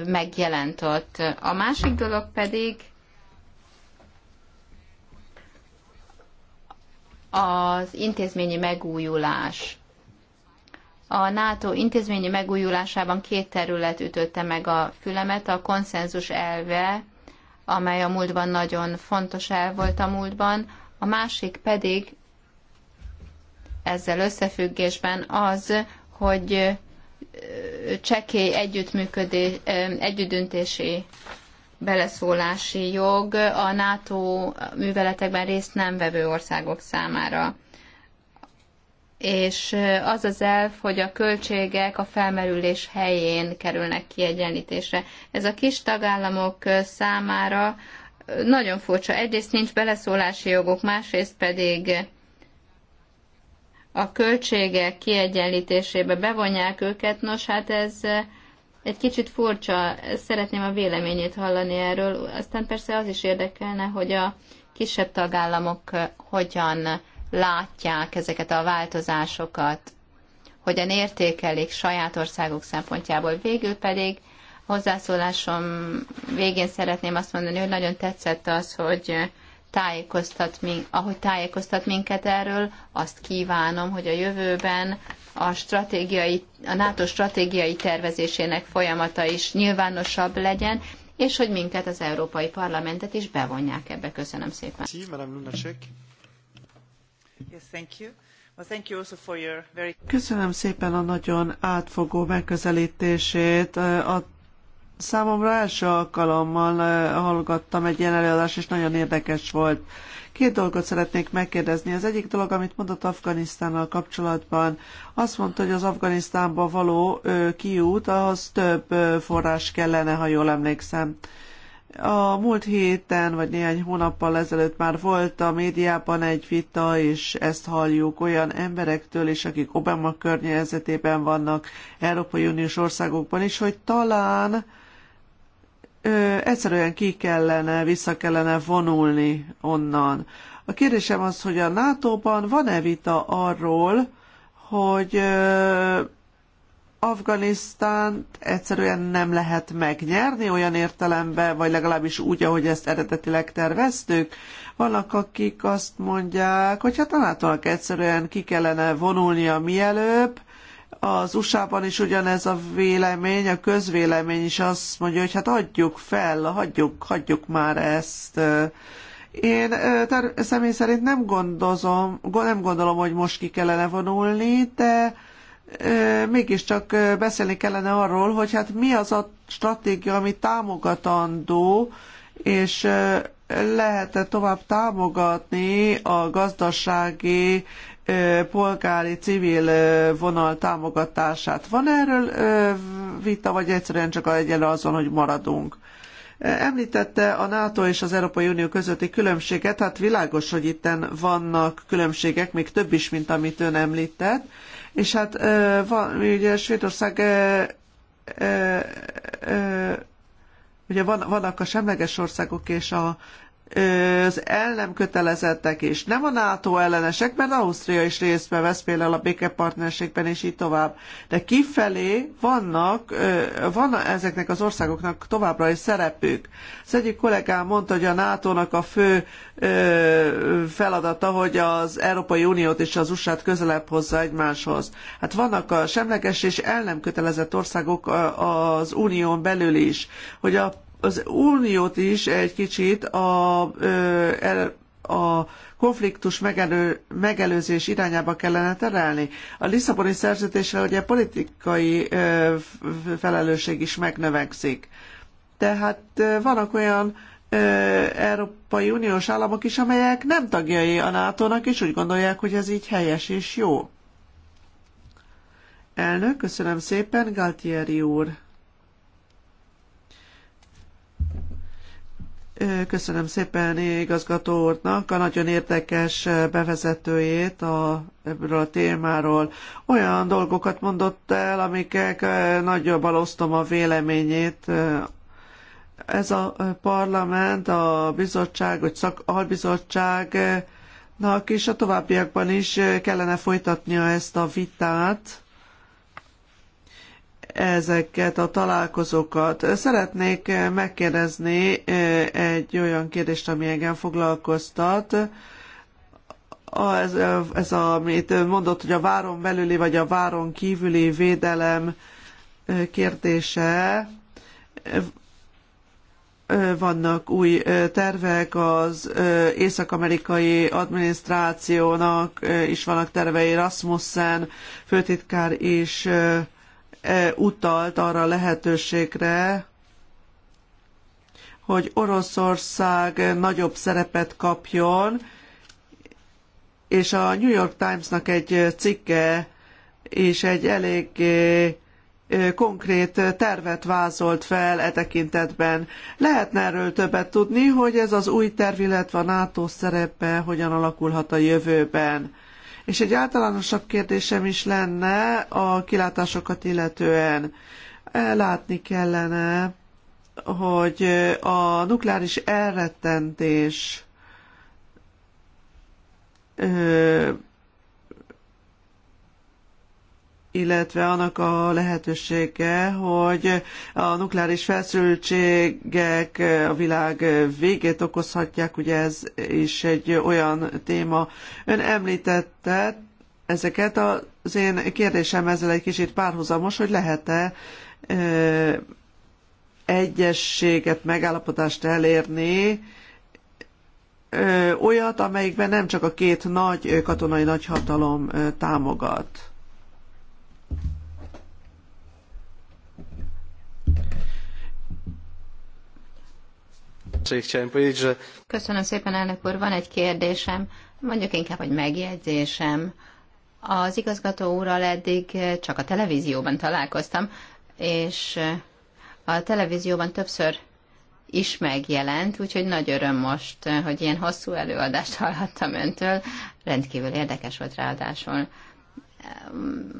megjelent ott. A másik dolog pedig az intézményi megújulás. A NATO intézményi megújulásában két terület ütötte meg a fülemet, a konszenzus elve, amely a múltban nagyon fontos el volt a múltban, a másik pedig ezzel összefüggésben az, hogy csekély együttműködés, együttdöntési beleszólási jog a NATO műveletekben részt nem vevő országok számára és az az elv, hogy a költségek a felmerülés helyén kerülnek kiegyenlítésre. Ez a kis tagállamok számára nagyon furcsa. Egyrészt nincs beleszólási joguk, másrészt pedig a költségek kiegyenlítésébe bevonják őket. Nos, hát ez egy kicsit furcsa. Szeretném a véleményét hallani erről. Aztán persze az is érdekelne, hogy a kisebb tagállamok hogyan látják ezeket a változásokat, hogyan értékelik saját országok szempontjából. Végül pedig hozzászólásom végén szeretném azt mondani, hogy nagyon tetszett az, hogy tájékoztat, ahogy tájékoztat minket erről, azt kívánom, hogy a jövőben a, stratégiai, a NATO stratégiai tervezésének folyamata is nyilvánosabb legyen, és hogy minket az Európai Parlamentet is bevonják ebbe. Köszönöm szépen.
Köszönöm szépen a nagyon átfogó megközelítését. A számomra első alkalommal eh, hallgattam egy ilyen előadást, és nagyon érdekes volt. Két dolgot szeretnék megkérdezni. Az egyik dolog, amit mondott Afganisztánnal kapcsolatban, azt mondta, hogy az Afganisztánba való eh, kiút, ahhoz több eh, forrás kellene, ha jól emlékszem. A múlt héten, vagy néhány hónappal ezelőtt már volt a médiában egy vita, és ezt halljuk olyan emberektől is, akik Obama környezetében vannak, Európai Uniós országokban is, hogy talán ö, egyszerűen ki kellene, vissza kellene vonulni onnan. A kérdésem az, hogy a NATO-ban van-e vita arról, hogy ö, Afganisztánt egyszerűen nem lehet megnyerni olyan értelemben, vagy legalábbis úgy, ahogy ezt eredetileg terveztük. Vannak, akik azt mondják, hogy hát találtanak egyszerűen ki kellene vonulnia mielőbb, az USA-ban is ugyanez a vélemény, a közvélemény is azt mondja, hogy hát adjuk fel, hagyjuk, hagyjuk már ezt. Én személy szerint nem, gondozom, nem gondolom, hogy most ki kellene vonulni, de mégiscsak beszélni kellene arról, hogy hát mi az a stratégia, ami támogatandó, és lehet-e tovább támogatni a gazdasági, polgári, civil vonal támogatását? Van erről vita, vagy egyszerűen csak egyelőre azon, hogy maradunk? Említette a NATO és az Európai Unió közötti különbséget, hát világos, hogy itten vannak különbségek, még több is, mint amit ön említett, és hát van, ugye Svédország ugye van, vannak a semleges országok és a az el nem kötelezettek és nem a NATO ellenesek, mert Ausztria is részt vesz például a békepartnerségben és így tovább. De kifelé vannak, van ezeknek az országoknak továbbra is szerepük. Az egyik kollégám mondta, hogy a NATO-nak a fő feladata, hogy az Európai Uniót és az USA-t közelebb hozza egymáshoz. Hát vannak a semleges és el nem kötelezett országok az unión belül is, hogy a az uniót is egy kicsit a, a konfliktus megelő, megelőzés irányába kellene terelni. A Lisszaboni szerződésre ugye politikai felelősség is megnövekszik. Tehát vannak olyan Európai Uniós államok is, amelyek nem tagjai a NATO-nak, és úgy gondolják, hogy ez így helyes és jó. Elnök, köszönöm szépen, Galtieri úr. Köszönöm szépen igazgató úrnak a nagyon érdekes bevezetőjét a, ebből a témáról. Olyan dolgokat mondott el, amikkel nagyobb osztom a véleményét. Ez a parlament, a bizottság, vagy szak, albizottságnak is a továbbiakban is kellene folytatnia ezt a vitát ezeket a találkozókat. Szeretnék megkérdezni eh, egy olyan kérdést, ami engem foglalkoztat. Ez, ez amit mondott, hogy a váron belüli vagy a váron kívüli védelem eh, kérdése. Eh, vannak új tervek, az észak-amerikai adminisztrációnak is vannak tervei, Rasmussen főtitkár is E, utalt arra a lehetőségre, hogy Oroszország nagyobb szerepet kapjon, és a New York Timesnak egy cikke és egy elég e, konkrét tervet vázolt fel e tekintetben. Lehetne erről többet tudni, hogy ez az új terv, illetve a NATO szerepe hogyan alakulhat a jövőben. És egy általánosabb kérdésem is lenne a kilátásokat illetően. E, látni kellene, hogy a nukleáris elrettentés illetve annak a lehetősége, hogy a nukleáris felszültségek a világ végét okozhatják, ugye ez is egy olyan téma. Ön említette ezeket, az én kérdésem ezzel egy kicsit párhuzamos, hogy lehet-e egyességet, megállapodást elérni, olyat, amelyikben nem csak a két nagy katonai nagyhatalom támogat. Szóval
Köszönöm szépen, elnök úr. Van egy kérdésem, mondjuk inkább, hogy megjegyzésem. Az igazgató úrral eddig csak a televízióban találkoztam, és a televízióban többször is megjelent, úgyhogy nagy öröm most, hogy ilyen hosszú előadást hallhattam öntől. Rendkívül érdekes volt ráadásul.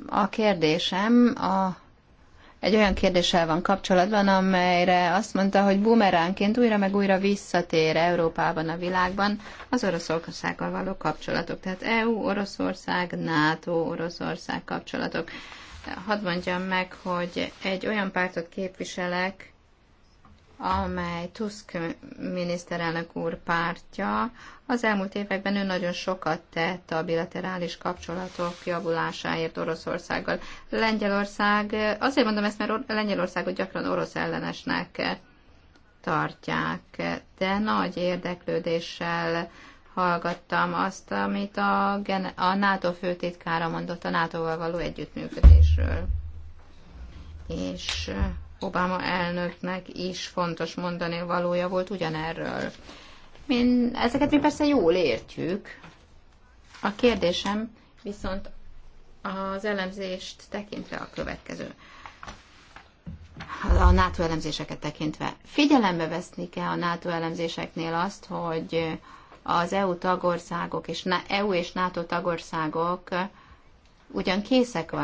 A kérdésem a egy olyan kérdéssel van kapcsolatban, amelyre azt mondta, hogy bumeránként újra meg újra visszatér Európában, a világban az Oroszországgal való kapcsolatok. Tehát EU, Oroszország, NATO, Oroszország kapcsolatok. Hadd mondjam meg, hogy egy olyan pártot képviselek, amely Tusk miniszterelnök úr pártja. Az elmúlt években ő nagyon sokat tett a bilaterális kapcsolatok javulásáért Oroszországgal. Lengyelország, azért mondom ezt, mert Lengyelországot gyakran orosz ellenesnek tartják, de nagy érdeklődéssel hallgattam azt, amit a, a NATO főtitkára mondott a NATO-val való együttműködésről. És Obama elnöknek is fontos mondani valója volt ugyanerről. Min, ezeket mi persze jól értjük. A kérdésem viszont az elemzést tekintve a következő. A NATO elemzéseket tekintve. Figyelembe veszni kell a NATO elemzéseknél azt, hogy az EU tagországok és EU és NATO tagországok ugyan készek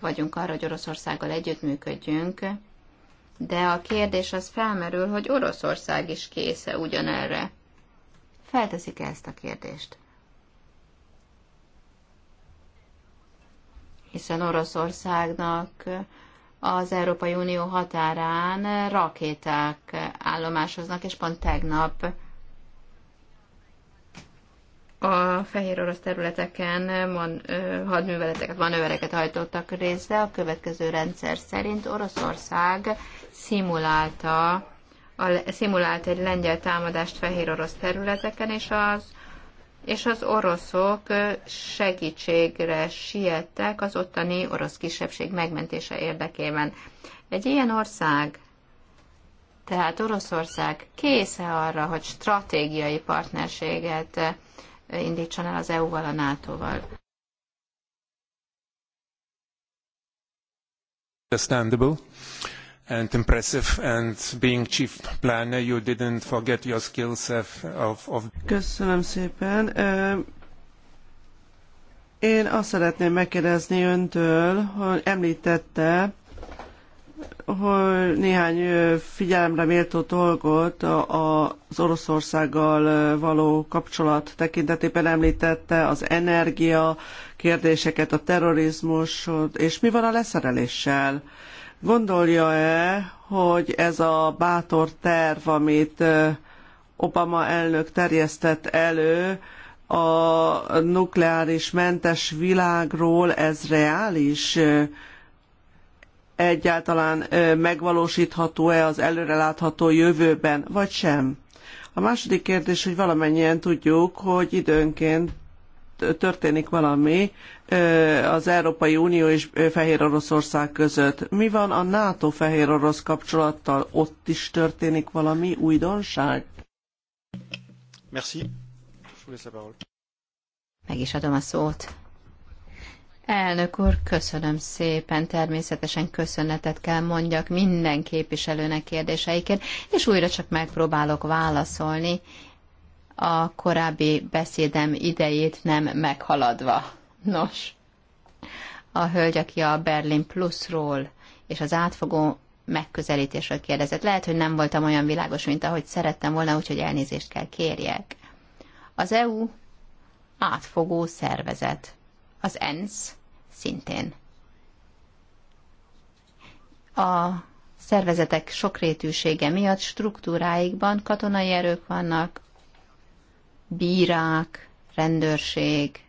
vagyunk arra, hogy Oroszországgal együttműködjünk, de a kérdés az felmerül, hogy Oroszország is késze ugyanerre. Felteszik -e ezt a kérdést? Hiszen Oroszországnak az Európai Unió határán rakéták állomásoznak, és pont tegnap a fehér orosz területeken man, hadműveleteket, manővereket hajtottak részre. A következő rendszer szerint Oroszország szimulálta, a, szimulált egy lengyel támadást fehér orosz területeken, és az, és az oroszok segítségre siettek az ottani orosz kisebbség megmentése érdekében. Egy ilyen ország, tehát Oroszország késze arra, hogy stratégiai partnerséget indítson el az EU-val, a NATO-val.
Understandable and impressive and being chief planner you didn't forget your skills of, of
Köszönöm szépen. Én azt szeretném megkérdezni öntől, hogy említette, hogy néhány figyelemre méltó dolgot az Oroszországgal való kapcsolat tekintetében említette, az energia kérdéseket, a terrorizmus, és mi van a leszereléssel? Gondolja-e, hogy ez a bátor terv, amit Obama elnök terjesztett elő, a nukleáris mentes világról, ez reális? Egyáltalán megvalósítható-e az előrelátható jövőben, vagy sem? A második kérdés, hogy valamennyien tudjuk, hogy időnként történik valami, az Európai Unió és Fehér Oroszország között. Mi van a NATO-Fehér Orosz kapcsolattal? Ott is történik valami újdonság?
Merci. Meg is adom a szót. Elnök úr, köszönöm szépen. Természetesen köszönetet kell mondjak minden képviselőnek kérdéseikért, és újra csak megpróbálok válaszolni a korábbi beszédem idejét nem meghaladva. Nos, a hölgy, aki a Berlin Plusról és az átfogó megközelítésről kérdezett. Lehet, hogy nem voltam olyan világos, mint ahogy szerettem volna, úgyhogy elnézést kell kérjek. Az EU átfogó szervezet. Az ENSZ szintén. A szervezetek sokrétűsége miatt struktúráikban katonai erők vannak, bírák, rendőrség,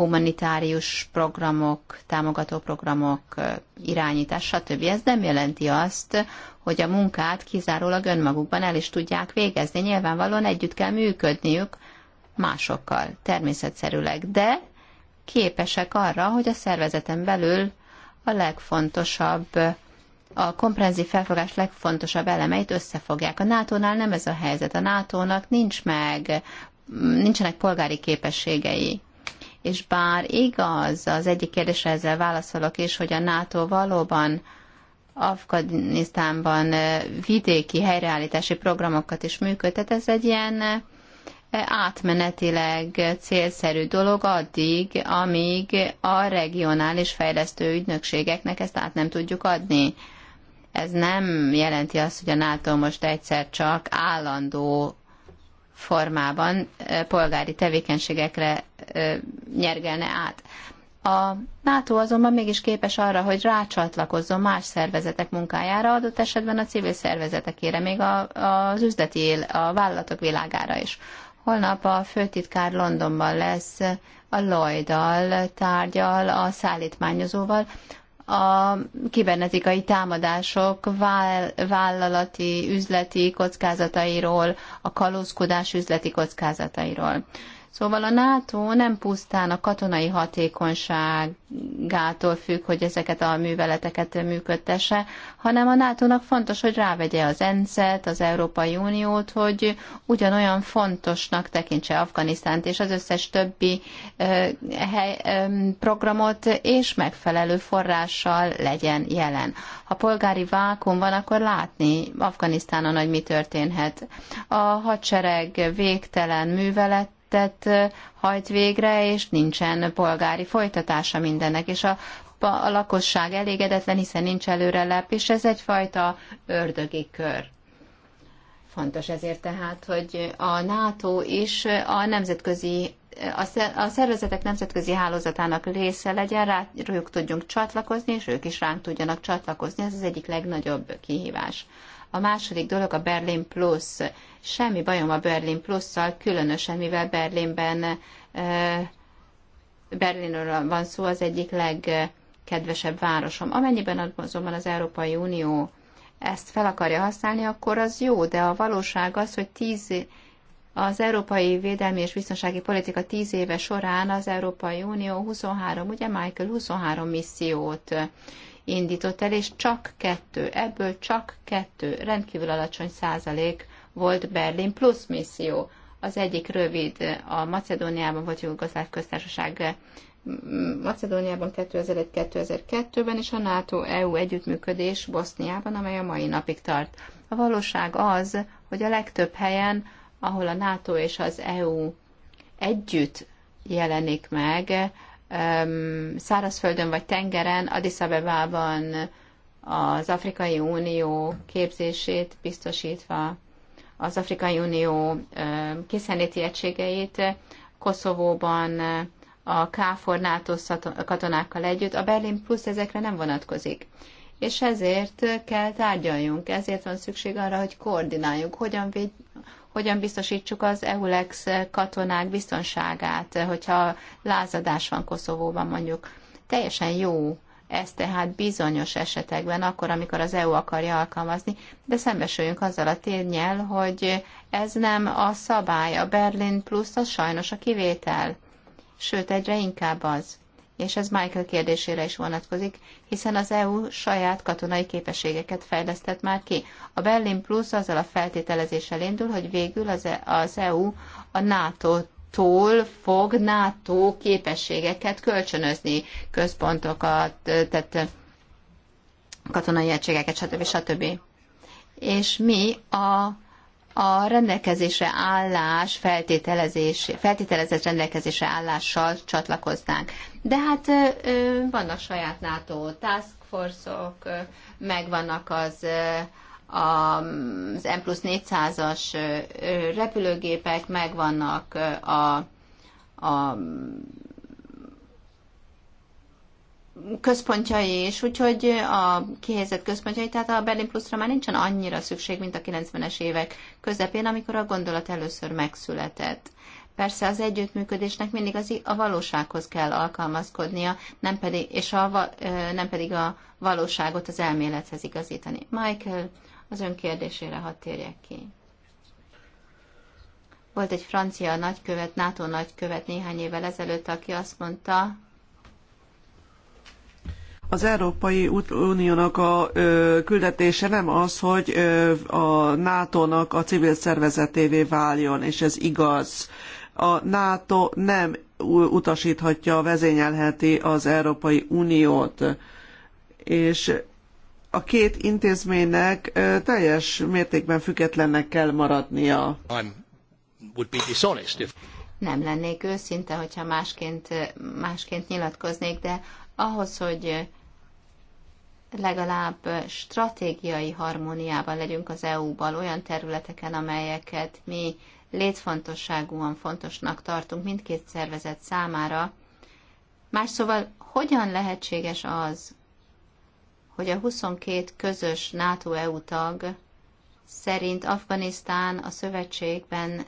humanitárius programok, támogató programok, irányítás, stb. Ez nem jelenti azt, hogy a munkát kizárólag önmagukban el is tudják végezni. Nyilvánvalóan együtt kell működniük másokkal, természetszerűleg, de képesek arra, hogy a szervezeten belül a legfontosabb, a komprehenzív felfogás legfontosabb elemeit összefogják. A NATO-nál nem ez a helyzet. A NATO-nak nincs meg, nincsenek polgári képességei és bár igaz, az egyik kérdésre ezzel válaszolok is, hogy a NATO valóban Afganisztánban vidéki helyreállítási programokat is működtet, ez egy ilyen átmenetileg célszerű dolog addig, amíg a regionális fejlesztő ügynökségeknek ezt át nem tudjuk adni. Ez nem jelenti azt, hogy a NATO most egyszer csak állandó formában polgári tevékenységekre nyergelne át. A NATO azonban mégis képes arra, hogy rácsatlakozzon más szervezetek munkájára, adott esetben a civil szervezetekére, még a, az üzleti él, a vállalatok világára is. Holnap a főtitkár Londonban lesz, a Lloyd-dal tárgyal, a szállítmányozóval, a kibernetikai támadások vállalati, üzleti kockázatairól, a kalózkodás üzleti kockázatairól. Szóval a NATO nem pusztán a katonai hatékonyságától függ, hogy ezeket a műveleteket működtesse, hanem a NATO-nak fontos, hogy rávegye az ensz az Európai Uniót, hogy ugyanolyan fontosnak tekintse Afganisztánt és az összes többi hely, programot, és megfelelő forrással legyen jelen. Ha polgári vákum van, akkor látni Afganisztánon, hogy mi történhet. A hadsereg végtelen művelet tettet hajt végre, és nincsen polgári folytatása mindennek, és a, a lakosság elégedetlen, hiszen nincs előrelep, és ez egyfajta ördögi kör. Fontos ezért tehát, hogy a NATO is a nemzetközi a szervezetek nemzetközi hálózatának része legyen, rájuk tudjunk csatlakozni, és ők is ránk tudjanak csatlakozni. Ez az egyik legnagyobb kihívás. A második dolog a Berlin Plus. Semmi bajom a Berlin plus Plus-szal, különösen mivel Berlinben e, Berlinről van szó, az egyik legkedvesebb városom. Amennyiben azonban az Európai Unió ezt fel akarja használni, akkor az jó, de a valóság az, hogy tíz, az európai védelmi és biztonsági politika tíz éve során az Európai Unió 23, ugye Michael, 23 missziót indított el, és csak kettő, ebből csak kettő rendkívül alacsony százalék volt Berlin plusz misszió. Az egyik rövid, a Macedóniában volt Jugoszláv köztársaság mm, Macedóniában 2001-2002-ben, és a NATO-EU együttműködés Boszniában, amely a mai napig tart. A valóság az, hogy a legtöbb helyen, ahol a NATO és az EU együtt jelenik meg, szárazföldön vagy tengeren, Addis Abebában az Afrikai Unió képzését biztosítva, az Afrikai Unió készenléti egységeit Koszovóban a KFOR NATO katonákkal együtt, a Berlin Plus ezekre nem vonatkozik. És ezért kell tárgyaljunk, ezért van szükség arra, hogy koordináljuk, hogyan, véd, hogyan biztosítsuk az EULEX katonák biztonságát, hogyha lázadás van Koszovóban mondjuk. Teljesen jó ez tehát bizonyos esetekben, akkor, amikor az EU akarja alkalmazni, de szembesüljünk azzal a tényel, hogy ez nem a szabály, a Berlin plusz az sajnos a kivétel, sőt egyre inkább az és ez Michael kérdésére is vonatkozik, hiszen az EU saját katonai képességeket fejlesztett már ki. A Berlin Plus azzal a feltételezéssel indul, hogy végül az EU e a NATO tól fog NATO képességeket kölcsönözni, központokat, tehát katonai egységeket, stb. stb. És mi a a rendelkezésre állás feltételezés, feltételezett rendelkezésre állással csatlakoznánk. De hát vannak saját NATO task force-ok, meg megvannak az az M plusz 400-as repülőgépek, megvannak a, a központjai is, úgyhogy a kihelyezett központjai, tehát a Berlin Pluszra már nincsen annyira szükség, mint a 90-es évek közepén, amikor a gondolat először megszületett. Persze az együttműködésnek mindig az, a valósághoz kell alkalmazkodnia, nem pedig, és a, nem pedig a valóságot az elmélethez igazítani. Michael, az ön kérdésére hadd térjek ki. Volt egy francia nagykövet, NATO nagykövet néhány évvel ezelőtt, aki azt mondta,
az Európai Uniónak a küldetése nem az, hogy a NATO-nak a civil szervezetévé váljon, és ez igaz. A NATO nem utasíthatja, vezényelheti az Európai Uniót, és a két intézménynek teljes mértékben függetlennek kell maradnia. Nem lennék
őszinte, hogyha másként, másként nyilatkoznék, de ahhoz, hogy legalább stratégiai harmóniában legyünk az eu ban olyan területeken, amelyeket mi létfontosságúan fontosnak tartunk mindkét szervezet számára. Más szóval, hogyan lehetséges az, hogy a 22 közös NATO-EU tag szerint Afganisztán a szövetségben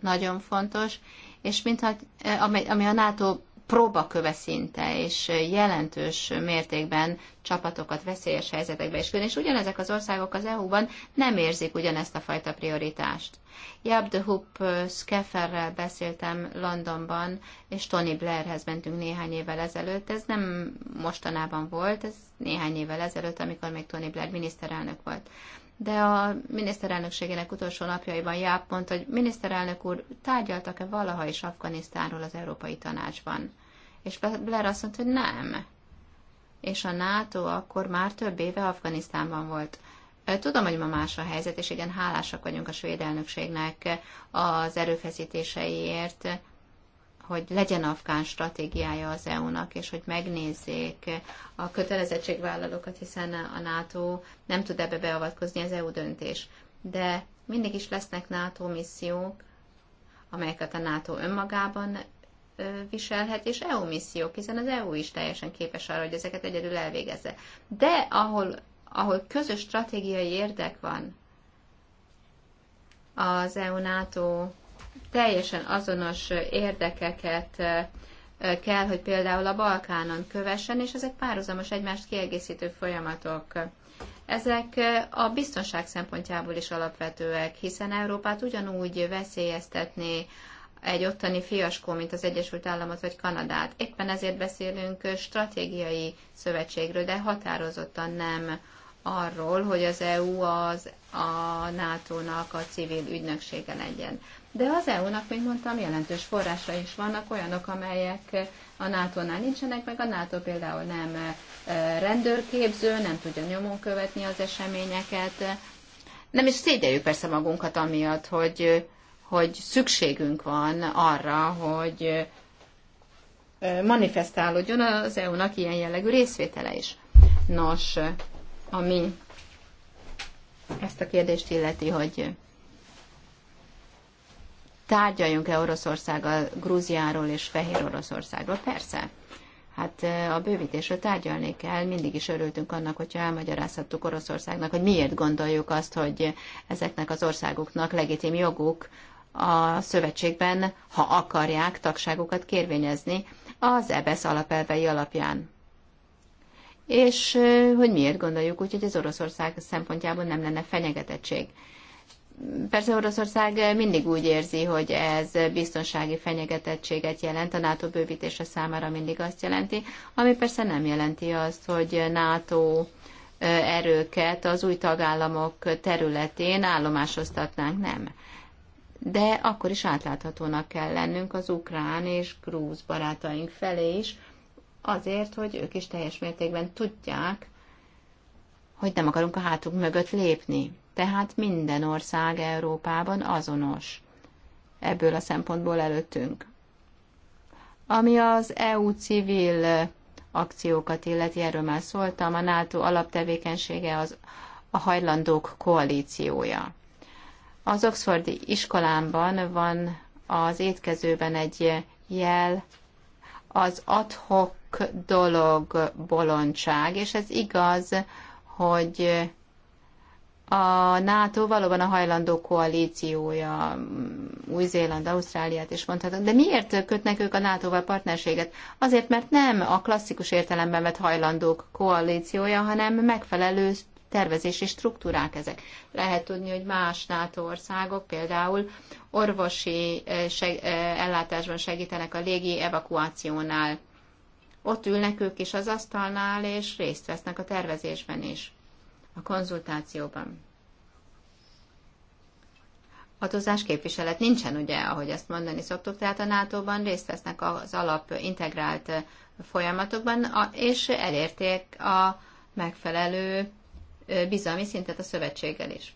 nagyon fontos, és mintha, eh, ami, ami a NATO próbaköve szinte, és jelentős mértékben csapatokat veszélyes helyzetekbe is küld, és ugyanezek az országok az EU-ban nem érzik ugyanezt a fajta prioritást. Jab de Hoop Skefferrel beszéltem Londonban, és Tony Blairhez mentünk néhány évvel ezelőtt. Ez nem mostanában volt, ez néhány évvel ezelőtt, amikor még Tony Blair miniszterelnök volt de a miniszterelnökségének utolsó napjaiban Jáp mondta, hogy miniszterelnök úr, tárgyaltak-e valaha is Afganisztánról az Európai Tanácsban? És Blair azt mondta, hogy nem. És a NATO akkor már több éve Afganisztánban volt. Tudom, hogy ma más a helyzet, és igen, hálásak vagyunk a svéd elnökségnek az erőfeszítéseiért, hogy legyen afgán stratégiája az EU-nak, és hogy megnézzék a kötelezettségvállalókat, hiszen a NATO nem tud ebbe beavatkozni az EU döntés. De mindig is lesznek NATO missziók, amelyeket a NATO önmagában viselhet, és EU missziók, hiszen az EU is teljesen képes arra, hogy ezeket egyedül elvégezze. De ahol, ahol közös stratégiai érdek van, az EU-NATO teljesen azonos érdekeket kell, hogy például a Balkánon kövessen, és ezek párhuzamos egymást kiegészítő folyamatok. Ezek a biztonság szempontjából is alapvetőek, hiszen Európát ugyanúgy veszélyeztetné egy ottani fiaskó, mint az Egyesült Államot vagy Kanadát. Éppen ezért beszélünk stratégiai szövetségről, de határozottan nem arról, hogy az EU az a NATO-nak a civil ügynöksége legyen. De az EU-nak, mint mondtam, jelentős forrása is vannak, olyanok, amelyek a NATO-nál nincsenek, meg a NATO például nem rendőrképző, nem tudja nyomon követni az eseményeket. Nem is szégyeljük persze magunkat amiatt, hogy, hogy szükségünk van arra, hogy manifestálódjon az EU-nak ilyen jellegű részvétele is. Nos, ami ezt a kérdést illeti, hogy tárgyaljunk-e Oroszországgal, Grúziáról és Fehér Oroszországról? Persze. Hát a bővítésről tárgyalni kell. Mindig is örültünk annak, hogyha elmagyarázhattuk Oroszországnak, hogy miért gondoljuk azt, hogy ezeknek az országoknak legitim joguk a szövetségben, ha akarják, tagságukat kérvényezni az EBSZ e alapelvei alapján. És hogy miért gondoljuk úgy, hogy az Oroszország szempontjából nem lenne fenyegetettség. Persze Oroszország mindig úgy érzi, hogy ez biztonsági fenyegetettséget jelent, a NATO bővítése számára mindig azt jelenti, ami persze nem jelenti azt, hogy NATO erőket az új tagállamok területén állomásoztatnánk, nem. De akkor is átláthatónak kell lennünk az ukrán és grúz barátaink felé is, azért, hogy ők is teljes mértékben tudják, hogy nem akarunk a hátuk mögött lépni. Tehát minden ország Európában azonos. Ebből a szempontból előttünk. Ami az EU civil akciókat illeti, erről már szóltam, a NATO alaptevékenysége az a hajlandók koalíciója. Az Oxfordi iskolámban van az étkezőben egy jel, az adhok dolog bolondság, és ez igaz, hogy a NATO valóban a hajlandó koalíciója, mm, Új-Zéland, Ausztráliát is mondhatom, De miért kötnek ők a NATO-val partnerséget? Azért, mert nem a klasszikus értelemben vett hajlandók koalíciója, hanem megfelelő tervezési struktúrák ezek. Lehet tudni, hogy más NATO országok például orvosi eh, seg- eh, ellátásban segítenek a légi evakuációnál. Ott ülnek ők is az asztalnál, és részt vesznek a tervezésben is a konzultációban. Hatozás képviselet nincsen, ugye, ahogy ezt mondani szoktuk, tehát a NATO-ban részt vesznek az alap integrált folyamatokban, és elérték a megfelelő bizalmi szintet a szövetséggel is.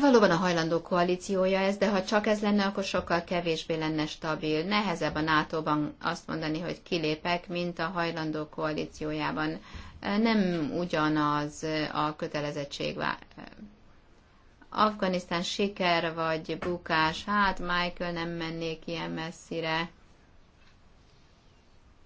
Valóban a hajlandó koalíciója ez, de ha csak ez lenne, akkor sokkal kevésbé lenne stabil. Nehezebb a NATO-ban azt mondani, hogy kilépek, mint a hajlandó koalíciójában nem ugyanaz a kötelezettség. Afganisztán siker vagy bukás, hát Michael nem mennék ilyen messzire.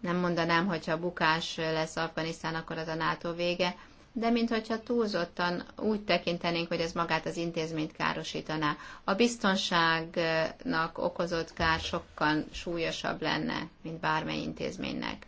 Nem mondanám, hogyha bukás lesz Afganisztán, akkor az a NATO vége, de mintha túlzottan úgy tekintenénk, hogy ez magát az intézményt károsítaná. A biztonságnak okozott kár sokkal súlyosabb lenne, mint bármely intézménynek.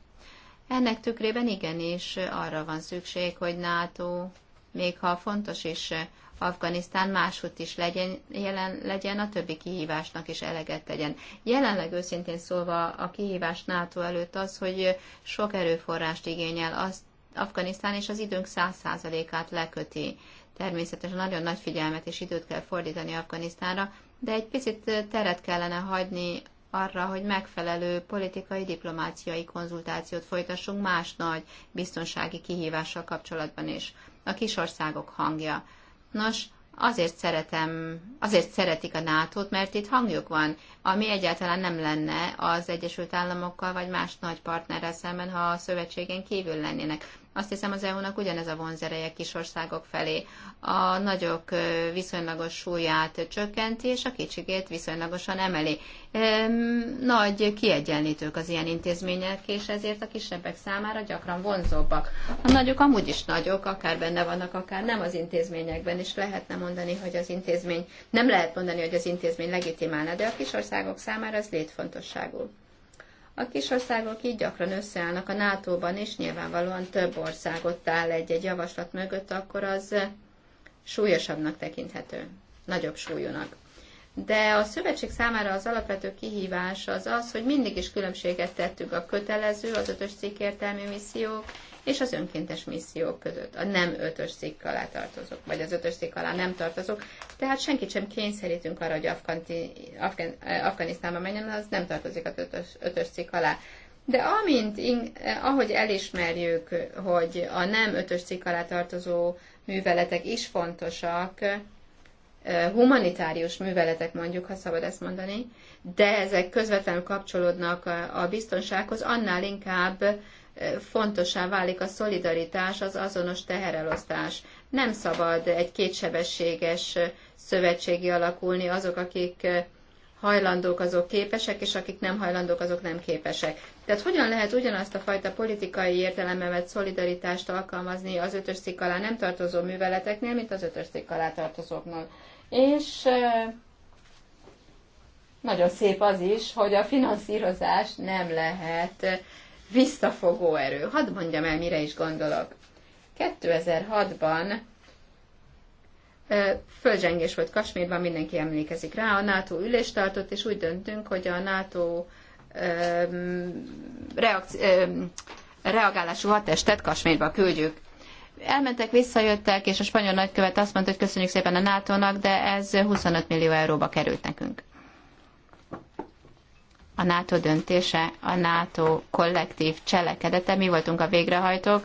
Ennek tükrében igenis arra van szükség, hogy NATO, még ha fontos is Afganisztán máshogy is legyen, jelen legyen, a többi kihívásnak is eleget tegyen. Jelenleg őszintén szólva a kihívás NATO előtt az, hogy sok erőforrást igényel, az Afganisztán és az időnk száz százalékát leköti. Természetesen nagyon nagy figyelmet és időt kell fordítani Afganisztánra, de egy picit teret kellene hagyni arra, hogy megfelelő politikai, diplomáciai konzultációt folytassunk más nagy biztonsági kihívással kapcsolatban is. A kisországok hangja. Nos, azért szeretem, azért szeretik a nato mert itt hangjuk van, ami egyáltalán nem lenne az Egyesült Államokkal vagy más nagy partnerrel szemben, ha a szövetségen kívül lennének. Azt hiszem az EU-nak ugyanez a vonzereje kis országok felé. A nagyok viszonylagos súlyát csökkenti, és a kicsikét viszonylagosan emeli. Nagy kiegyenlítők az ilyen intézmények, és ezért a kisebbek számára gyakran vonzóbbak. A nagyok amúgy is nagyok, akár benne vannak, akár nem az intézményekben, és lehetne mondani, hogy az intézmény, nem lehet mondani, hogy az intézmény legitimálna, de a kis országok számára ez létfontosságú. A kisországok így gyakran összeállnak a NATO-ban, és nyilvánvalóan több országot áll egy-egy javaslat mögött, akkor az súlyosabbnak tekinthető, nagyobb súlyúnak. De a szövetség számára az alapvető kihívás az az, hogy mindig is különbséget tettük a kötelező, az ötös cikk értelmi missziók és az önkéntes missziók között, a nem ötös cikk alá tartozók, vagy az ötös cikk alá nem tartozók. Tehát senkit sem kényszerítünk arra, hogy Afganti, Afgan, eh, Afganisztánba menjen, az nem tartozik az ötös, ötös cikk alá. De amint, eh, ahogy elismerjük, hogy a nem ötös cikk alá tartozó műveletek is fontosak, eh, humanitárius műveletek mondjuk, ha szabad ezt mondani, de ezek közvetlenül kapcsolódnak a biztonsághoz, annál inkább fontosá válik a szolidaritás, az azonos teherelosztás. Nem szabad egy kétsebességes szövetségi alakulni azok, akik eh, hajlandók, azok képesek, és akik nem hajlandók, azok nem képesek. Tehát hogyan lehet ugyanazt a fajta politikai értelememet, szolidaritást alkalmazni az ötös cikk alá nem tartozó műveleteknél, mint az ötös cikk alá tartozóknak. És eh, nagyon szép az is, hogy a finanszírozás nem lehet eh, visszafogó erő. Hadd mondjam el, mire is gondolok. 2006-ban fölzsengés volt Kasmírban, mindenki emlékezik rá, a NATO ülést tartott, és úgy döntünk, hogy a NATO reakci- reagálású hatestet Kasmírba küldjük. Elmentek, visszajöttek, és a spanyol nagykövet azt mondta, hogy köszönjük szépen a NATO-nak, de ez 25 millió euróba került nekünk a NATO döntése, a NATO kollektív cselekedete, mi voltunk a végrehajtók,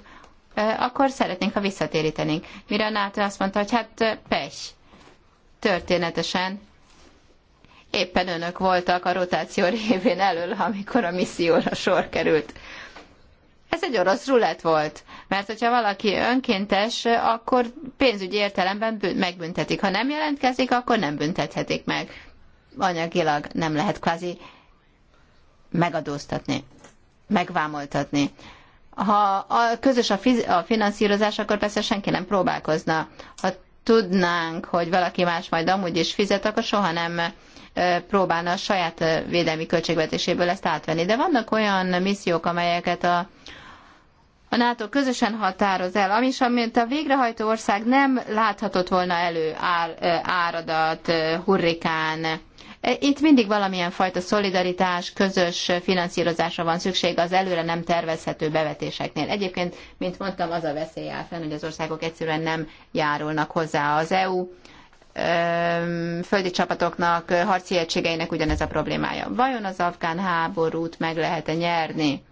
akkor szeretnénk, ha visszatérítenénk. Mire a NATO azt mondta, hogy hát pes, történetesen éppen önök voltak a rotáció révén elől, amikor a misszióra sor került. Ez egy orosz rulett volt, mert hogyha valaki önkéntes, akkor pénzügyi értelemben megbüntetik. Ha nem jelentkezik, akkor nem büntethetik meg. Anyagilag nem lehet kvázi megadóztatni, megvámoltatni. Ha a közös a, fiz- a finanszírozás, akkor persze senki nem próbálkozna. Ha tudnánk, hogy valaki más majd amúgy is fizet, akkor soha nem próbálna a saját védelmi költségvetéséből ezt átvenni. De vannak olyan missziók, amelyeket a, a NATO közösen határoz el, ami is, amint a végrehajtó ország nem láthatott volna elő áradat, hurrikán, E, itt mindig valamilyen fajta szolidaritás, közös finanszírozásra van szükség az előre nem tervezhető bevetéseknél. Egyébként, mint mondtam, az a veszély áll fenn, hogy az országok egyszerűen nem járulnak hozzá az EU földi csapatoknak, harci egységeinek ugyanez a problémája. Vajon az afgán háborút meg lehet-e nyerni?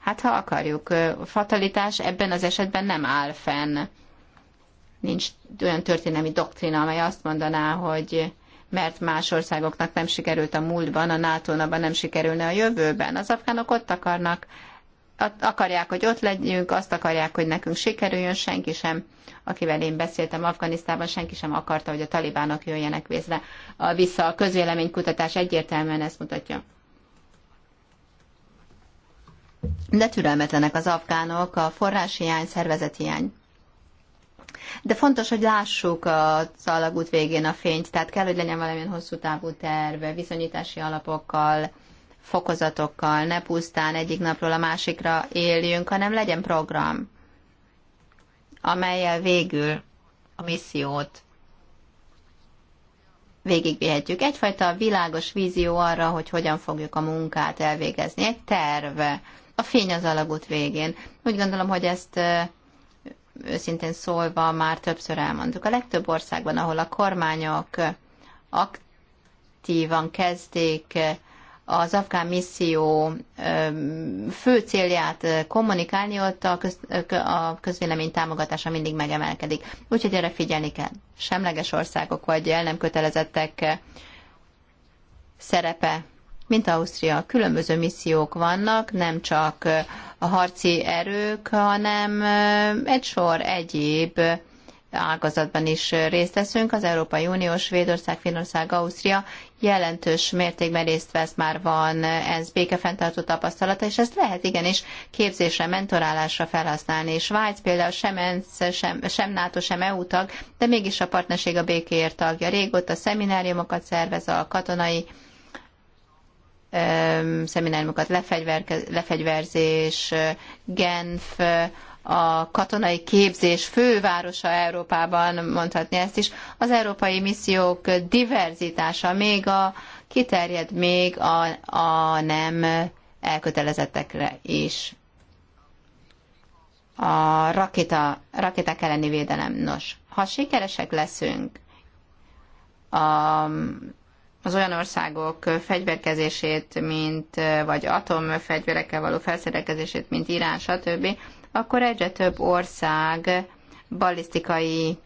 Hát ha akarjuk, fatalitás ebben az esetben nem áll fenn. Nincs olyan történelmi doktrina, amely azt mondaná, hogy mert más országoknak nem sikerült a múltban, a nato ban nem sikerülne a jövőben. Az afgánok ott akarnak, akarják, hogy ott legyünk, azt akarják, hogy nekünk sikerüljön, senki sem, akivel én beszéltem Afganisztában, senki sem akarta, hogy a talibánok jöjjenek vészre. A, vissza a közvéleménykutatás egyértelműen ezt mutatja. De türelmetlenek az afgánok, a forráshiány, szervezethiány. De fontos, hogy lássuk a szalagút végén a fényt, tehát kell, hogy legyen valamilyen hosszú távú terv, viszonyítási alapokkal, fokozatokkal, ne pusztán egyik napról a másikra éljünk, hanem legyen program, amelyel végül a missziót végigvihetjük. Egyfajta világos vízió arra, hogy hogyan fogjuk a munkát elvégezni. Egy terve. A fény az alagút végén. Úgy gondolom, hogy ezt őszintén szólva már többször elmondtuk. A legtöbb országban, ahol a kormányok aktívan kezdték az afgán misszió fő célját kommunikálni, ott a, köz, a közvélemény támogatása mindig megemelkedik. Úgyhogy erre figyelni kell. Semleges országok vagy el nem kötelezettek szerepe mint Ausztria. Különböző missziók vannak, nem csak a harci erők, hanem egy sor egyéb ágazatban is részt veszünk. Az Európai Unió, Svédország, Finország, Ausztria jelentős mértékben részt vesz, már van ez békefenntartó tapasztalata, és ezt lehet igenis képzésre, mentorálásra felhasználni. Svájc például sem ENSZ, sem, sem NATO, sem EU tag, de mégis a partnerség a békéért tagja. Régóta szemináriumokat szervez a katonai szemináriumokat, lefegyverzés, Genf, a katonai képzés fővárosa Európában, mondhatni ezt is, az európai missziók diverzitása még a, kiterjed még a, a nem elkötelezettekre is. A rakéta, rakéták elleni védelem. Nos, ha sikeresek leszünk a az olyan országok fegyverkezését, mint, vagy atomfegyverekkel való felszerelkezését, mint Irán, stb., akkor egyre több ország balisztikai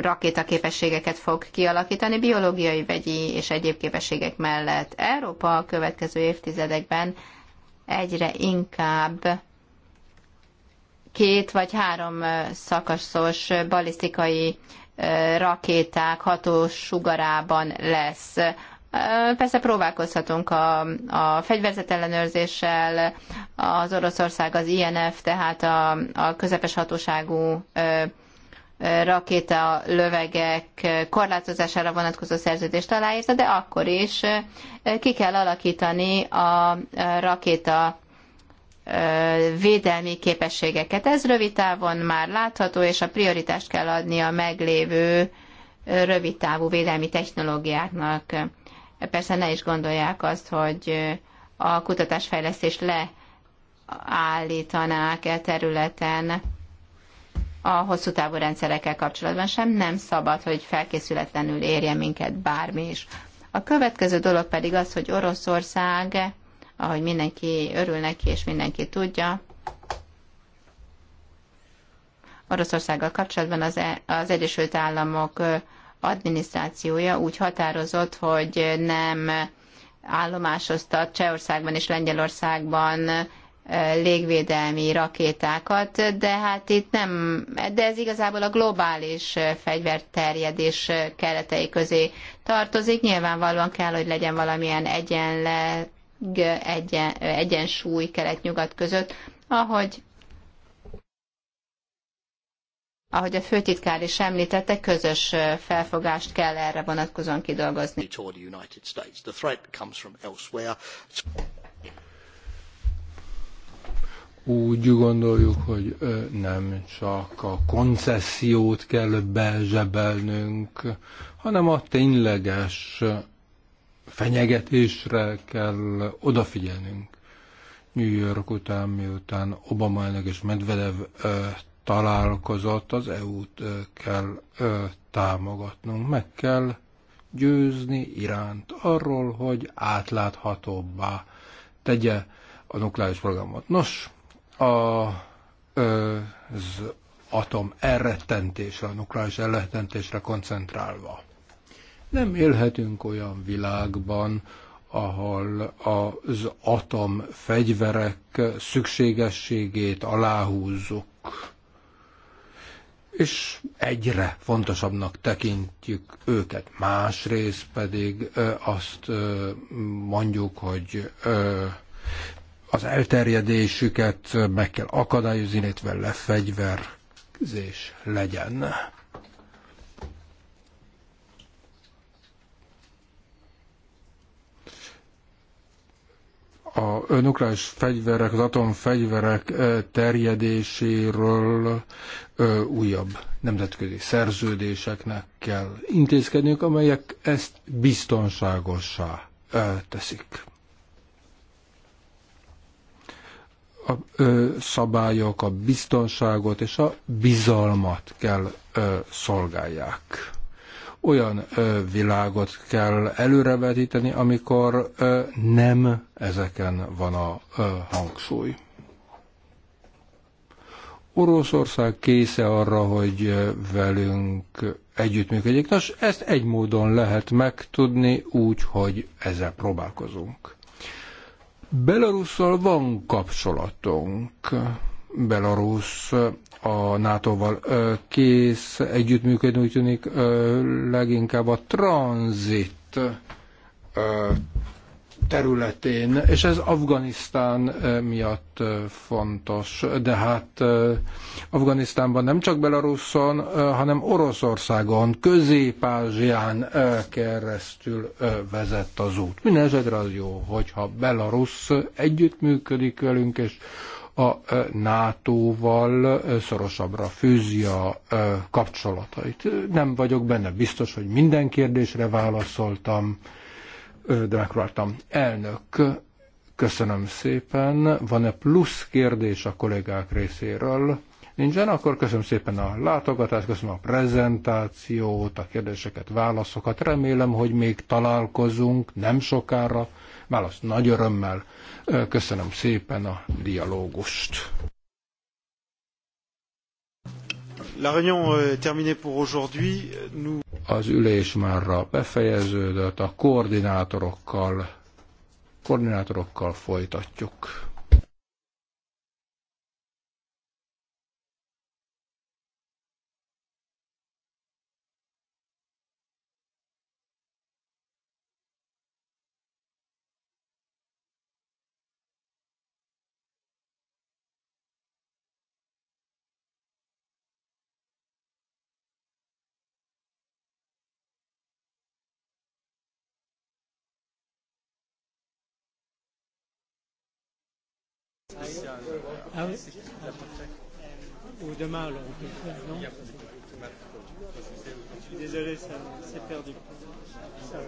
rakétaképességeket fog kialakítani, biológiai, vegyi és egyéb képességek mellett. Európa a következő évtizedekben egyre inkább két vagy három szakaszos balisztikai rakéták hatós sugarában lesz. Persze próbálkozhatunk a, a ellenőrzéssel, az Oroszország az INF, tehát a, a közepes hatóságú rakéta lövegek korlátozására vonatkozó szerződést aláírta, de akkor is ki kell alakítani a rakéta védelmi képességeket. Ez rövid távon már látható, és a prioritást kell adni a meglévő rövid távú védelmi technológiáknak. Persze ne is gondolják azt, hogy a kutatásfejlesztés leállítanák e területen a hosszú távú rendszerekkel kapcsolatban sem. Nem szabad, hogy felkészületlenül érje minket bármi is. A következő dolog pedig az, hogy Oroszország ahogy mindenki örül neki, és mindenki tudja. Oroszországgal kapcsolatban az, e- az Egyesült Államok adminisztrációja úgy határozott, hogy nem állomásoztat Csehországban és Lengyelországban légvédelmi rakétákat, de hát itt nem, de ez igazából a globális fegyverterjedés keretei közé tartozik. Nyilvánvalóan kell, hogy legyen valamilyen egyenlet, egyen, egyensúly kelet-nyugat között, ahogy ahogy a főtitkár is említette, közös felfogást kell erre vonatkozóan kidolgozni.
Úgy gondoljuk, hogy nem csak a koncesziót kell bezsebelnünk, hanem a tényleges fenyegetésre kell odafigyelnünk. New York után, miután Obama elnök és Medvedev találkozott, az EU-t kell támogatnunk. Meg kell győzni Iránt arról, hogy átláthatóbbá tegye a nukleáris programot. Nos, a, az atom elrettentésre, a nukleáris elrettentésre koncentrálva. Nem élhetünk olyan világban, ahol az atom fegyverek szükségességét aláhúzzuk, és egyre fontosabbnak tekintjük őket. Másrészt pedig azt mondjuk, hogy az elterjedésüket meg kell akadályozni, illetve lefegyverzés legyen nukleáris fegyverek, az atomfegyverek terjedéséről újabb nemzetközi szerződéseknek kell intézkedniük, amelyek ezt biztonságossá teszik. A szabályok a biztonságot és a bizalmat kell szolgálják olyan világot kell előrevetíteni, amikor nem ezeken van a hangsúly. Oroszország késze arra, hogy velünk együttműködjék. Nos, ezt egy módon lehet megtudni, úgy, hogy ezzel próbálkozunk. Belarusszal van kapcsolatunk. Belarus a NATO-val kész együttműködni, úgy tűnik leginkább a tranzit területén, és ez Afganisztán miatt fontos, de hát Afganisztánban nem csak Belarusson, hanem Oroszországon, Közép-Ázsián keresztül vezet az út. Minden az jó, hogyha Belarus együttműködik velünk, és a NATO-val szorosabbra fűzi a kapcsolatait. Nem vagyok benne biztos, hogy minden kérdésre válaszoltam, de megpróbáltam. Elnök, köszönöm szépen. Van-e plusz kérdés a kollégák részéről? Nincsen, akkor köszönöm szépen a látogatást, köszönöm a prezentációt, a kérdéseket, válaszokat. Remélem, hogy még találkozunk nem sokára. Válasz nagy örömmel Köszönöm szépen a dialógust. La réunion euh, terminée pour aujourd'hui. Nous... Az ülés márra befejeződött, a koordinátorokkal, koordinátorokkal folytatjuk. Ah oui Ou demain, alors, on peut faire, non Je suis désolé, s'est perdu. Ça...